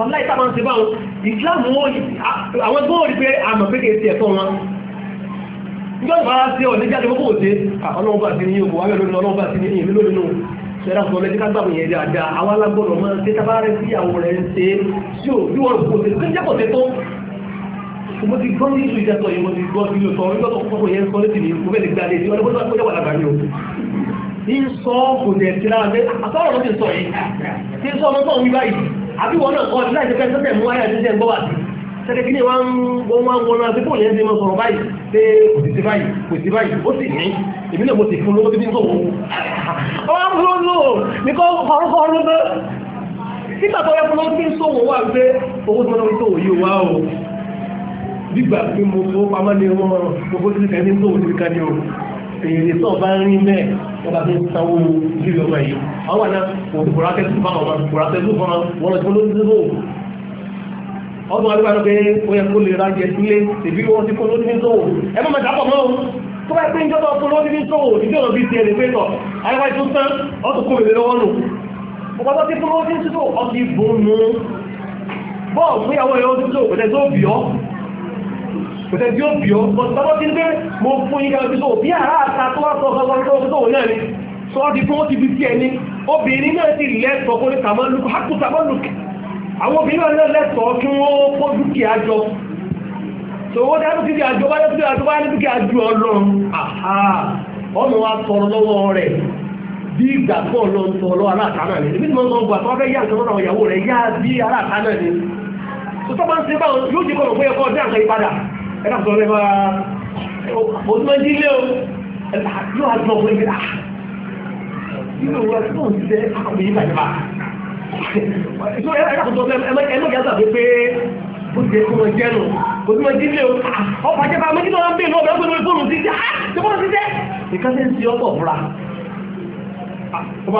wọ́n láì sábà ń ṣe báwọn ìsìláàmù àwọn tó rí pé àmọ̀ pé kèé ti ẹ̀tọ́ wọn ìjọba bá ṣe ọ̀ níjáde mọ́kò òṣè ọlọ́run bá ti ní yóò wà lórí ọlọ́run bá ti ní ìlú lórí nù ṣẹ́dá fún ọlẹ́dí kágbàmù yẹn dáadáa àwọn alágbọ́dọ̀ máa ṣe tábà rẹ̀ sí àwọn rẹ̀ ń ṣe sí ò bí wọ́n kò ṣe kéjẹ́ pọ̀ tẹ́tọ́ mo ti gbọ́ nínú ìjẹ́tọ̀ yìí mo ti gbọ́ nínú sọ nígbà tó kọ́kọ́ yẹn sọ létí mi mo fẹ́ lè gbàdé sí ọlọ́gbọ́n tó wà lágbàá ni o ní sọ kò dẹ̀ sí lára pé àtọ́rọ̀ ló ti sọ yìí tí sọ ọmọ tó ń wí báyìí àbí wọn náà kọ́ sílẹ̀ ìṣẹ́fẹ́ sọ́tẹ̀ mú ayé àtúnṣe gbọ́ wà sí sẹ́kẹ́ kí ni wọ́n wọ́n wọ́n náà pípò yẹn ti mọ sọ̀rọ̀ báyìí pé kò sí báyìí kò sí báyìí ó sì ní èmi náà mo sì fún lówó títí tó wò ó wọ́n fún lówó ní kọ́ ọ̀rọ̀ kọ́ ọ̀rọ̀ náà nígbà tó yẹ fún lówó títí tó wò wá pé owó tó lọ́wọ́ tó wò yìí wá o nígbà pé mo fowó pamọ́ èrè tó bá rí mẹ́ ọba tó sanwó lílọ ọmọ yìí àwọn àná òkùnrátẹ́ tó fún ọmọ òkùnrátẹ́ tó fún ọmọ wọn lọ́jọ́ ló dúró ọdún wọn lọ́gbà pé ó kó lè ra sílé tèbí wọn ti kó ló ní sówò ẹ má mẹ́ta pọ̀ mọ́ tó bá pé ìjọba kó ló ní sówò ìjọ lọ bí tiẹ̀ lè pé tọ̀ àyẹ̀wò ètò sán ọtún kó bèbè lọ́wọ́ nù ọba ti kó ló ní sówò ọtí bùn nù bọ́ọ̀ fún ìyàwó ẹ̀ kòtẹ́ tí ó bí ó bọ́tọ́ tí ń pé mo fún yíká ojú tó bí àrá àta tó wá sọ́kọ́ sọ́kọ́ tó wọ́n ni sọ́ di fún ó ti fi sí ẹni obìnrin náà ti lẹ́tọ̀ọ́ kó ní tàmọ́lùkù hákù tàmọ́lùkù so ó dájú sí àjọ bá yẹ́ sí àjọ bá yẹ́ dúkìá ju ọlọ́run ni ibi tí mo ń sọ gbà tó fẹ́ yá ìṣòro àwọn ìyàwó rẹ̀ yá bí aláàtà náà ni tó tọ́ bá ń ṣe báwọn yóò jẹ́ kọ̀ọ̀kan pé ẹ̀kọ́ ọdún àkàrí ẹ̀rọ sọ rẹ̀ máa òtúmọ̀jílé o yóò á jọ wọlé bíi nínú wa tó ń jẹ́ àkọ́bí yìí bàjẹ́ báà ẹ̀rọ sọ rẹ̀ ẹ̀mọ́jà sàbí pé ó ti kó wọn jẹ́nu òtúmọ̀jílé o ọ̀pọ̀ àjẹbà méjì náà ń bè lọ́wọ́ ẹgbẹ́ lórí fóònù títí á ti fóònù títí nìkan ti ń ti ọ̀pọ̀ fúra ah, ó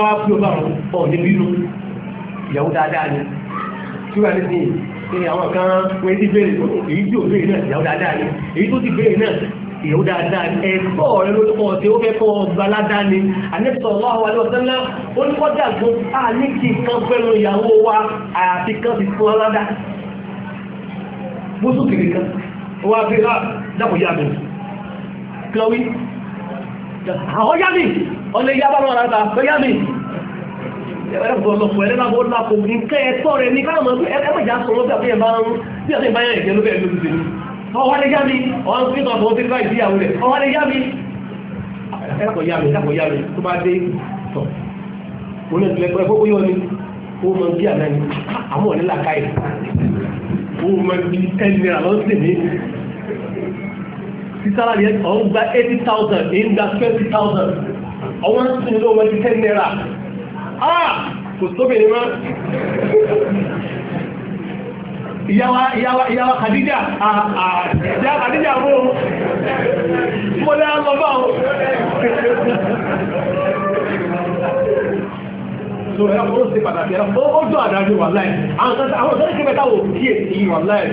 bá ní àwọn kan wọ́n ti bèèrè èyí tí ò bèèrè náà ìyàwó dáadáa ni èyí tó ti bèèrè náà ìyàwó dáadáa ni ẹ̀kọ́ rẹ ló kọ́ ọ̀tẹ́ ó fẹ́ kọ́ ọgbà ládàá ni àníṣọ́ ọlọ́wọ́ alẹ́ ọ̀sán náà ó ní kọ́jà tó a ẹ̀bọ̀ ọlọ́pọ̀ ẹ̀lẹ́nà bó lápò nǹkan ẹ̀tọ́ rẹ̀ ní káàmù ẹgbẹ̀já sọ̀rọ̀ bí àbíyàn bá ń bí àbíyàn bá yàn ìjẹ́ ló bẹ̀rẹ̀ lórí tèmi ọwọ́ lè yá mi ọwọ́n fi tọ̀ tọ̀ tẹ́lá ìdíyàwó rẹ̀ ọwọ́ lè yá mi ẹ̀kọ̀ yá mi ẹ̀kọ̀ yá ni ó mọ bí àná ni àmọ́ ò ní làkà ẹ̀ ó mọ bí ẹni rà lọ́ sí mi sísára yẹn ọ̀ ń gba eighty ọwọ́n sì ń lọ́wọ́ di ten naira ah kò sóbìnrin mọ́ ìyàwó Khadija ah, ah, àà Khadija mú mọ́ dá lọ bá ọ̀ so ẹ̀rọ ṣe pàtàkì ẹ̀rọ ó jọ àdájú wà láì àwọn ọ̀sán ìkẹ́ mẹ́ta wò kí èsì wà láì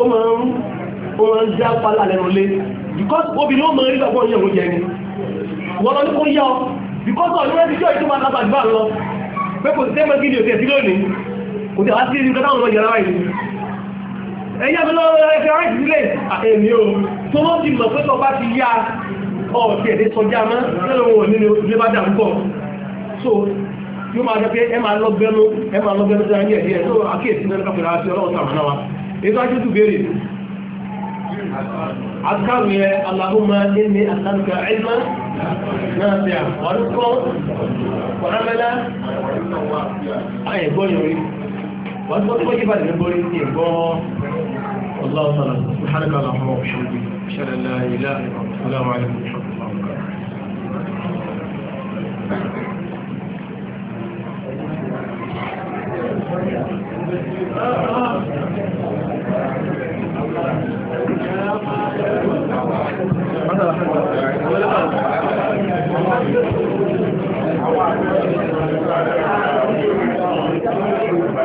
ó máa ń já pálá lẹ́nu lé because obìnrin ó máa ń rí lọ́gbọ́n yẹ̀wò ni wọ́n lọ ní because of the show ìtumọ̀ lábàá gbà lọ pé kò sí ẹgbẹ́ gidi òtẹ̀ sí lónìí kò sí àti ìrìn kọ́tà ọ̀rọ̀ yàrá yìí ẹ̀yà mi lọ́wọ́ ẹgbẹ́ right sílẹ̀ àtẹ̀mí o tó wọ́n ti mọ̀ pé tọba ti yá ọ̀tẹ̀ ẹ̀dẹ́ sọjá mọ́ lẹ́nu wọn nínú ilé bá dà ń bọ̀ so yóò máa jẹ́ pé ẹ máa lọ́gbẹ́nu ẹ máa lọ́gbẹ́nu sí ayé ẹ̀dẹ́ ẹ̀ tó àkíyèsí náà kápẹ̀lá àti ọlọ́run sàmánà wa èyí tó á أذكر يا اللهم إني أسألك علما نافعا ورزقا وعملا أي بوري وأذكر كل جبال من بوري والله تعالى سبحانك اللهم وبحمدك أشهد أن لا إله إلا أنت السلام عليكم ورحمة الله وبركاته Thank you.